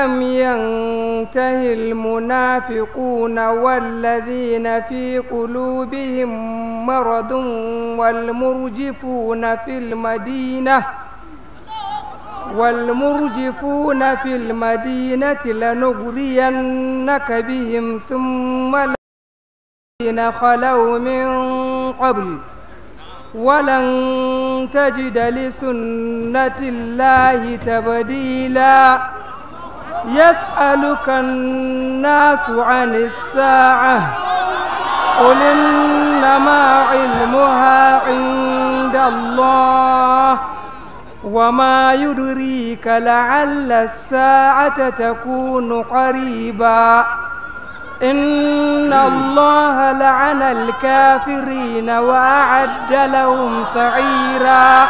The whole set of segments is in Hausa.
لم ينته المنافقون والذين في قلوبهم مرض والمرجفون في المدينة والمرجفون في المدينة لنغرينك بهم ثم الذين خلوا من قبل ولن تجد لسنة الله تبديلاً يسألك الناس عن الساعة قل إنما علمها عند الله وما يدريك لعل الساعة تكون قريبا إن الله لعن الكافرين وأعد لهم سعيراً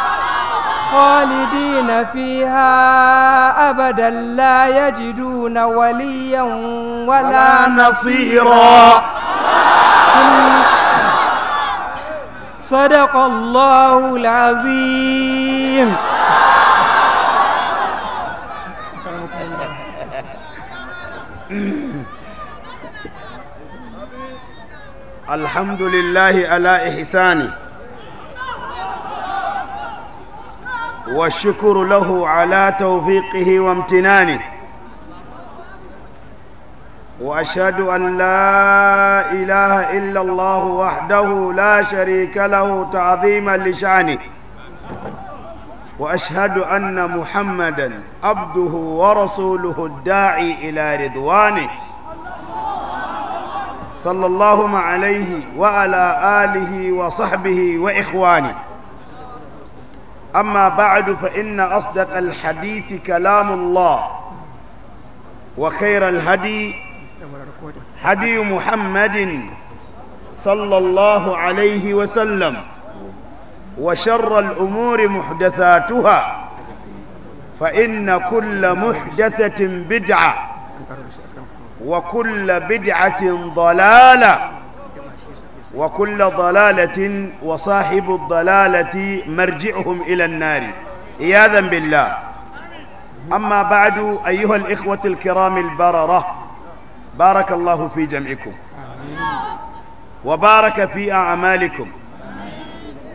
خالدين فيها أبدا لا يجدون وليا ولا نصيرا صدق الله العظيم الحمد لله على إحسانه والشكر له على توفيقه وامتنانه واشهد ان لا اله الا الله وحده لا شريك له تعظيما لشانه واشهد ان محمدا عبده ورسوله الداعي الى رضوانه صلى الله عليه وعلى اله وصحبه واخوانه أما بعد فإن أصدق الحديث كلام الله وخير الهدي هدي محمد صلى الله عليه وسلم وشر الأمور محدثاتها فإن كل محدثة بدعة وكل بدعة ضلالة وكل ضلالة وصاحب الضلالة مرجعهم إلى النار عياذا بالله أما بعد أيها الإخوة الكرام البررة بارك الله في جمعكم وبارك في أعمالكم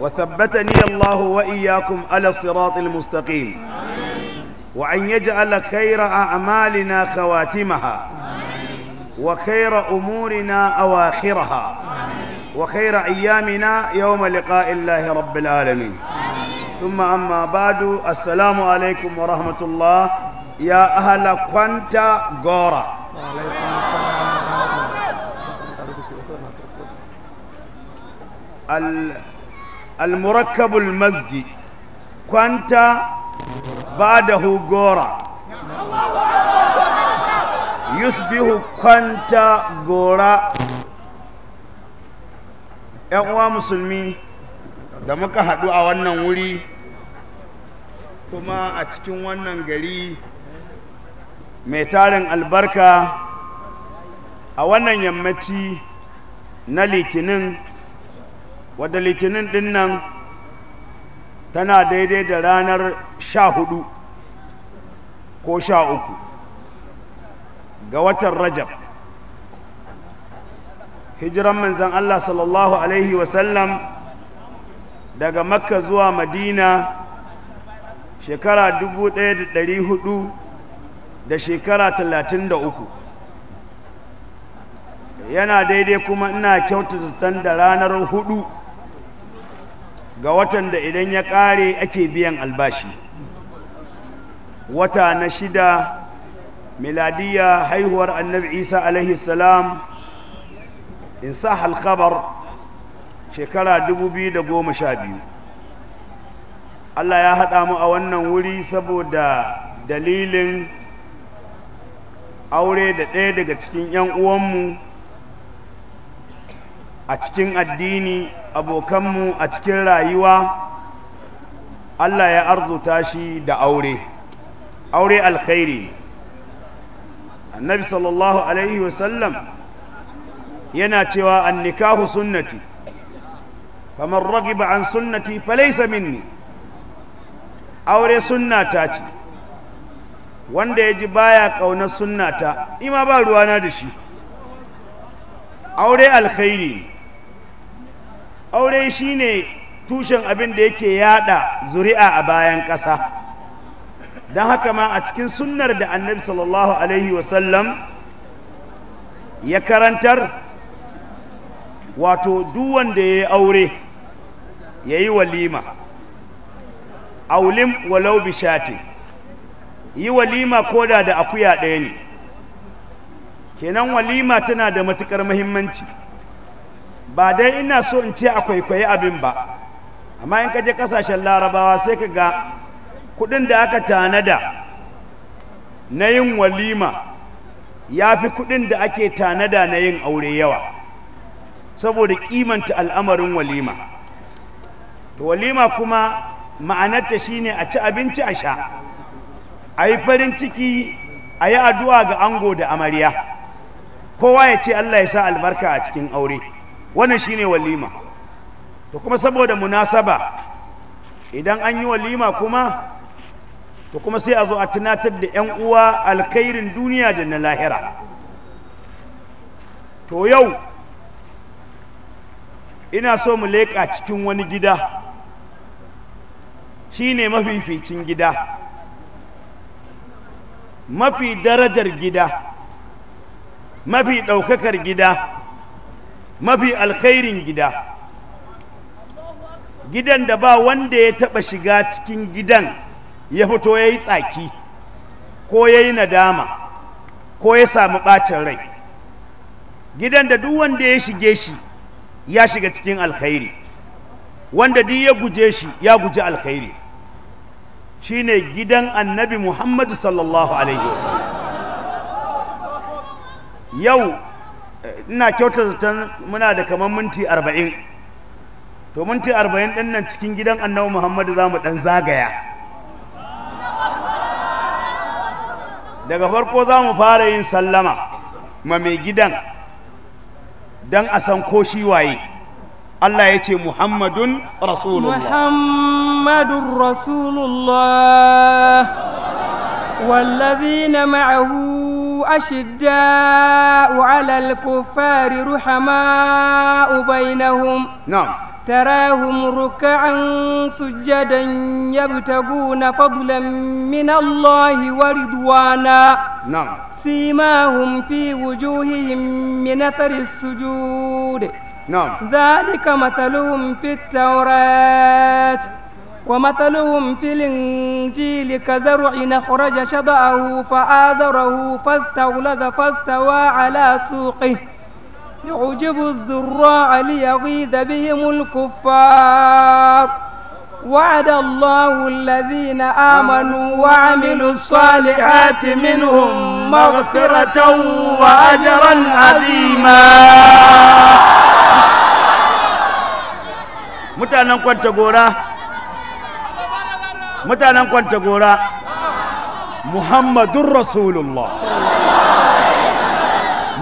وثبتني الله وإياكم على الصراط المستقيم وأن يجعل خير أعمالنا خواتمها وخير أمورنا أواخرها وخير أيامنا يوم لقاء الله رب العالمين ثم أما بعد السلام عليكم ورحمة الله يا أهل كونتا غورا المركب المزجي كونتا بعده غورا يصبح كونتا غورا 'yan uwa musulmi da muka haɗu a wannan wuri kuma a cikin wannan gari mai tarin albarka a wannan yammaci na litinin wadda litinin ɗin nan tana daidai da ranar sha hudu ko sha uku ga watan rajab hijiran manzan Allah sallallahu alaihi wasallam daga makka zuwa madina shekara 1400 da shekara 33 yana daidai kuma ina kyautata da ranar hudu ga watan da idan ya kare ake biyan albashi wata na shida miladiya haihuwar annabi isa alaihi salam in sa halkabar shekara 2012 Allah ya haɗa mu a wannan wuri saboda dalilin aure da ɗaya daga cikin 'yan uwanmu a cikin addini abokanmu a cikin rayuwa Allah ya arzuta shi da aure aure alkhairi annabi sallallahu alaihi wasallam yana cewa an nikahu sunnati kamar ragiba an sunnati falaisa minni aure sunnata ce wanda ya ji baya ƙaunar sunnata ima ba ruwana da shi aure alkhairi aure shine tushen abin da yake yada zuri'a a bayan ƙasa don haka ma a cikin sunnar da annabi sallallahu alaihi wasallam ya karantar wato duk wanda ya yi aure ya yi walima aulim walau bishati yi walima koda da akuya ɗaya ne kenan walima tana da matukar mahimmanci ba dai ina so in ce a kwaye abin ba amma in kaje kasashen larabawa sai ka ga kudin da aka tanada na yin walima ya fi kudin da ake tanada na yin aure yawa saboda kimanta al'amarin walima to walima kuma ma'anarta shine a ci abinci a sha a yi farin ciki a yi addu'a ga ango da amarya kowa ya ce Allah ya sa albarka a cikin aure wannan shine walima to kuma saboda munasaba idan an yi walima kuma to kuma sai a zo a tunatar da 'yan uwa alkhairin duniya da na lahira to yau ina so mu leƙa cikin wani gida shi shine ficin gida mafi darajar gida mafi ɗaukakar gida mafi alkhairin gida gidan da ba wanda ya taɓa shiga cikin gidan ya fito ya yi tsaki ko ya yi nadama ko ya sami ɓacin rai gidan da duk wanda ya shige shi ya shiga cikin alkhairi wanda duk ya guje shi ya guje alkhairi shine gidan annabi muhammadu sallallahu alaihi wasallam yau eh, ina kyauta zaton muna da kamar minti arba'in to minti arba'in ɗin nan cikin gidan annabi muhammadu za mu ɗan zagaya daga farko za mu fara yin sallama ma mai gidan dan a san ko shi waye Allah ya ce Muhammadun Rasulullah Muhammadun Rasulullah wallazina ma'ahu ashidda'u 'alal kuffari ruhama'u bainahum na'am تراهم ركعا سجدا يبتغون فضلا من الله ورضوانا نعم سيماهم في وجوههم من اثر السجود نعم ذلك مثلهم في التوراة ومثلهم في الإنجيل كزرع أخرج شضأه فآزره فاستولد فاستوى على سوقه يعجب الزراع ليغيظ بهم الكفار وعد الله الذين آمنوا وعملوا الصالحات منهم مغفرة وأجرا عظيما mutanen kwanta gora mutanen kwanta gora رسول rasulullah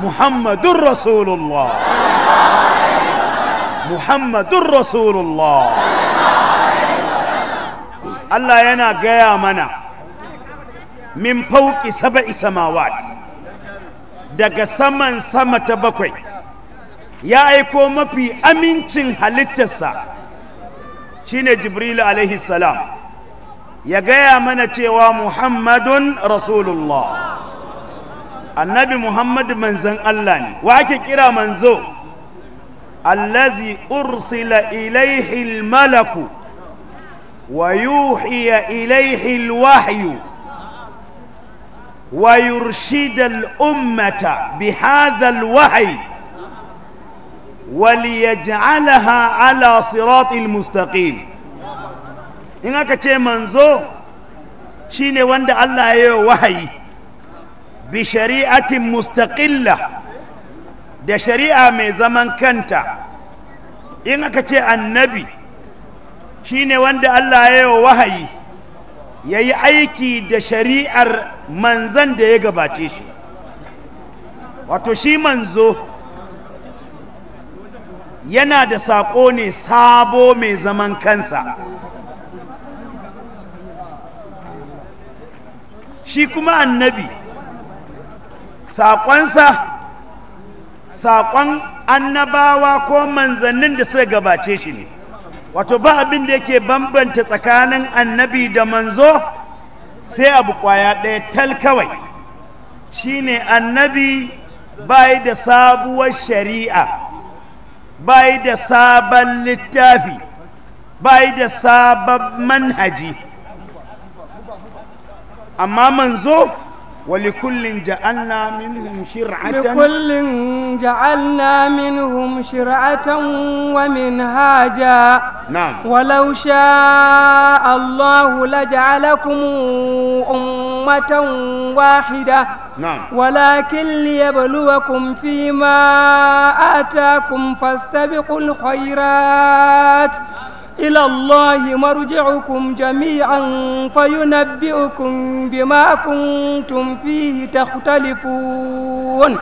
Muhammadun رسول الله محمد Allah yana gaya mana min fauki saba'i samawat daga saman sama ta bakwai ya aiko mafi amincin halittarsa shine jibril alaihi salam ya gaya mana cewa muhammadun rasulullah annabi muhammad manzan Allah ne wa ake kira manzo allazi ursila ilaihi almalaku wa yuhiya ilaihi alwahyu wa yurshid alummata bihadha alwahy hadha al-wahyi waliyaj'alaha ala siratil mustaqim in aka ce manzo shine wanda Allah ya yi wahayi bi shari'atin da shari'a mai zaman kanta in aka ce annabi shine wanda Allah ya yi wahayi ya yi aiki da shari'ar manzan da ya gabace shi wato shi manzo yana da saƙo ne sabo mai zaman kansa shi kuma annabi saƙonsa saƙon annabawa ko manzannin da suka gabace shi ne wato ba abin da yake bambanta tsakanin annabi da manzo sai abu kwaya ɗaya tal kawai shine annabi bai da sabuwar shari'a bai da sabon littafi bai da sabon manhaji amma manzo ولكل جعلنا منهم شرعة لكل جعلنا منهم شرعة ومنهاجا نعم ولو شاء الله لجعلكم أمة واحدة نعم ولكن ليبلوكم فيما آتاكم فاستبقوا الخيرات إلى الله مرجعكم جميعا فينبئكم بما كنتم فيه تختلفون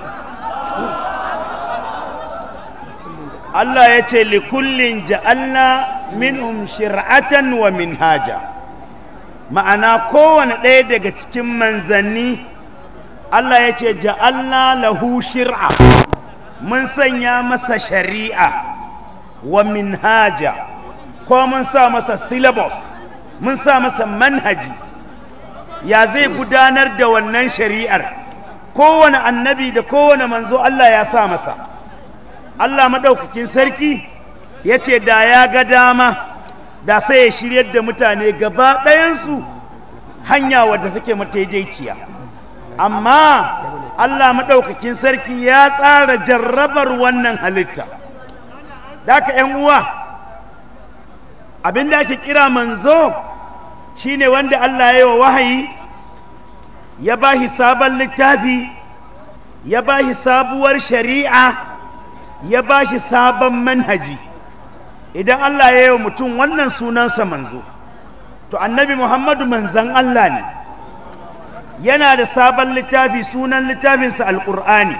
الله يتي لكل جعلنا منهم شرعة ومنهاجا ma'ana kowane ɗaya daga cikin manzanni Allah yace, ce ja'alla lahu shir'a mun sanya masa shari'a wa min haja ko mun sa masa syllabus mun sa masa manhaji ya zai gudanar da wannan shari'ar kowane annabi da kowane manzo Allah ya sa masa Allah maɗaukakin sarki ya ce da ya ga dama da sai ya shiryar da mutane gaba ɗayansu hanya wadda take mataidaiciya amma Allah maɗaukakin sarki ya tsara jarrabar wannan halitta da ka uwa abin da ake kira manzo shine wanda Allah ya yi wa wahayi ya ba shi sabon littafi ya ba shi sabuwar shari'a ya ba shi sabon manhaji idan Allah ya yi wa mutum wannan sunansa manzo to annabi muhammadu manzan Allah ne yana da sabon littafi sunan littafinsa alƙur'ani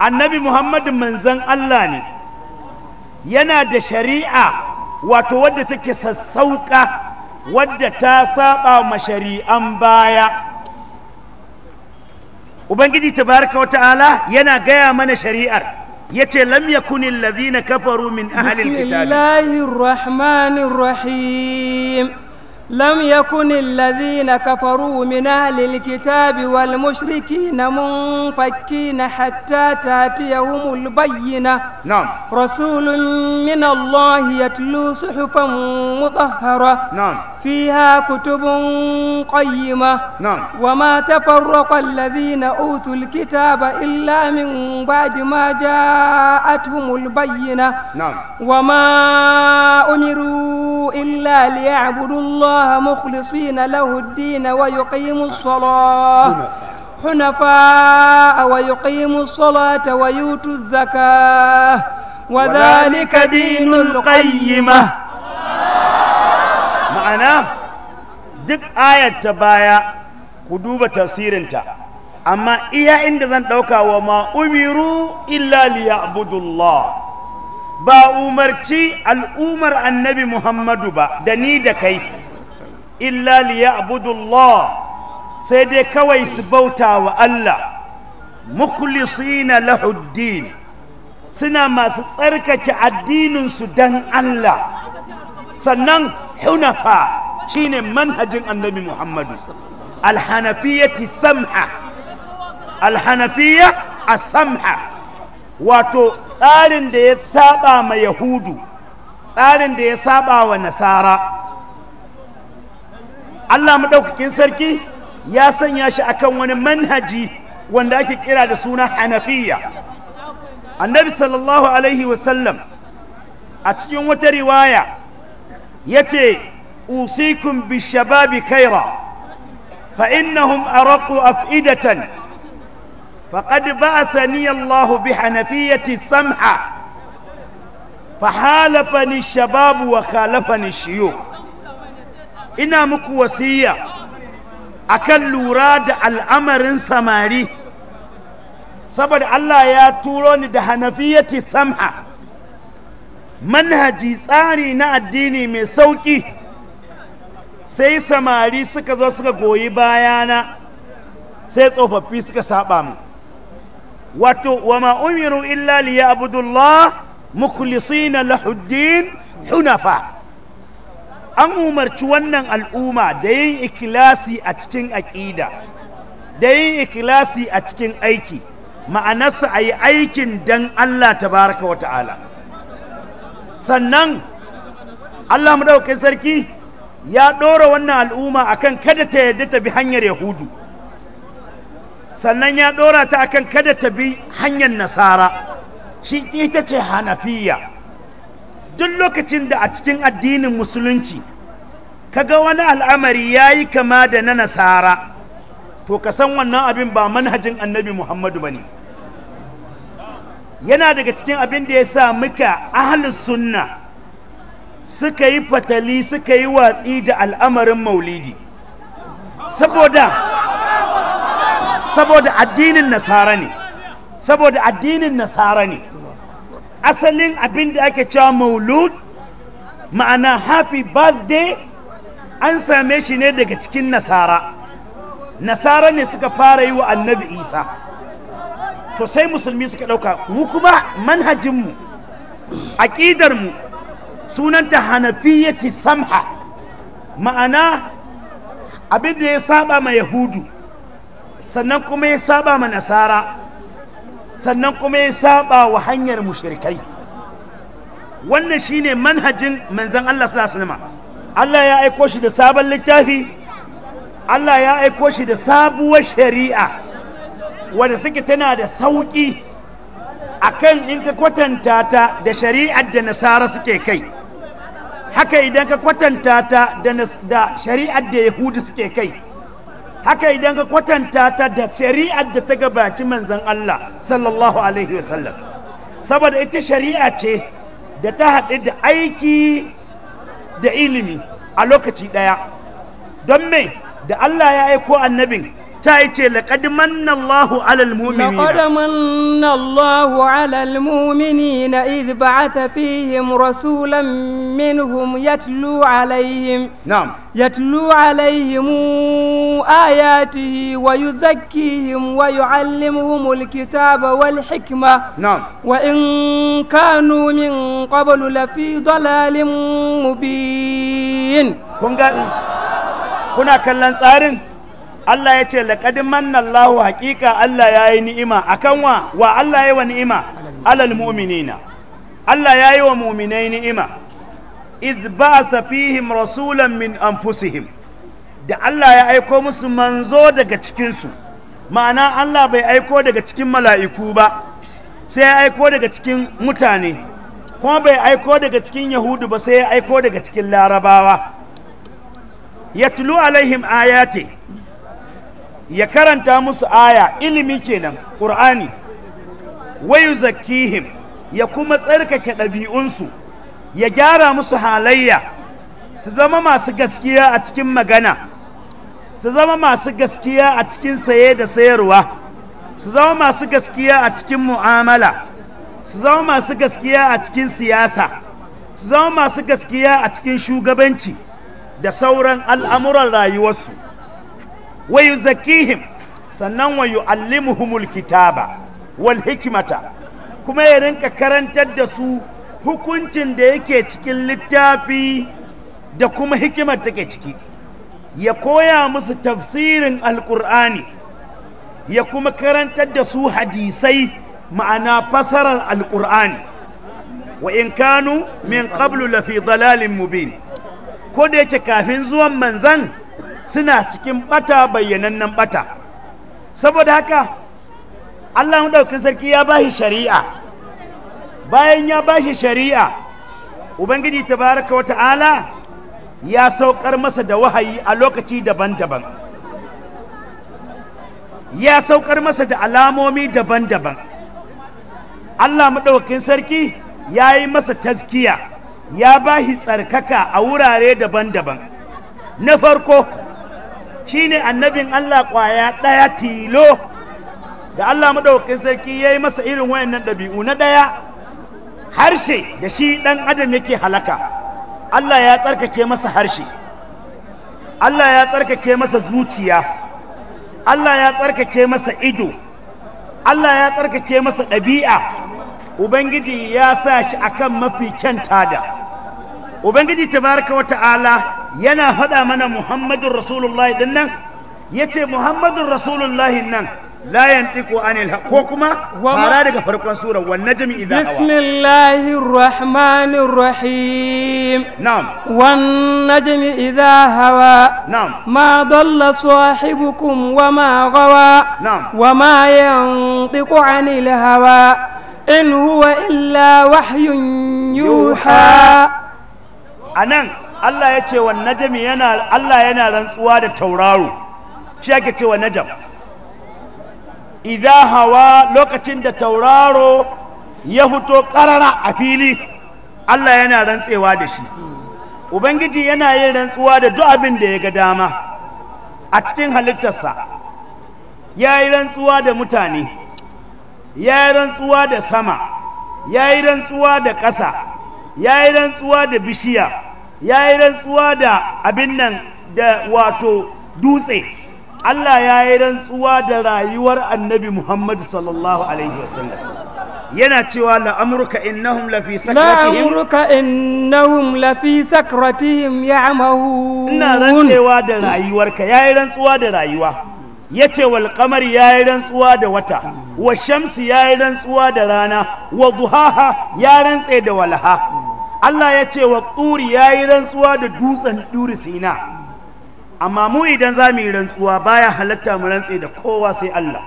annabi muhammadu manzan Allah ne yana da shari'a wato wadda take sassauƙa wadda ta saba ma shari'an baya ubangiji tabaraka wa ta'ala yana gaya mana shari'ar yace lam yakuni alladhina kafaru min ahli alkitab bismillahir rahmanir rahim لم يكن الذين كفروا من أهل الكتاب والمشركين منفكين حتى تأتيهم البينة نعم رسول من الله يتلو صحفا مطهرة نعم فيها كتب قيمة نعم وما تفرق الذين أوتوا الكتاب إلا من بعد ما جاءتهم البينة نعم وما أمروا إلا ليعبدوا الله مخلصين له الدين ويقيموا الصلاة حنفاء ويقيموا الصلاة ويؤتوا الزكاة وذلك دين القيمة ma'ana duk ayat ta baya ku duba tafsirinta amma iya inda zan ɗauka wa ma umiru illa liya'budullah ba umarci al'umar annabi muhammadu ba da ni da kai ya liya'budullah sai dai kawai su bauta wa Allah mukhlisina lahuddin suna masu tsarkake addininsu don Allah sannan hunafa shine manhajin annabi muhammadu alhanafiyati samha alhanafiya a samha wato tsarin da ya saba ma yahudu tsarin da ya saba wa nasara allah maɗaukakin sarki ya sanya shi akan wani manhaji wanda ake kira da suna hanafiya annabi sallallahu alaihi wasallam a cikin wata riwaya yace usikum bishababi khaira fa innahum araqu afidatan faqad bihanafiyati samha fahalafani shababu wa khalafani ina muku wasiya akan lura da al'amarin samari saboda Allah ya turo ni da hanafiyati samha manhaji tsari na addini mai sauƙi sai samari suka zo suka goyi bayana sai tsofaffi suka saba mu wato wa ma'umiru illa liya abudullah mukhlisina lahuddin hunafa an umarci wannan al'umma da yin ikilasi a cikin aƙida da yin ikilasi a cikin aiki ma'anarsa a yi aikin dan Allah tabaraka wa ta'ala sannan Allah dauke sarki ya ɗora wannan al'umma akan kada ta yadda ta bi hanyar yahudu sannan ya ɗora ta akan kada ta bi hanyar nasara shi ita ce hanafiya duk lokacin da a cikin addinin musulunci kaga wani al'amari ya yi kama da na nasara to ka san wannan abin ba manhajin annabi muhammadu ba ne yana daga cikin abin da ya sa muka ahalus sunna suka yi fatali suka yi watsi da al'amarin maulidi saboda saboda addinin nasara ne saboda addinin nasara ne asalin abin da ake cewa maulud ma'ana happy birthday an same shi ne daga cikin nasara nasara ne suka fara yi wa annabi isa to sai musulmi suka ɗauka mu kuma manhajinmu aƙidarmu sunanta hanafiyyati samha ma'ana abinda ya saba ma yahudu sannan kuma ya saba ma nasara sannan kuma ya saba wa hanyar mushrikai wannan shine manhajin manzon Allah sallallahu alaihi wasallam Allah ya aiko shi da sabon littafi Allah ya aiko shi da sabuwar shari'a wadda take tana da sauƙi a kan in ka kwatanta ta da shari'ar da nasara suke kai haka idan ka kwatanta ta da shari'ar da yahudu suke kai haka idan ka kwatanta ta da shari'ar da ta gabaci manzan Allah sallallahu alaihi wasallam saboda ita shari'a ce da ta haɗu da aiki da ilimi a lokaci ɗaya don me da Allah ya aiko annabin ta yi ce laƙad manna Allahu alal mumini laƙad manna Allahu alal mumini na idh ba'atha fihim rasulan minhum yatlu alaihim na'am yatlu alaihim ayatihi wa yuzakkihim wa yu'allimuhum alkitaba wal hikma na'am wa in kanu min qablu lafi dalalin mubin kun ga kuna kallon tsarin Allah ya ce laƙadin mannan lahu haƙiƙa Allah ya yi ni'ima akan wa wa Allah ya yi wa ni'ima alal mu'minina Allah ya yi wa mu'minai ni'ima ba ba'atha fihim rasulan min anfusihim da Allah ya aiko musu manzo daga cikinsu ma'ana Allah bai aiko daga cikin mala'iku ba sai ya aiko daga cikin mutane kuma bai aiko daga cikin yahudu ba sai ya aiko daga cikin larabawa yatlu alaihim ayati ya karanta musu aya ilimi kenan ƙur'ani wayu zakihim ya kuma tsarkake ɗabi'unsu ya gyara musu halayya su zama masu gaskiya a cikin magana su zama masu gaskiya a cikin saye da sayarwa su zama masu gaskiya a cikin mu'amala su zama masu gaskiya a cikin siyasa su zama masu gaskiya a cikin shugabanci da sauran al'amuran rayuwarsu wa yuzakkihim sannan wa yu'allimuhumul kitaba wal hikmata kuma ya rinka karantar da su hukuncin da yake cikin littafi da kuma hikimar take ciki ya koya musu tafsirin alkur'ani ya kuma karantar da su hadisai ma'ana fasarar alkur'ani wa in kanu min qablu lafi dalalin mubin ko da yake kafin zuwan manzan suna cikin bata bayyanannen bata saboda haka Allah maɗaukin sarki ya bashi shari'a bayan ya bashi shari'a ubangiji tabaraka wa ta'ala ya saukar masa da wahayi a lokaci daban-daban ya saukar masa da alamomi daban-daban Allah maɗaukin sarki ya yi masa tazkiya ya bashi tsarkaka a wurare daban-daban na farko Shi ne annabin Allah kwaya ɗaya tilo da Allah maɗaukakin sarki ya yi masa irin wayannan ɗabi'u na ɗaya harshe da shi ɗan adam yake halaka Allah ya tsarkake masa harshe Allah ya tsarkake masa zuciya Allah ya tsarkake masa ido Allah ya tsarkake masa ɗabi'a Ubangiji ya sa shi akan mafi kyan tada. ubangiji tabaraka wa ta'ala yana faɗa mana muhammadun rasulullahi din nan ya ce muhammadun rasulullahi nan la yantiqu anil ko kuma fara daga farkon sura wan najmi idha hawa bismillahir rahmanir rahim na'am wan najmi idha hawa na'am ma dalla sahibukum wa ma gawa na'am wa ma yantiqu anil hawa in huwa illa wahyun yuha a nan Allah ya ce wa najami yana Allah yana rantsuwa da tauraro shi ake ce wa najam idza hawa lokacin da tauraro ya fito karara a fili Allah yana rantsewa da shi ubangiji yana yin rantsuwa da duk abin da ya ga dama a cikin halittarsa ya yi rantsuwa da mutane ya yi rantsuwa da sama ya yi rantsuwa da ƙasa ya yi rantsuwa da bishiya ya yi rantsuwa da abin nan da wato dutse Allah ya yi rantsuwa da rayuwar annabi Muhammad sallallahu alaihi wasallam yana cewa la'amurka innahum lafi sakratihim la'amurka innahum lafi sakratihim ya'mahun ina rantsewa da rayuwarka yi rantsuwa da rayuwa yace wal ya yi rantsuwa da wata wa shamsi ya yi rantsuwa da rana wa duhaha ya rantse da walaha Allah ya ce wa ƙuri ya yi rantsuwa da dutsen ɗuri sina amma mu idan za mu yi rantsuwa baya halatta mu rantse da kowa sai Allah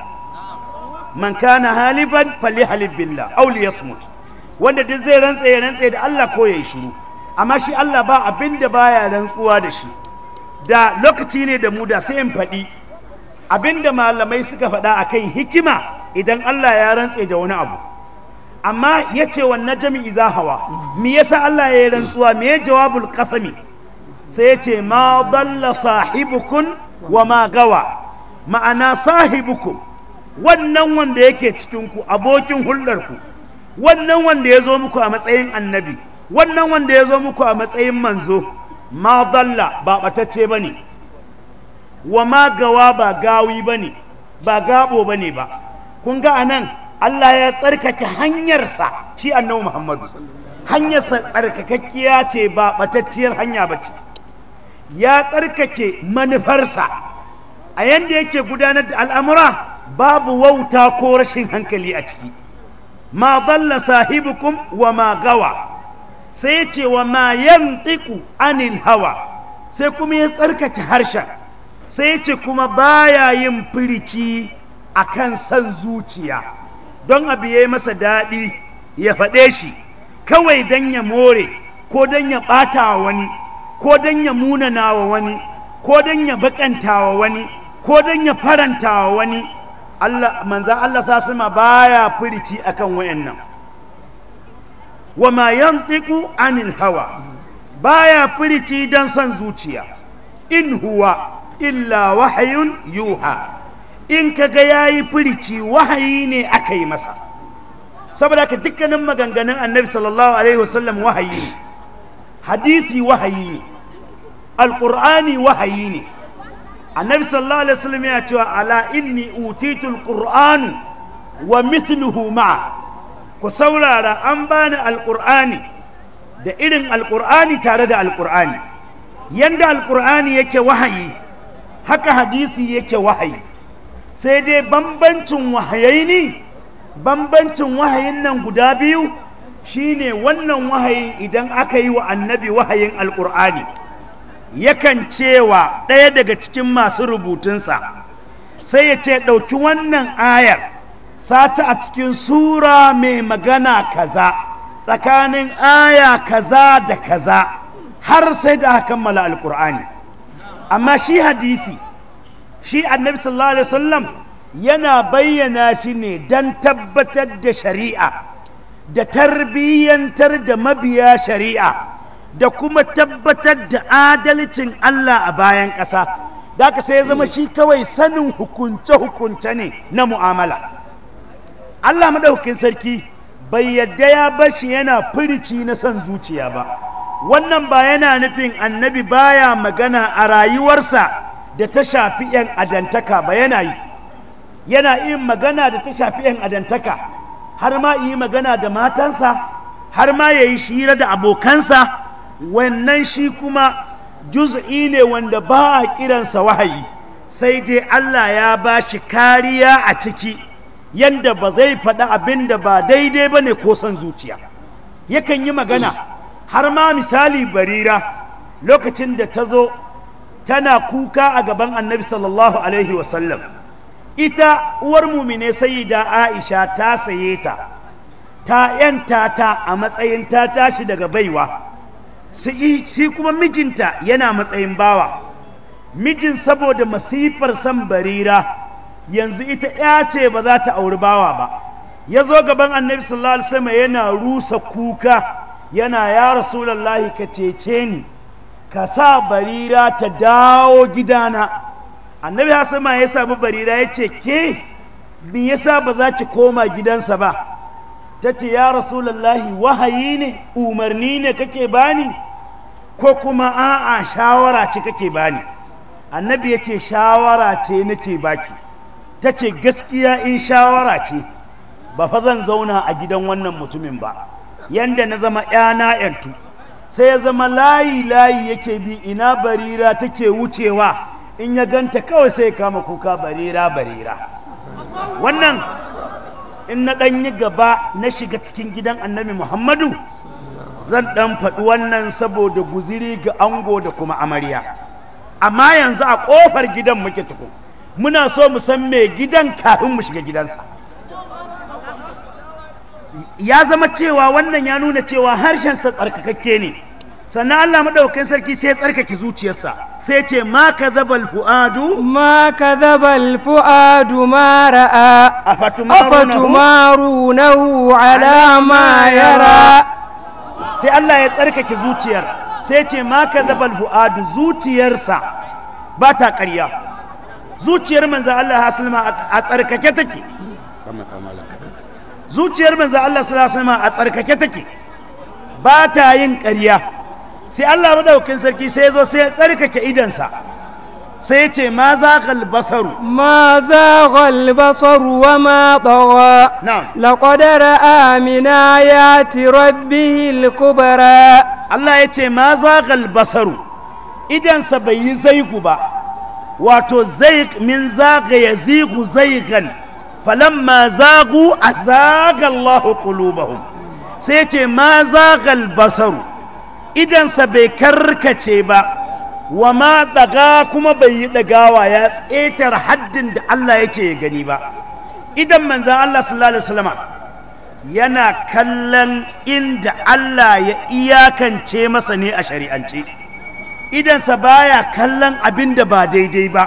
man kana haliban fali halif billah auli yasmut wanda duk zai rantse ya rantse da Allah ko ya yi shiru amma shi Allah ba abin da baya rantsuwa da shi da lokaci ne da mu da sai in faɗi abin da malamai suka faɗa akan hikima idan Allah ya rantse da wani abu amma ya ce wannan jami'i za hawa me yasa Allah ya yi rantsuwa me ya jawabul kasami sai ya ce ma dalla sahibukun wa ma gawa ma'ana sahibukun wannan wanda yake cikinku abokin hulɗarku wannan wanda ya zo muku a matsayin annabi wannan wanda ya zo muku a matsayin manzo ma dalla ba batace ba ne wa ma gawa ba gawi ba ne ba gabo ba ne ba kun ga anan Allah ya tsarkake hanyarsa shi annabi Muhammadu hanyarsa tsarkakakkiya ce ba batacciyar hanya ba ce ya tsarkake manufarsa a yanda yake gudanar da al'amura babu wauta ko rashin hankali a ciki ma dalla sahibukum wa ma gawa sai ce wa ma yantiku anil hawa sai kuma ya tsarkake harshen sai ce kuma baya yin firici akan san zuciya don abu ya masa daɗi ya faɗe shi kawai don ya more ko don ya ɓata wa wani ko don ya munana wa wani ko don ya baƙanta wa wani ko don ya faranta wa wani Allah manzan Allah sasuma baya furici akan wayannan wa ma yantiqu anil hawa baya firici don son zuciya in huwa illa wahayun yuha in kaga ya yi firici wahayi ne aka yi masa saboda ka dukkanin maganganun annabi sallallahu alaihi wasallam wahayi ne hadisi wahayi ne alƙur'ani wahayi ne annabi sallallahu alaihi wasallam ya cewa ala inni utitu alqur'an wa mithluhu ma ku saurara an bani alqur'ani da irin alqur'ani tare da alqur'ani yanda alqur'ani yake wahayi haka hadisi yake wahayi sai dai bambancin wahayaini bambancin wahayin nan guda biyu shine wannan wahayin idan aka yi wa annabi wahayin alkur'ani yakan cewa ɗaya daga cikin masu rubutunsa sai ya ce ɗauki wannan ayar sata a cikin sura mai magana kaza tsakanin aya kaza da kaza har sai da kammala alkur'ani amma shi hadisi shi annabi sallallahu alaihi wasallam yana bayyana shi ne don tabbatar da shari'a da tarbiyyantar da mabiya shari'a da kuma tabbatar da adalcin Allah a bayan ƙasa da ka sai zama shi kawai sanin hukunce-hukunce ne na mu'amala Allah madaukin sarki bai yadda ya bashi yana firici na son zuciya ba wannan ba yana nufin annabi baya magana a rayuwarsa da ta shafi 'yan adantaka ba yana yi yana yin magana da ta shafi 'yan adantaka har ma yi magana da matansa har ma ya yi shira da abokansa wannan shi kuma juz'i ne wanda ba a kiransa wahayi sai dai Allah ya ba shi kariya a ciki yadda ba zai faɗi abin da ba daidai ba ne ko son zuciya yakan yi magana har ma misali barira lokacin da ta zo tana kuka a gaban annabi sallallahu alaihi wasallam ita uwar mumine sayida aisha ta saye ta ta yanta ta a matsayin ta tashi daga baiwa shi kuma mijinta yana matsayin bawa mijin saboda masifar san barira yanzu ita ya ce ba za ta auri bawa ba ya zo gaban annabi sallallahu alaihi wasallam yana rusa kuka yana ya rasulallahi ka cece ni ka sa barira ta dawo gidana annabi hasama ya samu barira ya ce ke ya sa ba za ki koma gidansa ba ta ce ya rasulallahi wahayi ne umarni ne kake bani ko kuma a'a shawara ce kake bani annabi ya ce shawara ce nake baki ta ce gaskiya in shawara ce ba fa zan zauna a gidan wannan mutumin ba yanda na zama 'yana 'yantu sai ya zama layi layi yake bi ina barira take wucewa in ya ganta kawai sai kama kuka barira barira wannan in na ɗanyi gaba na shiga cikin gidan annabi muhammadu zan ɗan faɗi wannan saboda guziri ga ango da kuma amarya amma yanzu a ƙofar gidan muke tuku. muna so mu san mai gidan kafin mu shiga gidansa ya zama cewa wannan ya nuna cewa harshensa tsarkakakke ne sannan Allah madaukakin sarki sai ya tsarkake zuciyarsa sai ce ma ka kadhabal fuadu ma ka kadhabal fuadu ma ra'a afatumarunahu ala ma yara sai Allah ya tsarkake zuciyar sai ce ma ka kadhabal fuadu zuciyarsa ba ta ƙarya zuciyar manzo Allah ya sulma a tsarkake take zuciyar manzo Allah sallallahu alaihi a tsarkake take ba ta yin ƙarya sai Allah madaukakin sarki sai ya zo sai ya tsarkake idansa sai ya ce ma zagal basaru ma zagal basaru wa ma tawa qadara Amina ya ti rabbil kubra Allah ya ce ma zagal basaru idansa bai yi zaigu ba wato zaiq min zaga yazigu zaigan falamma zagu azaga Allahu qulubahum sai ya ce ma zagal basaru idansa bai karkace ba wa ma daga kuma bai yi dagawa ya tsetar haddin da Allah ya ce ya gani ba idan manzan Allah sallallahu alaihi yana kallon inda Allah ya iyakance masa ne a shari'ance idansa baya kallon abin da ba daidai ba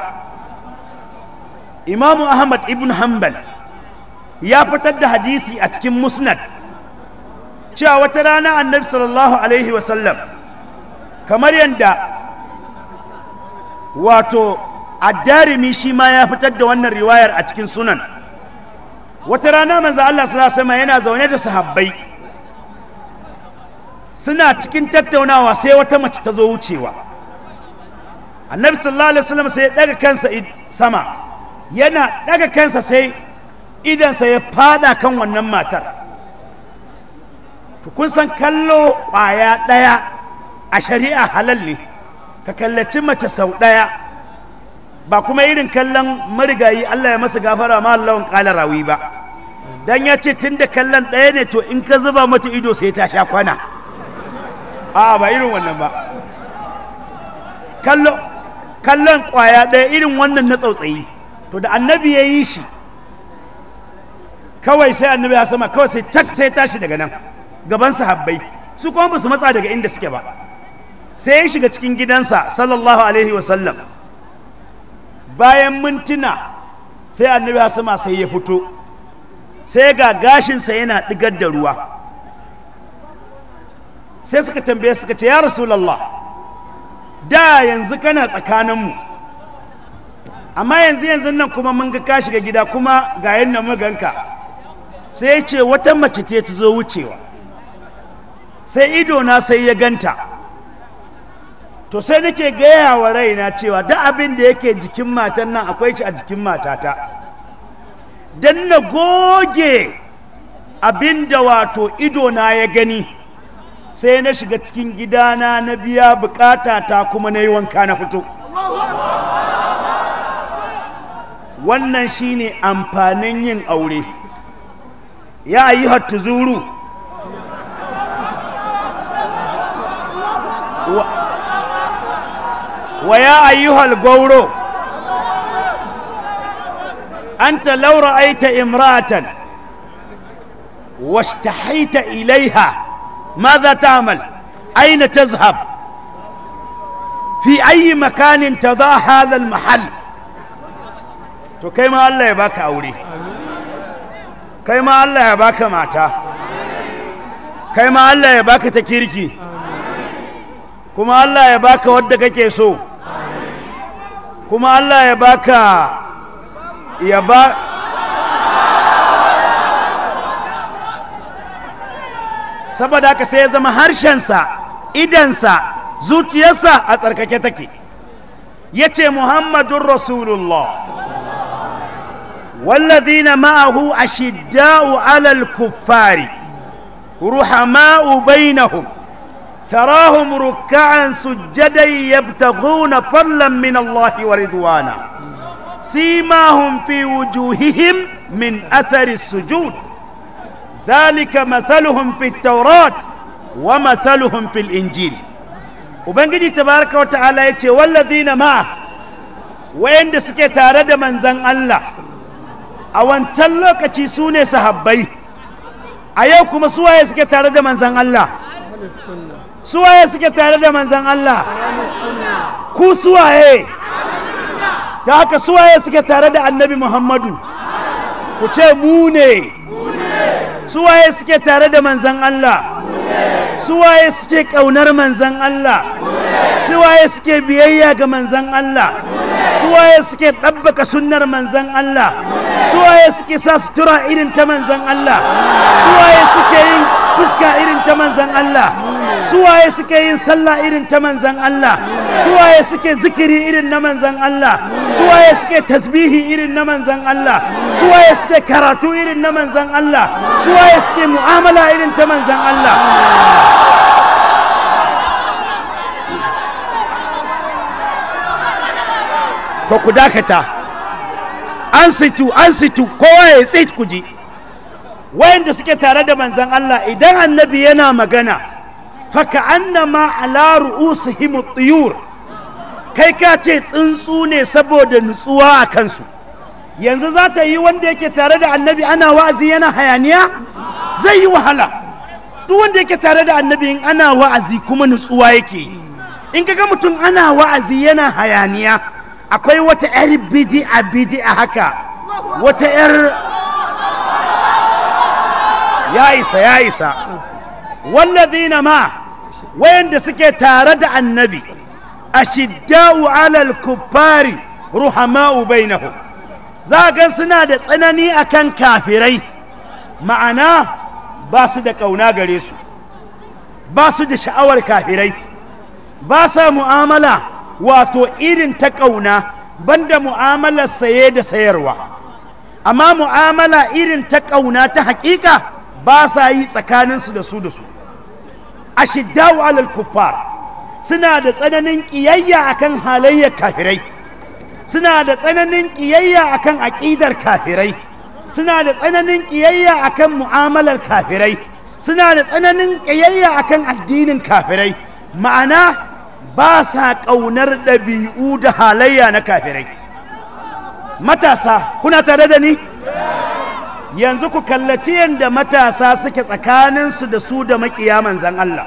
imamu ahmad ibn hanbal ya fitar da hadisi a cikin musnad cewa wata rana annabi sallallahu alaihi wasallam kamar yadda wato addarimi shi ma ya fitar da wannan riwayar a cikin sunan wata rana manzo Allah sallallahu alaihi yana zaune da sahabbai suna cikin tattaunawa sai wata mace ta zo wucewa annabi sallallahu alaihi wasallam sai ya daga kansa sama yana daga kansa sai idansa ya fada kan wannan matar to kun san kallo ƙwaya ɗaya a shari'a halal ne ka kallaci mace sau ɗaya ba kuma irin kallon marigayi Allah ya masa gafara ma Allahun ƙala rawi ba dan ya ce tun da kallon ɗaya ne to in ka zuba mata ido sai ta sha kwana a ba irin wannan ba kallon ƙwaya ɗaya irin wannan na tsautsayi to da annabi ya yi shi kawai sai annabi ya sama kawai sai cak sai tashi daga nan gaban sahabbai su kuma ba su matsa daga inda suke ba sai ya shiga cikin gidansa sallallahu alaihi wasallam bayan mintuna sai annabi hasuma sai ya fito sai ga gashinsa yana ɗigar da ruwa sai suka tambaye suka ce ya rasulallah da yanzu kana tsakaninmu amma yanzu yanzu nan kuma mun ga ka shiga gida kuma ga yanna muganka sai ya ce wata mace ce ta zo wucewa sai idona sai ya ganta to sai nake gaya wa raina cewa da abin da yake jikin matan nan akwai shi a jikin matata dan na goge abin da wato idona ya gani sai na shiga cikin gidana na biya bukata ta kuma na yi wanka na fito wannan shine amfanin yin aure ya yi hatta zuru ويا أيها الجورو أنت لو رأيت امرأة واشتحيت إليها ماذا تعمل أين تذهب في أي مكان تضع هذا المحل كيما الله يباك أولي كيما الله يباك معتا كيما الله يباك تكيركي kuma Allah ya baka wadda kake so kuma Allah ya baka ya ba saboda haka sai ya zama harshensa idansa zuciyarsa a tsarkake take ya ce muhammadun rasulullah ma'ahu معه أشداء alal kuffari رحماء ubainahu. tarahum ruka'an sujjadan yabtaghuna fadlan min Allah wa ridwana simahum fi wujuhihim min athari sujud dhalika mathaluhum fi at-taurat wa mathaluhum fil injil ubangiji tabaraka wa ta'ala yace walladhina ma wayanda suke tare da manzan Allah a wancan lokaci su ne sahabbai a yau kuma suwaye suke tare da manzan Allah suwaye suke tare da manzan Allah ku suwaye ta haka suwaye suke tare da annabi Muhammadu ku ce mu ne suwaye suke tare da manzan Allah suwaye suke ƙaunar manzan Allah suwaye suke biyayya ga manzan Allah suwaye suke ɗabbaka sunnar manzan Allah suwaye suke sa sutura irin ta manzan Allah suwaye suke yin fuska irin ta manzan Allah suwaye suke yin sallah irin ta manzan Allah suwaye suke zikiri irin na manzan Allah suwaye suke tasbihi irin na manzan Allah suwaye suke karatu irin na manzan Allah suwaye suke mu'amala irin ta manzan Allah to ku dakata an situ an situ kowa ya tsit ku ji wayanda suke tare da manzan Allah idan annabi yana magana faka annama ala ru'usihim at-tuyur kai ka ce tsuntsu ne saboda nutsuwa a kansu yanzu za ta yi wanda yake tare da annabi ana wa'azi yana hayaniya zai yi wahala duk wanda yake tare da annabi in ana wa'azi kuma nutsuwa yake in kaga mutum ana wa'azi yana hayaniya akwai wata 'yar bidi'a bidi'a haka wata 'yar ya isa ya isa ma wayanda suke tare da annabi ashidda'u alal kuffari ruhama'u bainahum za gan suna da tsanani akan kafirai ma'ana ba su da ƙauna gare su ba su da sha'awar kafirai ba sa mu'amala wato irin ta ƙauna banda mu'amalar saye da sayarwa amma mu'amala irin ta ƙauna ta haƙiƙa ba sa yi tsakaninsu da su da su a shiddawu alal suna da tsananin ƙiyayya akan halayyar kafirai suna da tsananin ƙiyayya akan aƙidar kafirai suna da tsananin ƙiyayya akan mu'amalar kafirai suna da tsananin ƙiyayya akan addinin kafirai ma'ana ba sa ƙaunar ɗabi'u da halayya na kafirai matasa kuna tare da ni yanzu ku kallaci yadda matasa suke tsakaninsu da su da maƙiya manzan Allah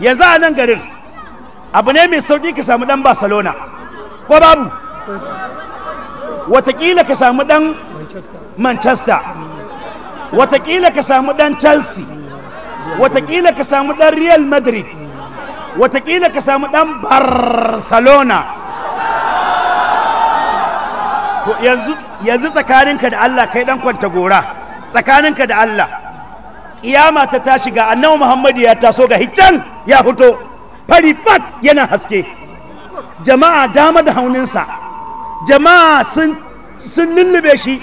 yanzu a nan garin abu ne mai sauƙi ka samu ɗan barcelona ko babu watakila ka samu ɗan manchester watakila ka samu ɗan chelsea watakila ka samu ɗan real madrid watakila ka samu ɗan barcelona to yanzu tsakaninka da allah kai dan kwanta gora tsakaninka da allah kiyama ta tashi ga annabi muhammadu ya taso ga hiccan ya fito fari Fat yana haske jama'a dama da hauninsa jama'a sun lullube shi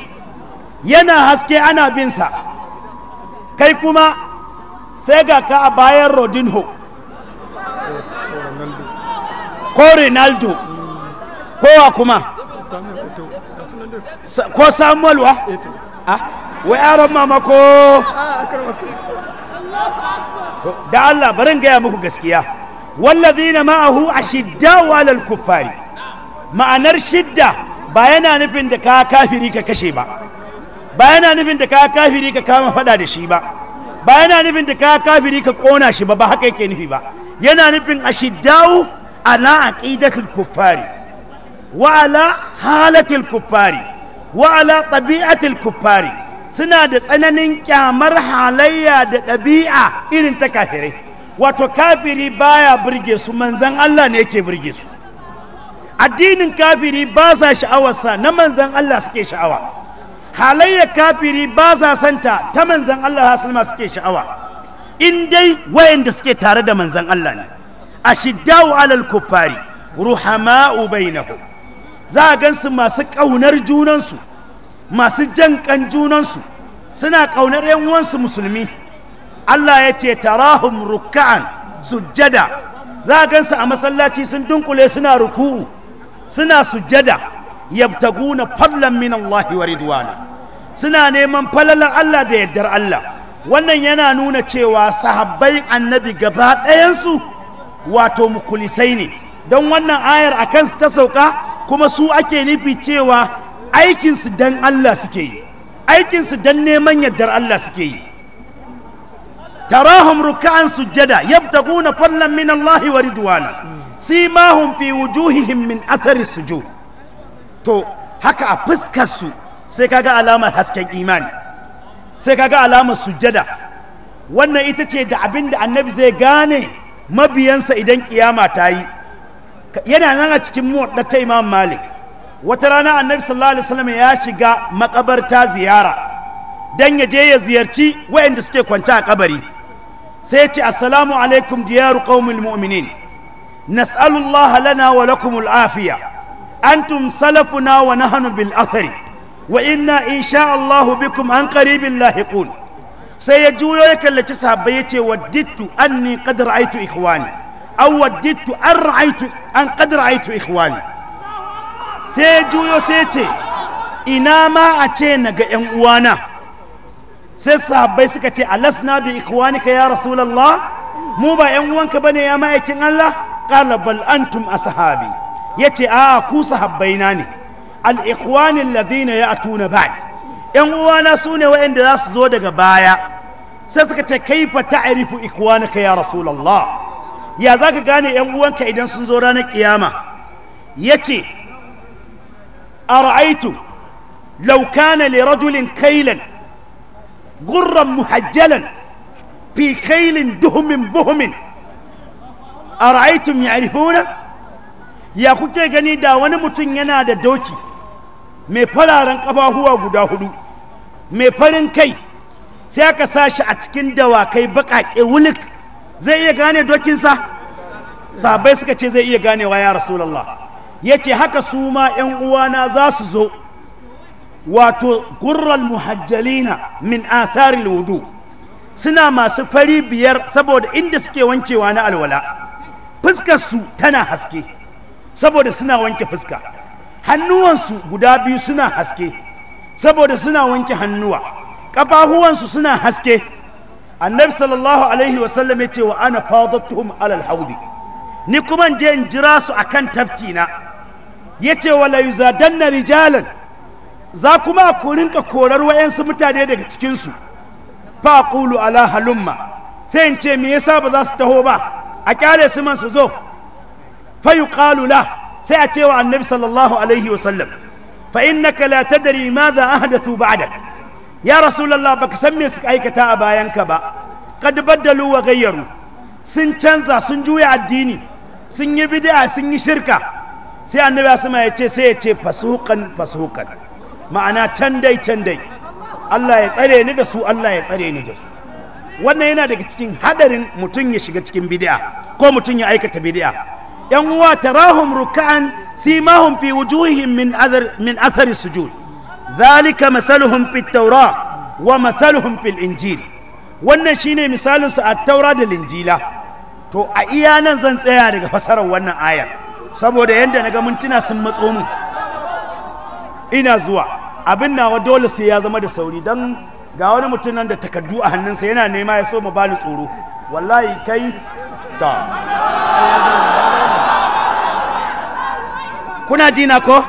yana haske ana binsa kai kuma sai ga ka a bayan rodinho ko ronaldo kowa kuma ko samuel wa wa 'yaron mama ko da allah barin gaya muku gaskiya wallazina ma'ahu wa alal kufari ma'anar shidda ba yana nufin da ka kafiri ka kashe ba ba yana nufin da ka kafiri ka kama fada da shi ba ba yana nufin da ka kafiri ka kona shi ba ba haka yake nufi ba yana nufin a shiddawu على عقيدة الكفار وعلى حالة الكفار وعلى طبيعة الكفار سنة سننن كامر حاليا طبيعة إن تكاهري وتكافري بايا برجس من زن الله نيكي برجس addinin kafiri ba sa sha'awarsa na manzan Allah suke sha'awa halayyar kafiri ba sa santa ta manzan Allah suke sha'awa in dai wayanda suke tare da manzan Allah ne A ashiddau alal kuffari ruhama'u bainahum za a gansu masu ƙaunar junansu masu jan kan junansu suna ƙaunar yan musulmi Allah yace ce tarahum ruk'an sujjada za gansu a masallaci sun dunkule suna ruku'u suna sujada yabtaguna fadlan min Allah wa ridwana suna neman falalar Allah da yardar Allah wannan yana nuna cewa sahabbai annabi gaba ɗayansu wato mukulisai ne don wannan ayar a kansu ta sauka kuma su ake nufi cewa aikinsu don Allah suke yi aikinsu don neman yardar Allah suke yi tarahum ruka'an sujjada yabtaguna fallan min Allah wa ridwana simahum fi wujuhihim min athari sujud to haka a fuskar su sai kaga alamar hasken imani sai kaga alamar sujjada wannan ita ce da abin da annabi zai gane mabiyansa idan kiyama ta yi yana nan a cikin muwadda ta imam malik wata rana annabi sallallahu alaihi wasallam ya shiga makabarta ziyara dan ya je ya ziyarci wayanda suke kwance a kabari sai ya ce assalamu alaikum diyaru qaumil mu'minin nas'alullah lana wa lakum afiya antum salafuna wa nahnu bil athari wa inna insha Allah bikum an qaribin lahiqun sai ya juyo ya kallaci sahabbai ya ce waddittu anni qad ra'aytu ikhwani aw waddittu an ra'aytu an qad ra'aytu ikhwani sai ya juyo sai ya ce ina ma a ce naga yan uwana sai sahabbai suka ce alasna bi ikhwanika ya rasulullah mu ba yan uwanka bane ya ma'aikin Allah qala bal antum ashabi yace a ku sahabbaina ne al ikhwani alladhina ya'tuna ba'd yan uwana su ne waɗanda za su zo daga baya sai suka ce kaifa ta'rifu ikwanaka ya rasulullah ya zaka gane yan uwanka idan sun zo ranar kiyama yace ara'aitu law kana li rajulin kailan gurran muhajjalan fi kailin duhumin buhumin ara'aitum ya'rifuna ya kuke gani da wani mutum yana da doki mai fararen ƙafahuwa guda hudu mai farin kai sai aka shi a cikin dawakai baƙaƙe wulik zai iya gane dokinsa sabai suka ce zai iya ganewa ya rasulallah ya ce haka su ma 'yan uwana za su zo wato gurral muhajjalina min atharil wudu suna masu fari biyar saboda inda suke wankewa na alwala fuskarsu tana haske saboda suna wanke fuska hannuwansu guda biyu suna haske saboda suna wanke hannuwa ƙafafuwansu suna haske annabi sallallahu alaihi wasallam ya ce wa ana fadattuhum alal haudi ni kuma je in jira su akan tafkina ya ce wa la yuzadanna rijalan za kuma ku rinka korar wayansu mutane daga cikinsu fa qulu ala halumma sai in ce me yasa ba za su taho ba a kyale su man su zo fa yuqalu la sai a ce wa annabi sallallahu alaihi wasallam fa innaka la tadri madha ahdathu ba'dak ya rasulullah baka san me suka aikata a bayan ka ba qad baddalu wa ghayyaru sun canza sun juya addini sun yi bid'a sun yi shirka sai annabi asma ya ce sai ya ce fasuqan fasuqan ma'ana can dai can dai Allah ya tsare ni da su Allah ya tsare ni da su wannan yana daga cikin hadarin mutum ya shiga cikin bid'a ko mutum ya aikata bid'a yan uwa tarahum ruk'an simahum fi wujuhihim min athar min athari sujud dhalika masaluhum fi taura wa masaluhum fi injil wannan shine misalin su a taura da linjila to a iya nan zan tsaya daga fasarar wannan ayar saboda yanda naga mintuna sun matso mu ina zuwa abin nawa dole sai ya zama da sauri don ga wani mutum nan da takaddu a hannunsa yana nema ya so mu bani tsoro wallahi kai ta kuna jina ko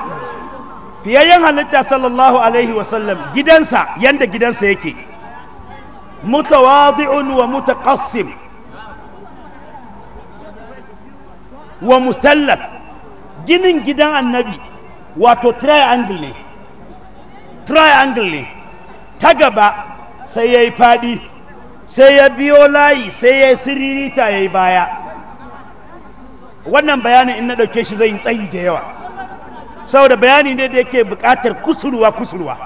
fiyayyen halitta sallallahu alaihi wasallam gidansa yanda gidansa yake mutawadi'un wa mutaqassim wa musallat ginin gidan annabi wato triangle ne triangle ne ta gaba sai ya yi faɗi sai ya biyo layi sai ya yi siririta ya yi baya wannan bayanin in na ɗauke shi zai yi tsayi da yawa saboda bayani ne da yake bukatar kusurwa kusurwa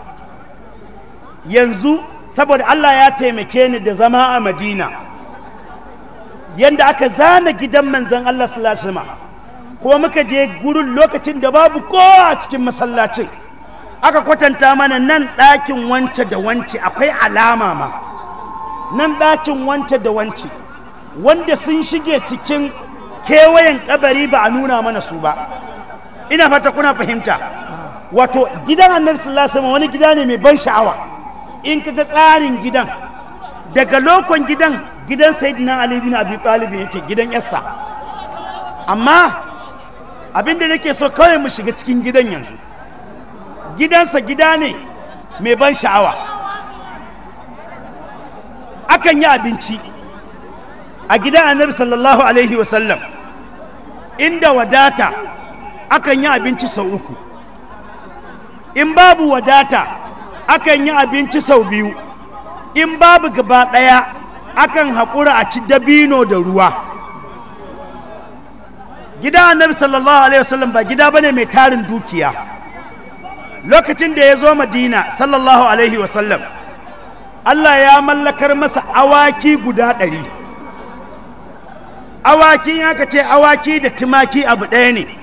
yanzu saboda Allah ya taimake ni da zama a Madina yanda aka zana gidan manzon Allah sallallahu alaihi kuma muka je gurin lokacin da babu kowa a cikin masallacin aka kwatanta mana nan ɗakin wance da wance akwai alama ma nan ɗakin wance da wance wanda sun shige cikin kewayen kabari ba a nuna mana su ba ina fata kuna fahimta wato gidan annabi sallallahu alaihi wasallam wani gida ne mai ban sha'awa in kaga tsarin gidan daga lokon gidan gidan sayyidina ali bin abi talib yake gidan yarsa amma abinda nake so kawai mu shiga cikin gidan yanzu gidansa gida ne mai ban sha'awa akan yi abinci a gidan annabi sallallahu alaihi wasallam inda wadata akan yi abinci sau uku in babu wadata akan yi abinci sau biyu in babu gaba ɗaya akan haƙura a ci dabino da ruwa gida annabi sallallahu alaihi wasallam ba gida bane mai tarin dukiya lokacin da ya zo madina sallallahu alaihi wasallam allah ya mallakar masa awaki guda ɗari awakin ya ce awaki da tumaki abu ɗaya ne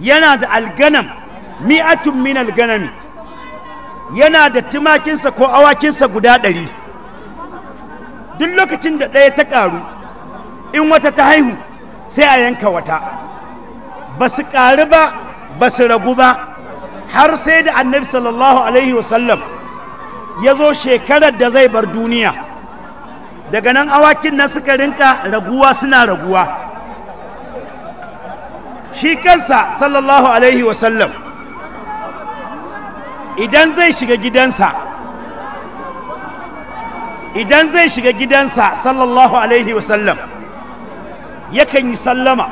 yana da alganam mi'atun min alganam yana da tumakinsa ko awakinsa guda ɗari duk lokacin da ɗaya ta ƙaru in wata ta haihu sai a yanka wata ba su ƙaru ba ba su ragu ba har sai da annabi sallallahu alaihi wasallam ya zo shekarar da zai bar duniya daga nan awakin na suka rinka raguwa suna raguwa shi kansa sallallahu alaihi wasallam idan zai shiga gidansa idan zai shiga gidansa sallallahu alaihi wasallam yakan yi sallama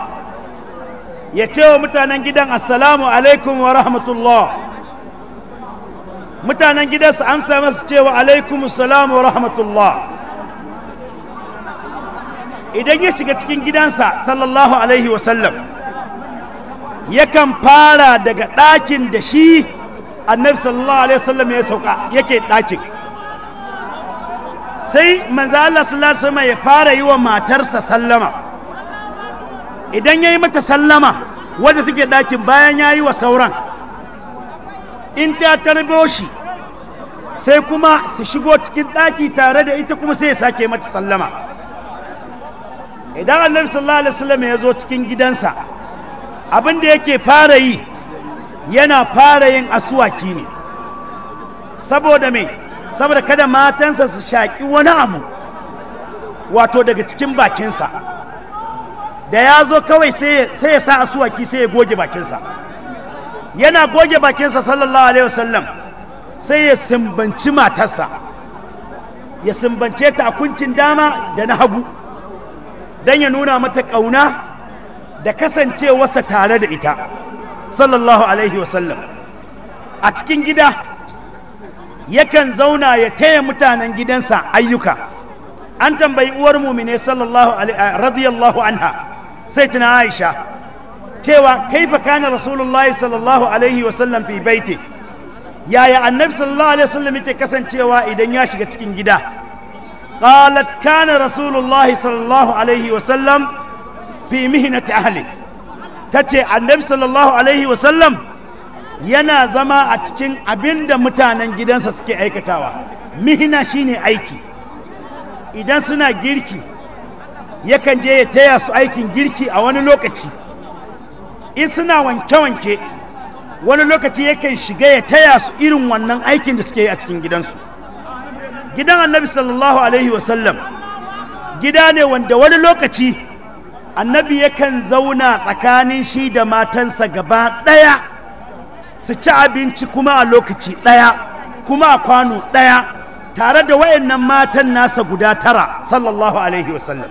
ya ce wa mutanen gidan assalamu alaikum wa rahmatullah mutanen gidan su amsa masu cewa alaikum assalamu wa rahmatullah idan ya shiga cikin gidansa sallallahu alaihi wasallam yakan fara daga ɗakin da shi annabi sallallahu alaihi wasallam ya sauka yake ɗakin sai manzo Allah sallallahu alaihi ya fara yi wa matarsa sallama idan ya yi mata sallama wadda take ɗakin bayan ya yi wa sauran in ta tarbo shi sai kuma su shigo cikin ɗaki tare da ita kuma sai ya sake mata sallama idan annabi sallallahu alaihi wasallam ya zo cikin gidansa abin da yake fara yi yana fara yin asuwaki ne saboda mai saboda kada matansa su shaƙi wani abu wato daga cikin bakinsa da ya zo kawai sai ya sa asuwaki sai ya goge bakinsa yana goge bakinsa sallallahu alaihi wasallam sai ya simbanci matarsa ya simbance ta kuncin dama da na hagu don ya nuna mata ƙauna da kasancewarsa tare da ita sallallahu alaihi wasallam a cikin gida yakan zauna ya taya mutanen gidansa ayyuka an tambayi uwar mumine sallallahu radiyallahu anha sai tuna aisha cewa kaifa kana rasulullahi sallallahu alaihi wasallam fi baiti yaya annabi sallallahu alaihi wasallam yake kasancewa idan ya shiga cikin gida qalat kana rasulullahi sallallahu alaihi wasallam fi mihinati ahli ta ce annabi sallallahu alaihi wasallam yana zama a cikin abinda mutanen gidansa suke aikatawa mihina shine aiki idan suna girki yakan je ya taya su aikin girki a wani lokaci in suna wanke-wanke wani lokaci yakan shiga ya taya su irin wannan aikin da suke yi a cikin gidansu gidan annabi sallallahu alaihi wasallam gida ne wanda wani lokaci annabi yakan zauna tsakanin shi da matansa gaba ɗaya su ci abinci kuma a lokaci ɗaya kuma a kwano ɗaya tare da wayannan matan nasa guda tara sallallahu alaihi wasallam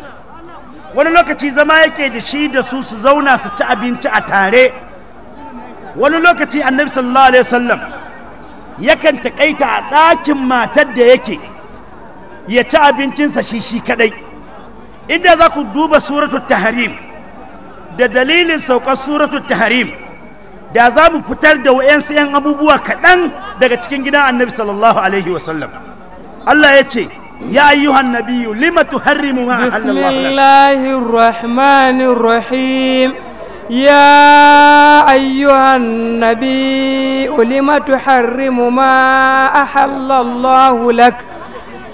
wani lokaci zama yake da shi da su su zauna su ci abinci a tare wani lokaci annabi sallallahu alaihi wasallam yakan takaita a ɗakin matar da yake ya ci abincinsa shi shi kaɗai inda za ku duba suratu tahrim da dalilin saukar suratu tahrim da za mu fitar da wa'yansu 'yan abubuwa kaɗan daga cikin gidan annabi sallallahu alaihi wasallam Allah ya ce ya ayyuhan nabiyyu lima tuharrimu ma bismillahir rahmanir rahim يا أيها النبي لم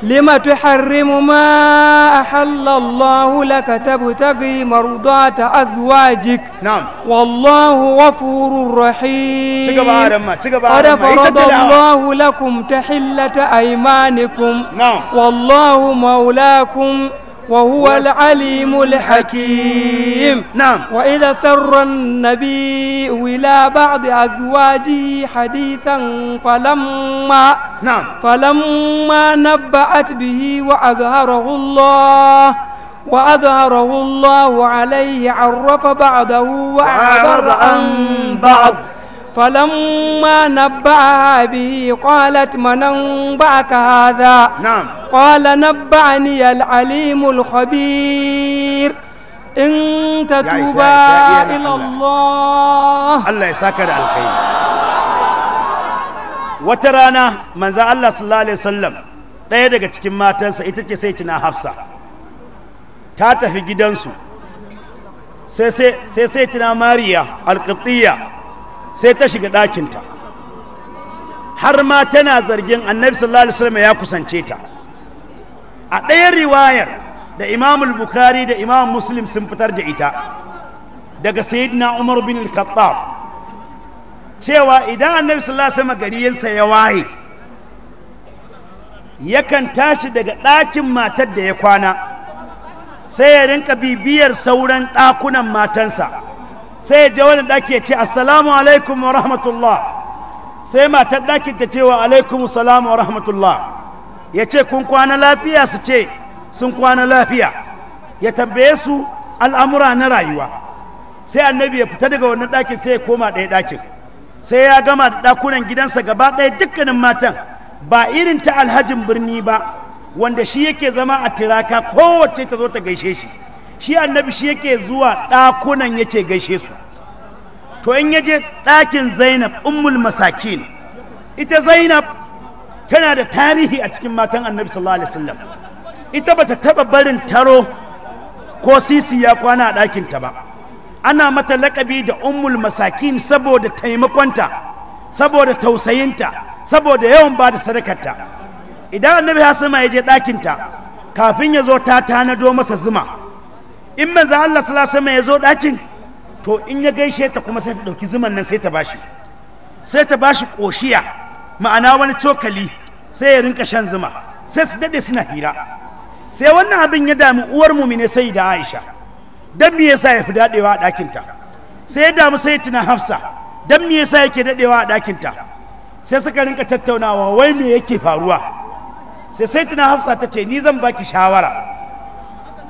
لم تحرم ما أحل الله لك تبتغي مرضاة أزواجك نعم والله غفور رحيم قد فرض الله لكم تحلة أيمانكم نعم والله مولاكم وهو العليم الحكيم نعم وإذا سر النبي إلى بعض أزواجه حديثا فلما نعم فلما نبأت به وأظهره الله وأظهره الله عليه عرف بعضه وأعرض عن بعض فلما نبأها به قالت من أنبأك هذا نعم قال نبأني العليم الخبير إن تتوبا إلى الله الله يساك الخير وترانا من ذا الله صلى الله عليه وسلم ɗaya daga تنسى matansa سيتنا حفصة sai tuna hafsa ta tafi gidansu sai sai ta shiga ɗakinta har ma tana zargin annabi sallallahu alaihi wasallam ya kusance ta a ɗayan riwayar da imamu bukhari da imam muslim sun fitar da ita daga sayyidina umar bin al-khattab cewa idan annabi sallallahu alaihi wasallam gariyinsa ya waye yakan tashi daga ɗakin matar da ya kwana sai ya rinka bibiyar sauran ɗakunan matansa sai ya je wani ɗaki ya ce assalamu alaikum wa rahmatullah sai matar ɗakin ta ce wa alaikum salamu wa rahmatullah ya ce kun kwana lafiya su ce sun kwana lafiya ya tambaye su al'amura na rayuwa sai annabi ya fita daga wannan ɗakin sai ya koma ɗaya ɗakin sai ya gama da ɗakunan gidansa gaba ɗaya dukkanin matan ba irin ta alhajin birni ba wanda shi yake zama a tiraka kowace ta zo ta gaishe shi shi annabi shi yake zuwa ɗakunan yake gaishe su to in yaje ɗakin zainab ummul masakin ita zainab tana da tarihi a cikin matan annabi sallallahu alaihi wasallam ita bata taba barin taro ko sisi ya kwana a ɗakinta ba ana mata laƙabi da ummul masakin saboda taimakonta saboda tausayinta saboda yawan ba da sadakarta idan annabi hasima ya je ɗakinta kafin ya zo ta tanado masa zuma in manzo Allah sallallahu alaihi wasallam ya zo ɗakin to in ya gaishe ta kuma sai ta ɗauki zuman nan sai ta bashi sai ta bashi koshiya ma'ana wani cokali sai ya rinka shan zuma sai su daɗe suna hira sai wannan abin ya dami uwar mumine sai da Aisha dan me yasa ya fi daɗewa a ɗakinta sai ya damu sai tuna Hafsa dan me yasa yake daɗewa a ɗakinta sai suka rinka tattaunawa wai me yake faruwa sai sai Hafsa ta ce ni zan baki shawara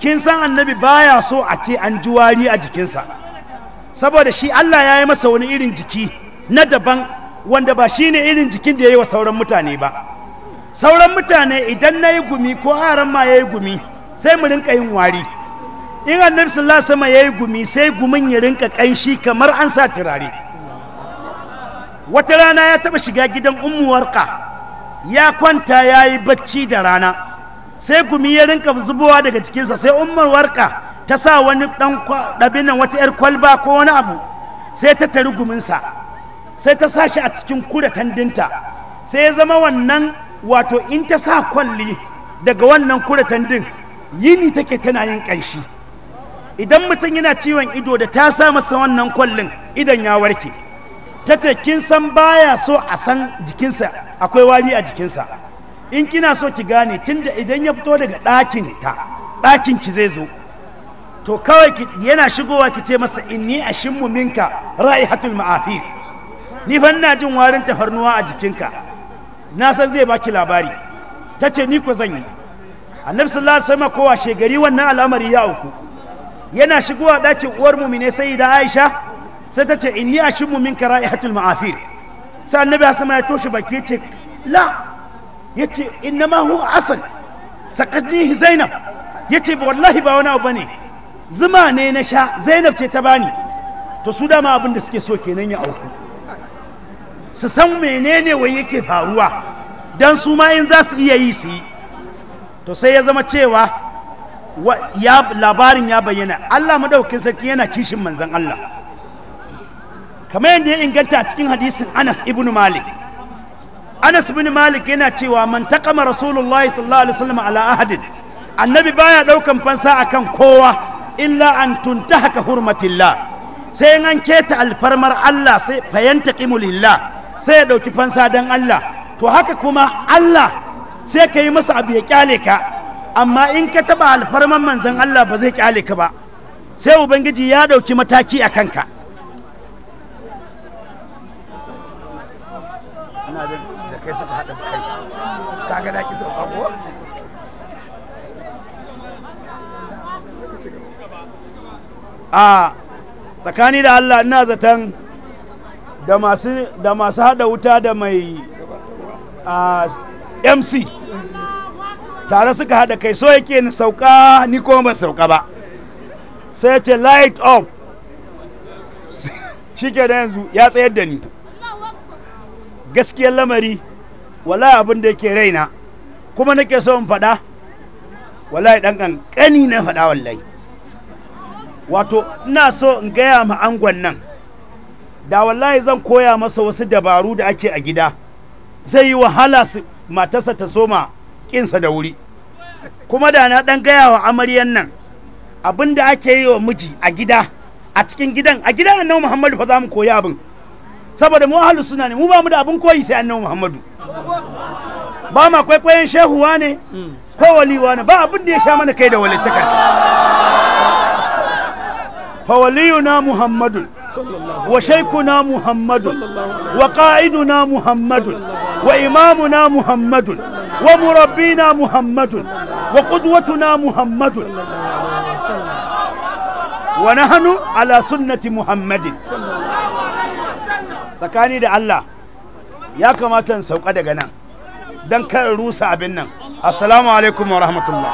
kin san annabi baya so a ce an ji wari a jikinsa saboda shi Allah ya yi masa wani irin jiki na daban wanda ba shi ne irin jikin da ya yi wa sauran mutane ba sauran mutane idan na yi gumi ko haran ma ya yi gumi sai mu rinka yin wari in annabi sallallahu sama ya yi gumi sai gumin ya rinka kanshi kamar an sa turare wata rana ya taba shiga gidan ummu ya kwanta ya yi bacci da rana sai gumi ya rinka zubowa daga cikinsa sai umar warka ta sa wani dan ɗabinan wata 'yar kwalba ko wani abu sai ta tari guminsa sai ta sa shi a cikin kura tandinta sai ya zama wannan wato in ta sa kwalli daga wannan kura tandin yini take tana yin ƙanshi idan mutum yana ciwon ido da ta sa masa wannan kwallin idan ya warke ta ce kin san baya so a san jikinsa akwai wari a jikinsa in kina so ki gane tunda idan ya fito daga ɗakin ta ɗakin ki zai zo to kawai yana shigowa ki ce masa inni a shimmu minka hatul ma'afir ni fa ina jin warin tafarnuwa a jikinka na san zai baki labari ta ce ni ko zan yi annabi sallallahu alaihi wasallam kowa shegari wannan al'amari ya auku yana shigowa ɗakin uwar mumine sai da aisha sai ta ce inni a shimmu minka hatul ma'afir sai annabi hasama ya toshe baki ce la yace ma huwa asal sakadnihi zainab yace wallahi ba wani abu bane zuma ne na sha zainab ce ta bani to su dama abin da suke so kenan ya auku su san menene wai yake faruwa dan su ma in za su iya yi su yi to sai ya zama cewa ya labarin ya bayyana Allah madaukin sarki yana kishin manzon Allah kamar yadda ya inganta a cikin hadisin Anas ibn Malik anas bin malik yana cewa man taqama rasulullahi sallallahu alaihi wasallam ala ahadin annabi baya daukan fansa akan kowa illa an tuntahaka hurmatillah sai an keta alfarmar Allah sai fayanta qimulillah sai ya dauki fansa dan Allah to haka kuma Allah sai ka yi masa abu ya kyale ka amma in ka taba alfarman manzon Allah ba zai kyale ka ba sai ubangiji ya dauki mataki a kanka kai suka haɗa kai ga daki sau ba kuwa a tsakani da Allah ina zaton da masu da wuta da mai MC tare suka haɗa kai so yake ni sauka ni ko ban sauka ba sai ce light off shike da yanzu ya tsayar da ni gaskiyar lamari wallahi abin da yake raina kuma nake so in faɗa wallahi ɗan ƙanƙani na faɗa wallahi wato ina so in gaya ma angon nan da wallahi zan koya masa wasu dabaru da ake a gida zai yi wahala su matarsa ta soma kinsa da wuri kuma da na ɗan gaya wa amaryan nan abin da ake yi wa miji a gida a cikin gidan a gidan annabi muhammadu fa za mu koya abin saboda mu ahlus sunna ne mu ba mu da abun koyi sai annabi muhammadu ba ma kwaikwayon shehuwa ne ko wali ne ba abin da ya sha mana kai da walittaka fa waliyuna muhammadun wa shaykuna muhammadun wa qa'iduna muhammadun wa imamuna muhammadun wa murabbina muhammadun wa qudwatuna muhammadun wa nahnu ala sunnati muhammadin tsakani da Allah ya kamata in sauka daga nan don kar rusa abin nan assalamu alaikum wa rahmatullah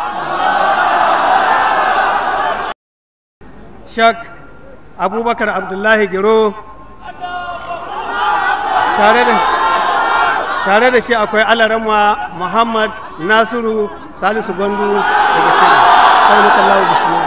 shak abubakar abdullahi Gero, tare da shi akwai alarama muhammad nasiru salisu gwandu daga kano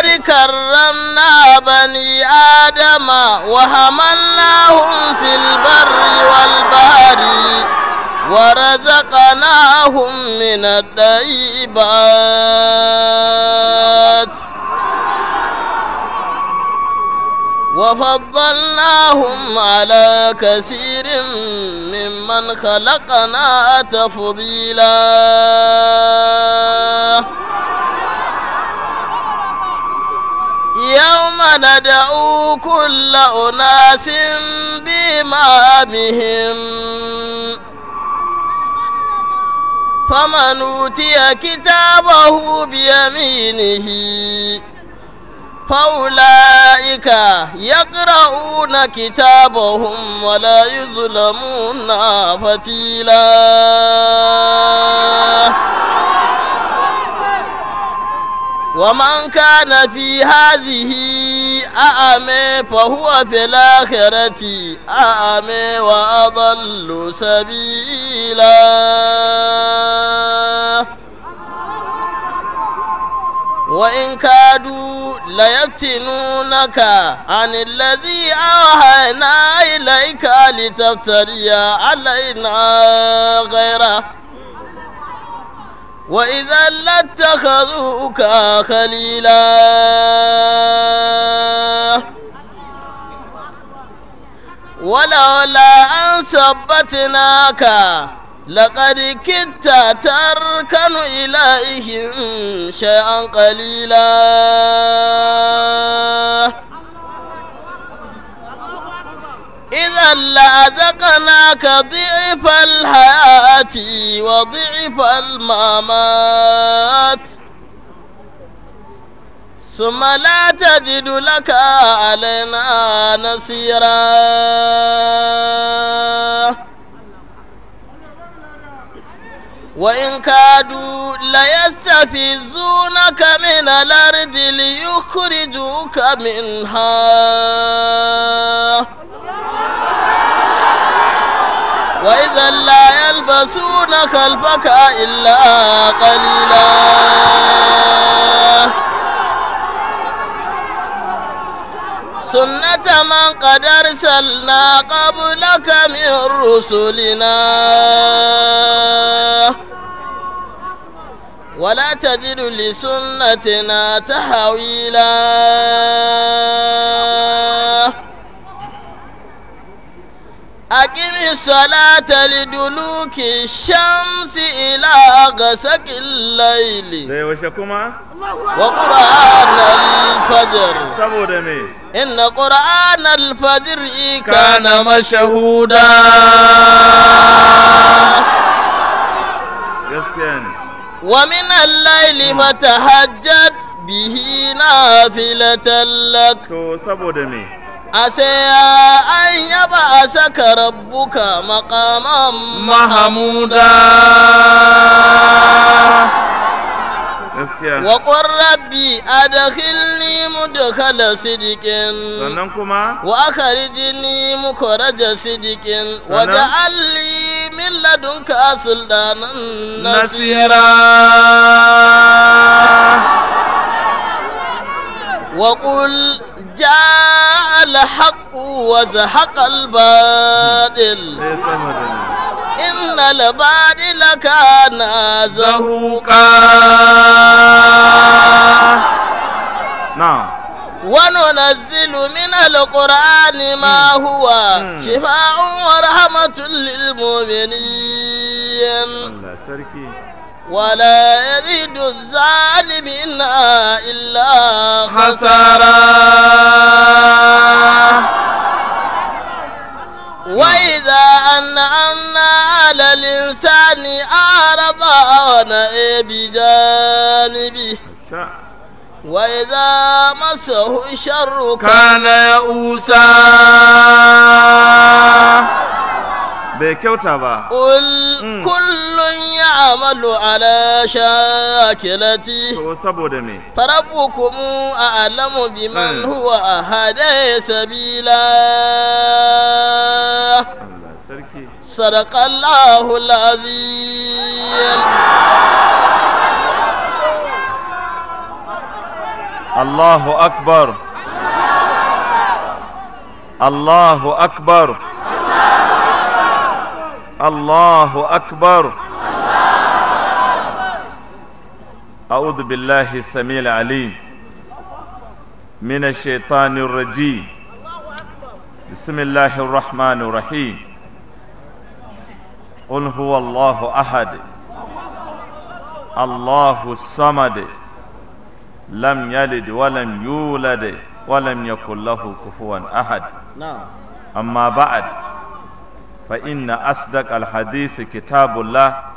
كرمنا بني آدم وحملناهم في البر والبحر ورزقناهم من الديبات وفضلناهم على كثير ممن خلقنا تفضيلا يوم ندعو كل أناس بإمامهم فمن أوتي كتابه بيمينه فأولئك يقرؤون كتابهم ولا يظلمون فتيلاً ومن كان في هذه أعمى فهو في الآخرة أعمى وأضل سبيلا وإن كادوا ليفتنونك عن الذي أوحينا إليك لتفتري علينا غيره وإذا لاتخذوك خليلا ولولا أن ثبتناك لقد كدت تركن إليهم شيئا قليلا إذا لأذقناك ضعف الحياة وضعف الممات ثم لا تجد لك علينا نصيرا وإن كادوا ليستفزونك من الأرض ليخرجوك منها وإذا لا يلبسون خلفك إلا قليلا سنة من قد أرسلنا قبلك من رسلنا ولا تجد لسنتنا تحويلا أقم الصلاة لدلوك الشمس إلى غسق الليل وقرآن الفجر إن قرآن الفجر كان مشهودا ومن الليل فتهجد به نافلة لك asaya an yaba a saka rabbuka makaman mahamuda wa rabbi a da mudakhala sidikin sannan kuma wa akharijni mukhraja sidikin wa ja'alni min a sultanan nasira wa ja'a الحق وزهق الباطل إن الباطل كان زهوقا نعم وننزل من القرآن ما هو شفاء ورحمة للمؤمنين الله سركي ولا يزيد الظالمين إلا خسارا وإذا أنعمنا على الإنسان أعرض ونأي بجانبه وإذا مسه الشر كان يئوسا بكوتا قل كل a'malu ala shakilati to saboda me a a'lamu biman huwa a ahada sabila Allah sarki sadaqallahu alazim Allahu akbar Allahu akbar Allahu akbar, Allahu akbar. أعوذ بالله السميع العليم من الشيطان الرجيم بسم الله الرحمن الرحيم قل هو الله أحد الله الصمد لم يلد ولم يولد ولم يكن له كفوا أحد أما بعد فإن أصدق الحديث كتاب الله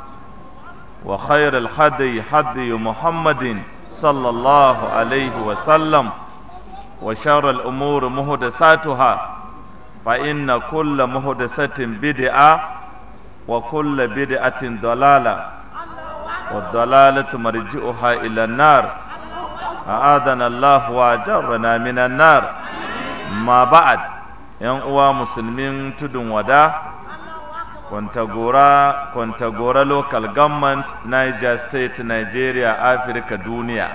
وخير الحدي حدي محمد صلى الله عليه وسلم وشر الأمور مهدساتها فإن كل مهدسة بدعة وكل بدعة ضلالة والضلالة مرجئها إلى النار أعاذنا الله وأجرنا من النار ما بعد 'yan uwa musulmin tudun wada Kwantagora, Kwantagora Local Government, Niger State, Nigeria, Afirka duniya.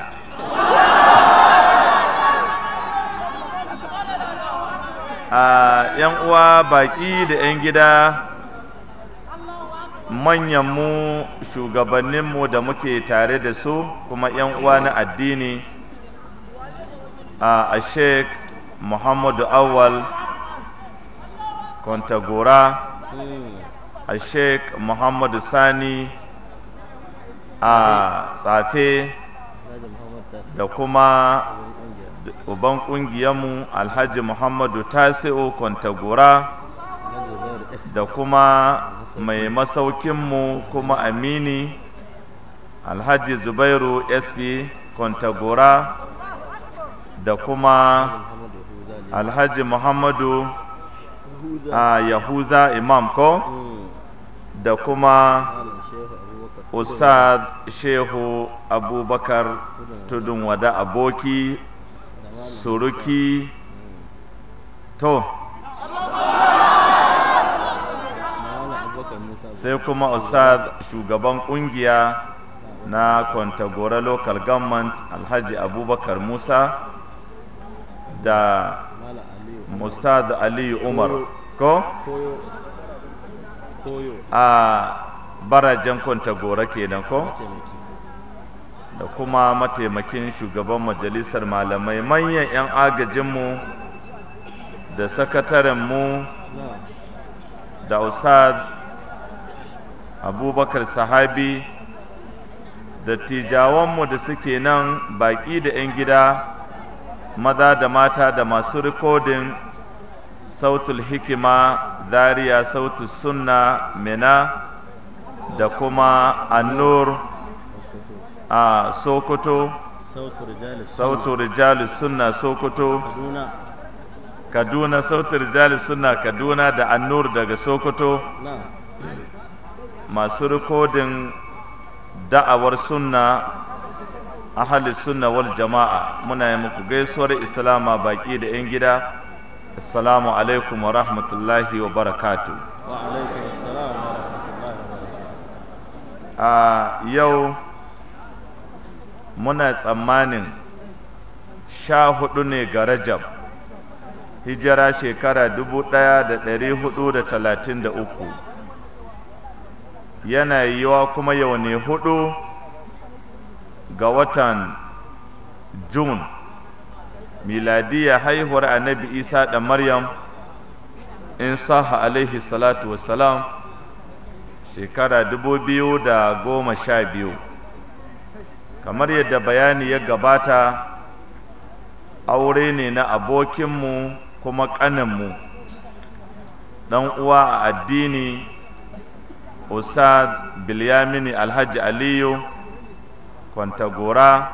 A ah, ‘yan uwa baƙi da ‘yan gida manyan manyanmu shugabanninmu da muke tare da su kuma ‘yan uwa na addini ah, a Sheikh Muhammadu Awal kontagora. Hmm. a sheik muhammadu sani a tsafe da kuma uban kungiyarmu alhaji muhammadu tasi'u kwantagora da kuma mai masaukinmu kuma amini alhaji zubairu sp kwantagora da kuma alhaji muhammadu a yahuza imam ko da kuma usad shehu abubakar tudun wada aboki suruki to sai kuma usad shugaban kungiya na kwantagora local government alhaji abubakar musa da musad aliyu umar ko a barajen kwanta gora kenan ko da kuma mataimakin shugaban majalisar malamai manyan 'yan agajinmu da mu da usad abubakar sahabi da mu da suke nan baki da 'yan gida maza da mata da masu rikodin sautul hikima zaria sautu sunna mena da kuma annur a sokoto sautu rijali sunna sokoto kaduna sautu rijali sunna kaduna da annur daga sokoto masu rikodin da'awar sunna ahalis sunna wal jama'a muna yi muku gaisuwar islama baki da 'yan gida assalamu alaikum wa rahmatullahi wa barakatu wa alaikum wa rahmatullahi wa barakatu a ah, yau muna tsammanin sha hudu ne ga rajab hijira shekara dubu ɗaya da ɗari hudu da talatin da uku yana yiwa kuma yau ne hudu ga watan june ya haihuwar annabi isa da maryam in saha alaihi salatu wasalam shekara dubu da goma sha biyu kamar yadda bayani ya gabata aure ne na abokinmu kuma kaninmu dan uwa a addini usad bilyamini alhaji aliyu kwantagora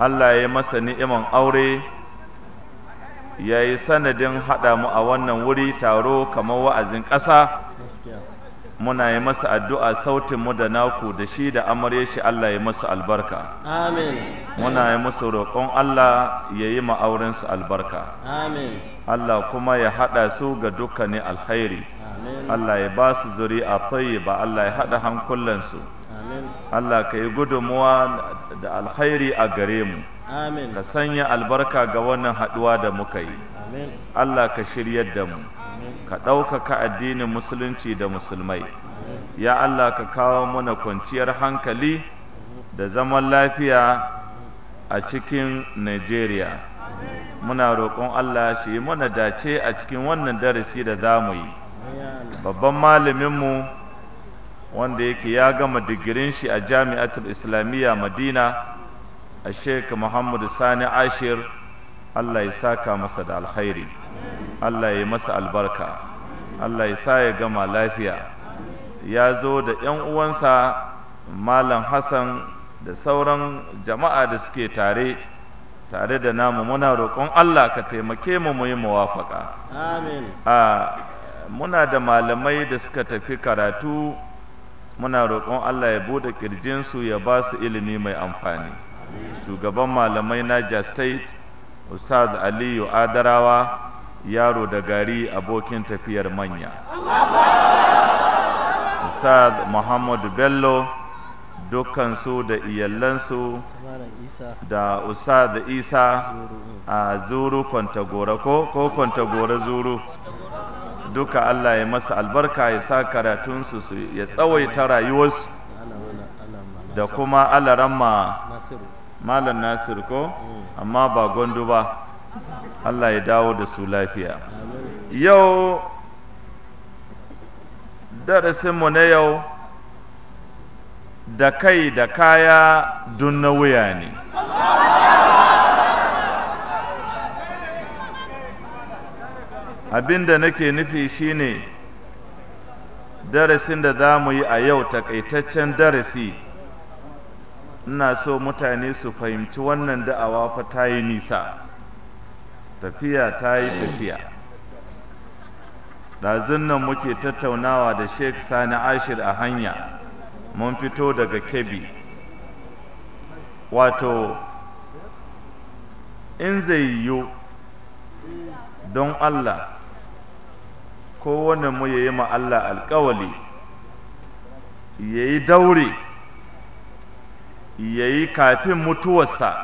Allah ya masa ni'iman aure ya yi sanadin haɗa mu a wannan wuri taro kamar wa'azin ƙasa muna yi masa addu'a sautin mu da naku da shi da amaryar shi Allah ya masa albarka amin muna yi musu roƙon Allah ya yi ma'auren su albarka amin Allah kuma ya haɗa su ga dukkanin alkhairi Allah ya ba su zuri a ba Allah ya haɗa hankulansu Allah ka yi gudunmuwa da alkhairi a gare mu ka sanya albarka ga wannan haduwa da muka yi amin Allah ka shirya da mu ka ɗaukaka addinin musulunci da musulmai ya Allah ka kawo mana kwanciyar hankali da zaman lafiya a cikin Nigeria muna roƙon Allah shi mana dace a cikin wannan darasi da za mu yi babban malaminmu wanda yake ya gama digirin shi a jami'atul islamiyya madina a sheik muhammadu sani ashir allah ya saka masa da alkhairi allah ya masa albarka allah ya sa ya gama lafiya ya zo da 'yan uwansa malam hassan da sauran jama'a da suke tare tare da namu muna roƙon allah ka taimake mu mu yi muwafaka muna da malamai da suka tafi karatu muna roƙon Allah ya bude ƙirjinsu ya ba su ilimi mai amfani shugaban malamai na State Ustaz Aliyu Adarawa yaro da gari abokin tafiyar manya Ustaz Muhammadu Bello dukkansu da iyalansu da Ustaz Isa a Zuru Kwantagora ko Kwantagora Zuru duka Allah ya masa albarka ya sa karatunsu su ya tsawaita rayuwarsu da kuma alaramma malam nasir ko amma ba gondu ba Allah ya dawo da su lafiya yau darasinmu na yau da kai da kaya dun na wuya ne abin da nake nufi shine darasin da za mu yi a yau takaitaccen darasi ina so mutane su fahimci wannan da'awa fa ta yi nisa tafiya ta yi tafiya ɗazun nan muke tattaunawa da sheikh sani ashir a hanya mun fito daga kebbi, wato in zai yiwu don allah kowane mu ya ma Allah alƙawali yi daure ya yi kafin mutuwarsa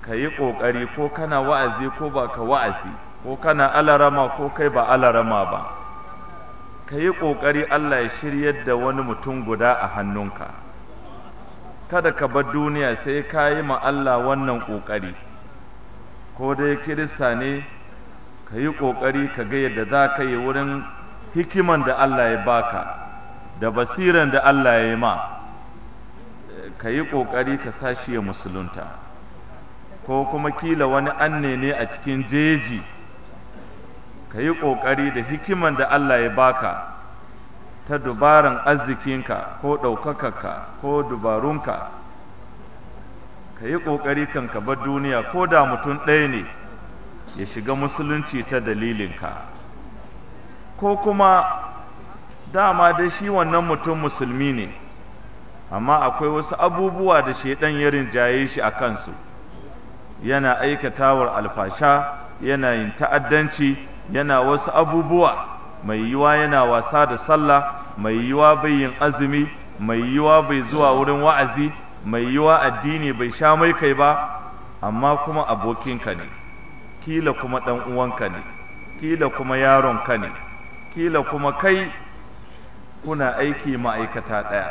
ka yi ƙoƙari ko kana wa'azi ko ba ka wa'azi ko kana alarama ko kai ba alarama ba ka yi ƙoƙari Allah ya shiryar da wani mutum guda a hannunka kada ka bar duniya sai ka yi ma Allah wannan ƙoƙari ko dai kirista ne ka yi ƙoƙari ka ga yadda za ka yi wurin hikiman da Allah ya baka da basiran da Allah ya yi ma ka yi ƙoƙari ka sashi ya musulunta ko kuma kila wani anne ne a cikin jeji ka yi ƙoƙari da hikiman da Allah ya baka ta dubaran arzikinka ko ɗaukakarka ko dubarunka ka yi ƙoƙari kan ka bar duniya ko da mutum ɗaya ne ya shiga musulunci ta dalilinka ko kuma dama da shi wannan mutum musulmi ne amma akwai wasu abubuwa da shaidan ya rinjaye shi a kansu yana aikatawar alfasha yana yin ta'addanci yana wasu abubuwa mai yiwa yana wasa da sallah mai yiwa bai yin azumi mai yiwa bai zuwa wurin wa'azi mai yiwa addini bai sha mai kai ba amma kuma abokinka ne kila kuma ɗan uwanka ne kila kuma yaronka ne kila kuma kai kuna aiki ma'aikata ɗaya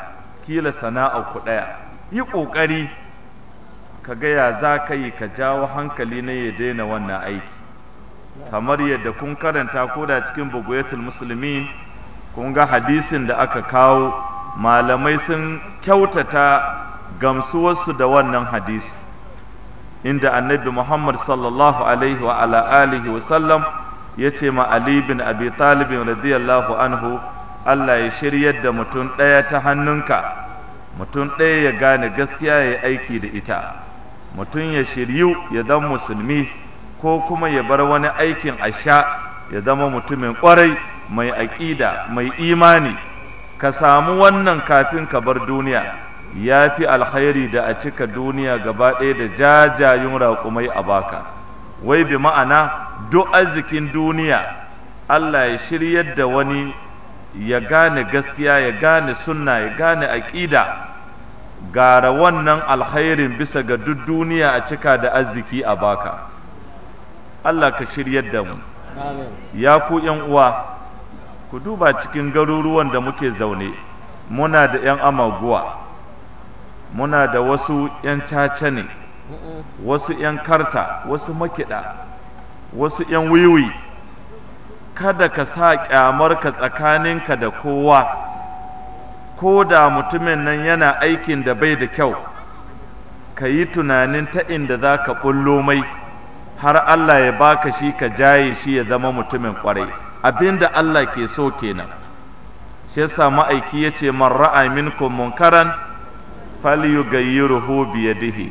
kila sana'a ku ɗaya yi ƙoƙari ka gaya za ka yi ka jawo hankali na ya daina wannan aiki kamar yadda kun karanta ko da cikin buguyatul musulmin kun ga hadisin da aka kawo malamai sun kyautata gamsuwarsu da wannan hadisi inda annabi muhammad sallallahu alaihi wa ala alihi wa sallam ya ce ma ali bin abi talibin radiyallahu anhu allah ya shiryar da mutum ɗaya ta hannunka mutum ɗaya ya gane gaskiya ya yi aiki da ita mutum ya shiryu ya zama musulmi ko kuma ya bar wani aikin asha ya zama mutumin ƙwarai mai aƙida mai imani ka samu wannan kafin ka bar duniya ya fi alkhairi da a cika duniya gaba ɗaya da jajayun raƙumai a baka wai bi ma'ana duk arzikin duniya allah ya shiryar da wani ya gane gaskiya ya gane sunna ya gane aƙida gara wannan alkhairin bisa ga duk duniya a cika da arziki a baka allah ka shirya da mu ya ku uwa ku duba cikin garuruwan da muke zaune muna da 'yan amaguwa muna da wasu 'yan caca ne wasu 'yan karta wasu makiɗa wasu 'yan wiwi kada ka sa tsakanin tsakaninka da kowa ko da mutumin nan yana aikin da bai da kyau ka yi tunanin ta inda za ka ɓullo mai har Allah ya baka shi ka jaye shi ya zama mutumin kwarai abinda Allah ke so kenan shi yasa ma'aiki ya ce man ra'a minkum munkaran falyughayyiruhu bi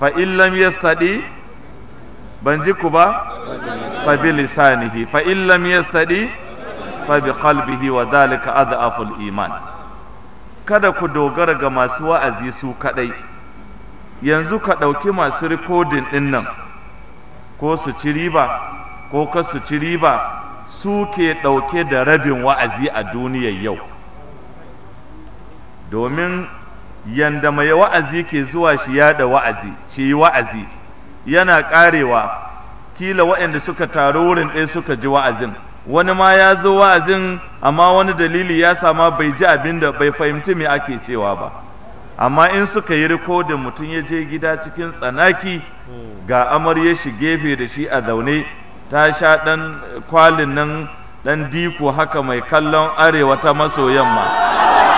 fa in lam yastadi ban ji ku ba fa bi lisanihi fa in lam yastadi fa bi qalbihi wa dhalika aful iman kada ku dogara ga masu wa'azi su kadai yanzu ka ɗauki masu rikodin din nan ko su ci riba ko ka su ci riba su ke ɗauke da rabin wa'azi a duniyar yau domin yanda mai wa'azi ke zuwa shi yada wa'azi shi yi wa'azi yana karewa kila waɗanda suka taru wurin ɗaya suka ji wa'azin wani ma ya zo wa'azin amma wani dalili ya sama bai ji abin da bai fahimci me ake cewa ba amma in suka yi rikodin mutum ya je gida cikin tsanaki ga ya shi gefe da shi a zaune ta sha ɗan kwalin nan ɗan diko haka mai kallon arewa ta maso yamma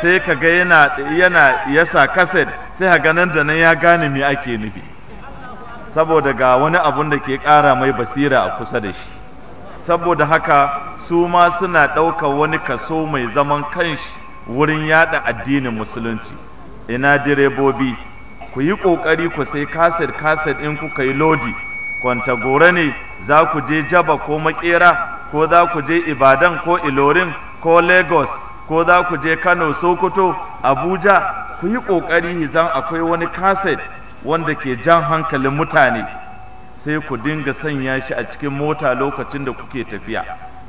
sai ka ga yana yana yasa kaset sai ka ganin da nan ya gane me ake nufi saboda ga wani abun da ke ƙara mai basira a kusa da shi saboda haka su ma suna ɗaukar wani kaso mai zaman kanshi wurin yada addinin musulunci ina direbobi ku yi ƙoƙari ku sai kaset kaset in kuka yi lodi kwanta gore ne za ku je jaba ko makera ko za ku je ibadan ko ilorin ko lagos ko za ku je Kano Sokoto Abuja ku yi ƙoƙari hizan akwai wani kaset wanda ke jan hankalin mutane sai ku dinga sanya shi a cikin mota lokacin da kuke tafiya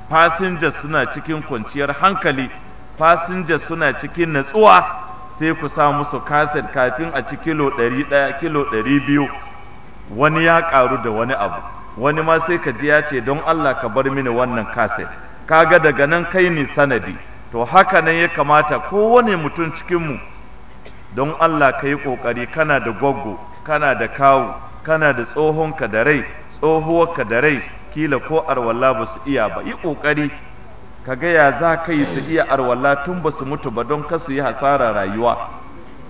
fasinja suna cikin kwanciyar hankali fasinja suna cikin natsuwa sai ku sa musu kaset kafin a ci kilo 100 kilo 200 wani ya karu da wani abu wani ma sai ka ji ya ce don Allah ka bar mini wannan kaset kaga daga nan kai ne sanadi to haka nan ya kamata kowane mutum cikinmu don Allah ka yi ƙoƙari kana da gwaggo kana da kawu kana da tsohonka da rai tsohuwarka da rai kila ko arwalla ba su iya ba yi ƙoƙari ka gaya za ka yi su iya arwalla tun ba su mutu ba don ka su yi hasara rayuwa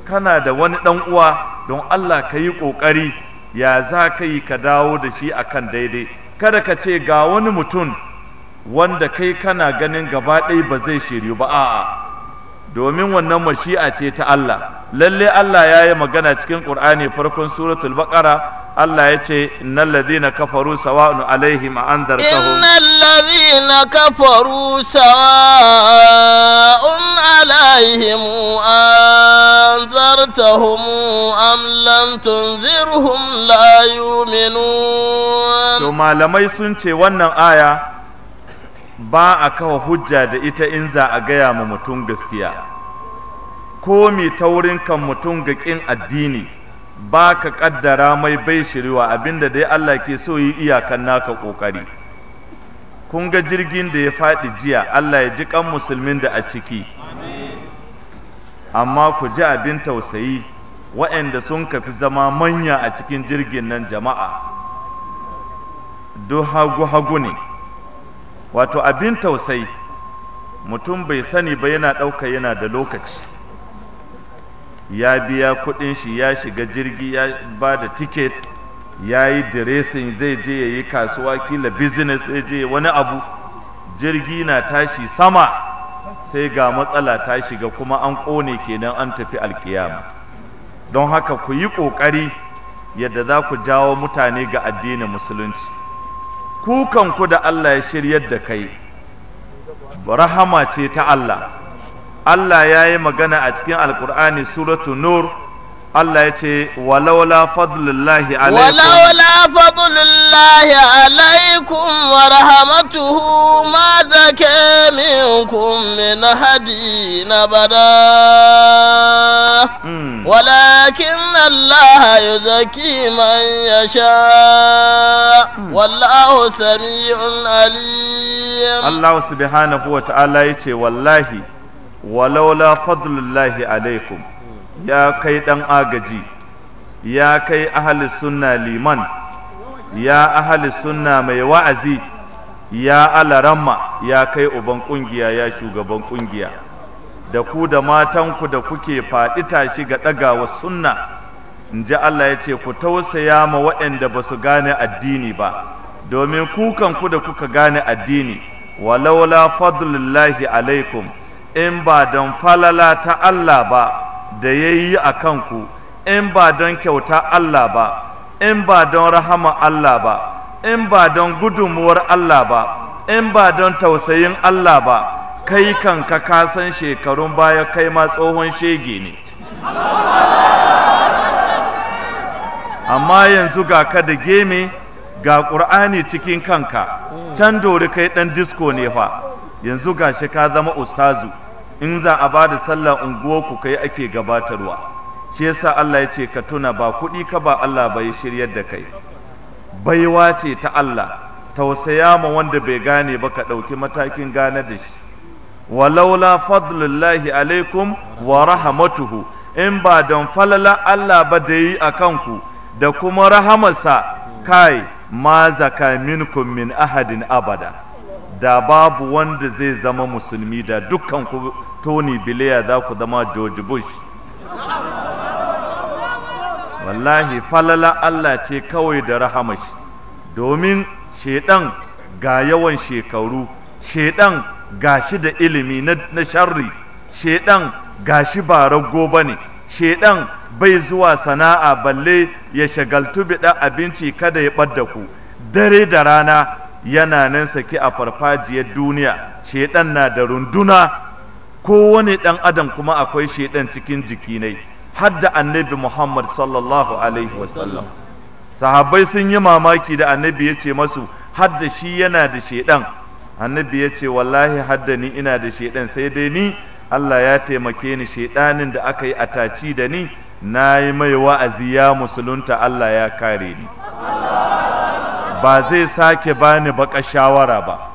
kana da wani ɗan uwa don Allah ka yi ƙoƙari ya za ka yi ka dawo da shi akan daidai kada ka ce ga wani mutum wanda kai kana ganin gaba ɗaya ba zai shiryu ba a'a domin wannan mashi'a ce ta Allah lalle Allah ya yi magana cikin ƙur'ani farkon suratul baqara Allah ya ce innal ladhina kafaru sawa'un alaihim a andartahum innal na kafaru sawa'un alaihim anzartahum am lam tunzirhum la yu'minun to malamai sun ce wannan aya ba a kawo hujja da ita in za a gaya ma mutum gaskiya ko mai taurin kan mutum ga ƙin addini ba ka ƙaddara mai bai shiriwa abinda dai Allah ke so yi iyakan naka ƙoƙari kun ga jirgin da ya faɗi jiya Allah ya ji kan musulmin da a ciki amma ku ji abin tausayi waɗanda sun kafi zama manya a cikin jirgin nan jama'a duk hagu-hagu ne wato abin tausayi mutum bai sani ba yana ɗauka yana da lokaci ya biya kuɗin shi ya shiga jirgi ya ba da tiket ya yi diresin zai je ya yi kasuwa kila business zai je wani abu jirgi na tashi sama sai ga matsala ta shiga kuma an ƙone kenan an tafi alkiyama don haka ku yi ƙoƙari yadda za ku jawo mutane ga addinin musulunci kukanku da Allah ya shiryar da kai rahama ce ta Allah Allah ya yi magana a cikin alkur'ani suratu nur Allah ya ce walaula fadlullahi alaikum walaula wa rahmatuhu ma zaka منكم من هدينا بدا ولكن الله يزكي من يشاء والله سميع عليم الله سبحانه وتعالى يتي والله ولولا فضل الله عليكم يا كيدان أجدي يا كي اهل السنه لمن يا اهل السنه مي وعزي ya alaramma ya kai uban kungiya ya shugaban kungiya da ku da matanku da kuke faɗi tashi ga ɗagawa sunna in ji Allah ya ce ku tausaya ma waɗanda ba su gane addini ba domin kukanku da kuka gane addini walaula fadlillahi alaikum in ba don falala ta Allah ba da ya yi a kanku in ba don kyauta Allah ba in ba don rahama Allah ba in ba don gudunmuwar Allah ba in ba don tausayin Allah ba kai kan ka san shekarun baya kai ma tsohon shege ne amma yanzu ga ka da geme ga ƙur'ani cikin kanka can dori kai ɗan disko ne fa yanzu ga shi ka zama ustazu in za a ba da sallah unguwarku kai ake gabatarwa shi yasa Allah ya ce ka tuna ba kuɗi ka ba Allah bai shiryar da kai baiwa ce ta Allah tausaya ma wanda bai gane ba ka ɗauki matakin gane da shi walaula fadlullahi alaikum wa rahamatuhu in ba don falala Allah ba da yi a kanku da kuma rahamarsa kai ma zaka minkum min ahadin abada da babu wanda zai zama musulmi da dukkan ku Tony Blair za ku zama George Bush wallahi falala Allah ce kawai da rahamashi domin shedan ga yawan shekaru shedan shi da ilimi na, shari sharri ga shi ba rago ne shedan bai zuwa sana'a balle ya shagaltu biɗa abinci kada ya ɓadda ku dare da rana yana nan saki a farfajiyar duniya shedan na da runduna kowane ɗan adam kuma akwai shedan cikin jiki ne hadda annabi muhammad sallallahu alaihi wasallam sahabbai sun yi mamaki da annabi ya ce masu hadda shi yana da shaidan annabi ya ce wallahi hadda ni ina da shaidan sai dai ni allah ya taimake ni shaidanin da aka yi a taci da ni na yi mai wa'azi ya musulunta allah ya kare ni ba zai sake bani baka shawara ba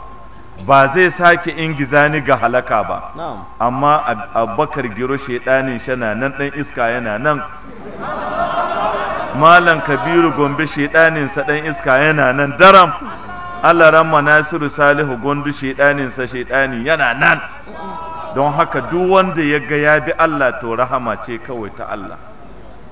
ba zai sake ingiza ni ga halaka ba amma abubakar giro shaidanin shana nan dan iska yana nan malam kabiru gombe shaidanin sa dan iska yana nan daram Allah ramma nasiru salihu gondu shaidanin sa shaidani yana nan don haka duk wanda ya ga ya bi Allah to rahama ce kawai ta Allah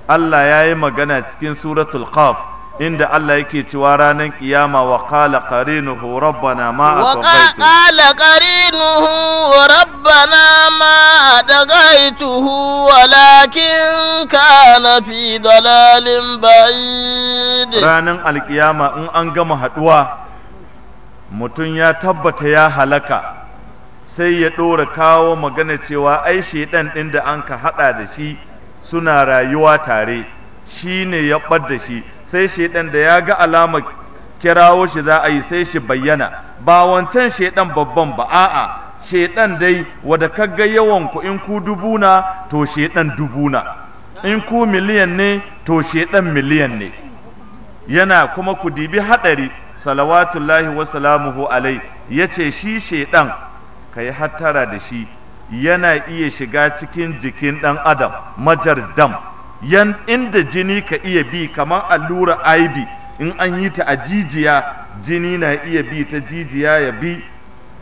Allah ya yi magana cikin suratul qaf inda Allah yake cewa ranar kiyama wa qala qarinuhu rabbana ma ataqaytu wa rabbana ma walakin kana fi dalalin ba'id ranar alkiyama in an gama haduwa mutum ya tabbata ya halaka sai ya dora kawo magana cewa ai shedan din da an ka hada da shi suna rayuwa tare shine ya bar da shi sai shaidan da ya ga alamar kirawo shi za a yi sai shi bayyana ba wancan shaidan babban ba a'a shaidan dai wada kagga yawan ku in ku dubu na to shaidan dubu na in ku miliyan ne to shaidan miliyan ne yana kuma ku dibi hadari salawatullahi wa salamuhu alai ce shi shaidan ka yi hattara da shi yana iya shiga cikin jikin dan adam majar dam yan inda jini ka iya bi kamar allura IB in an yi ta a jijiya jini na iya bi ta jijiya ya bi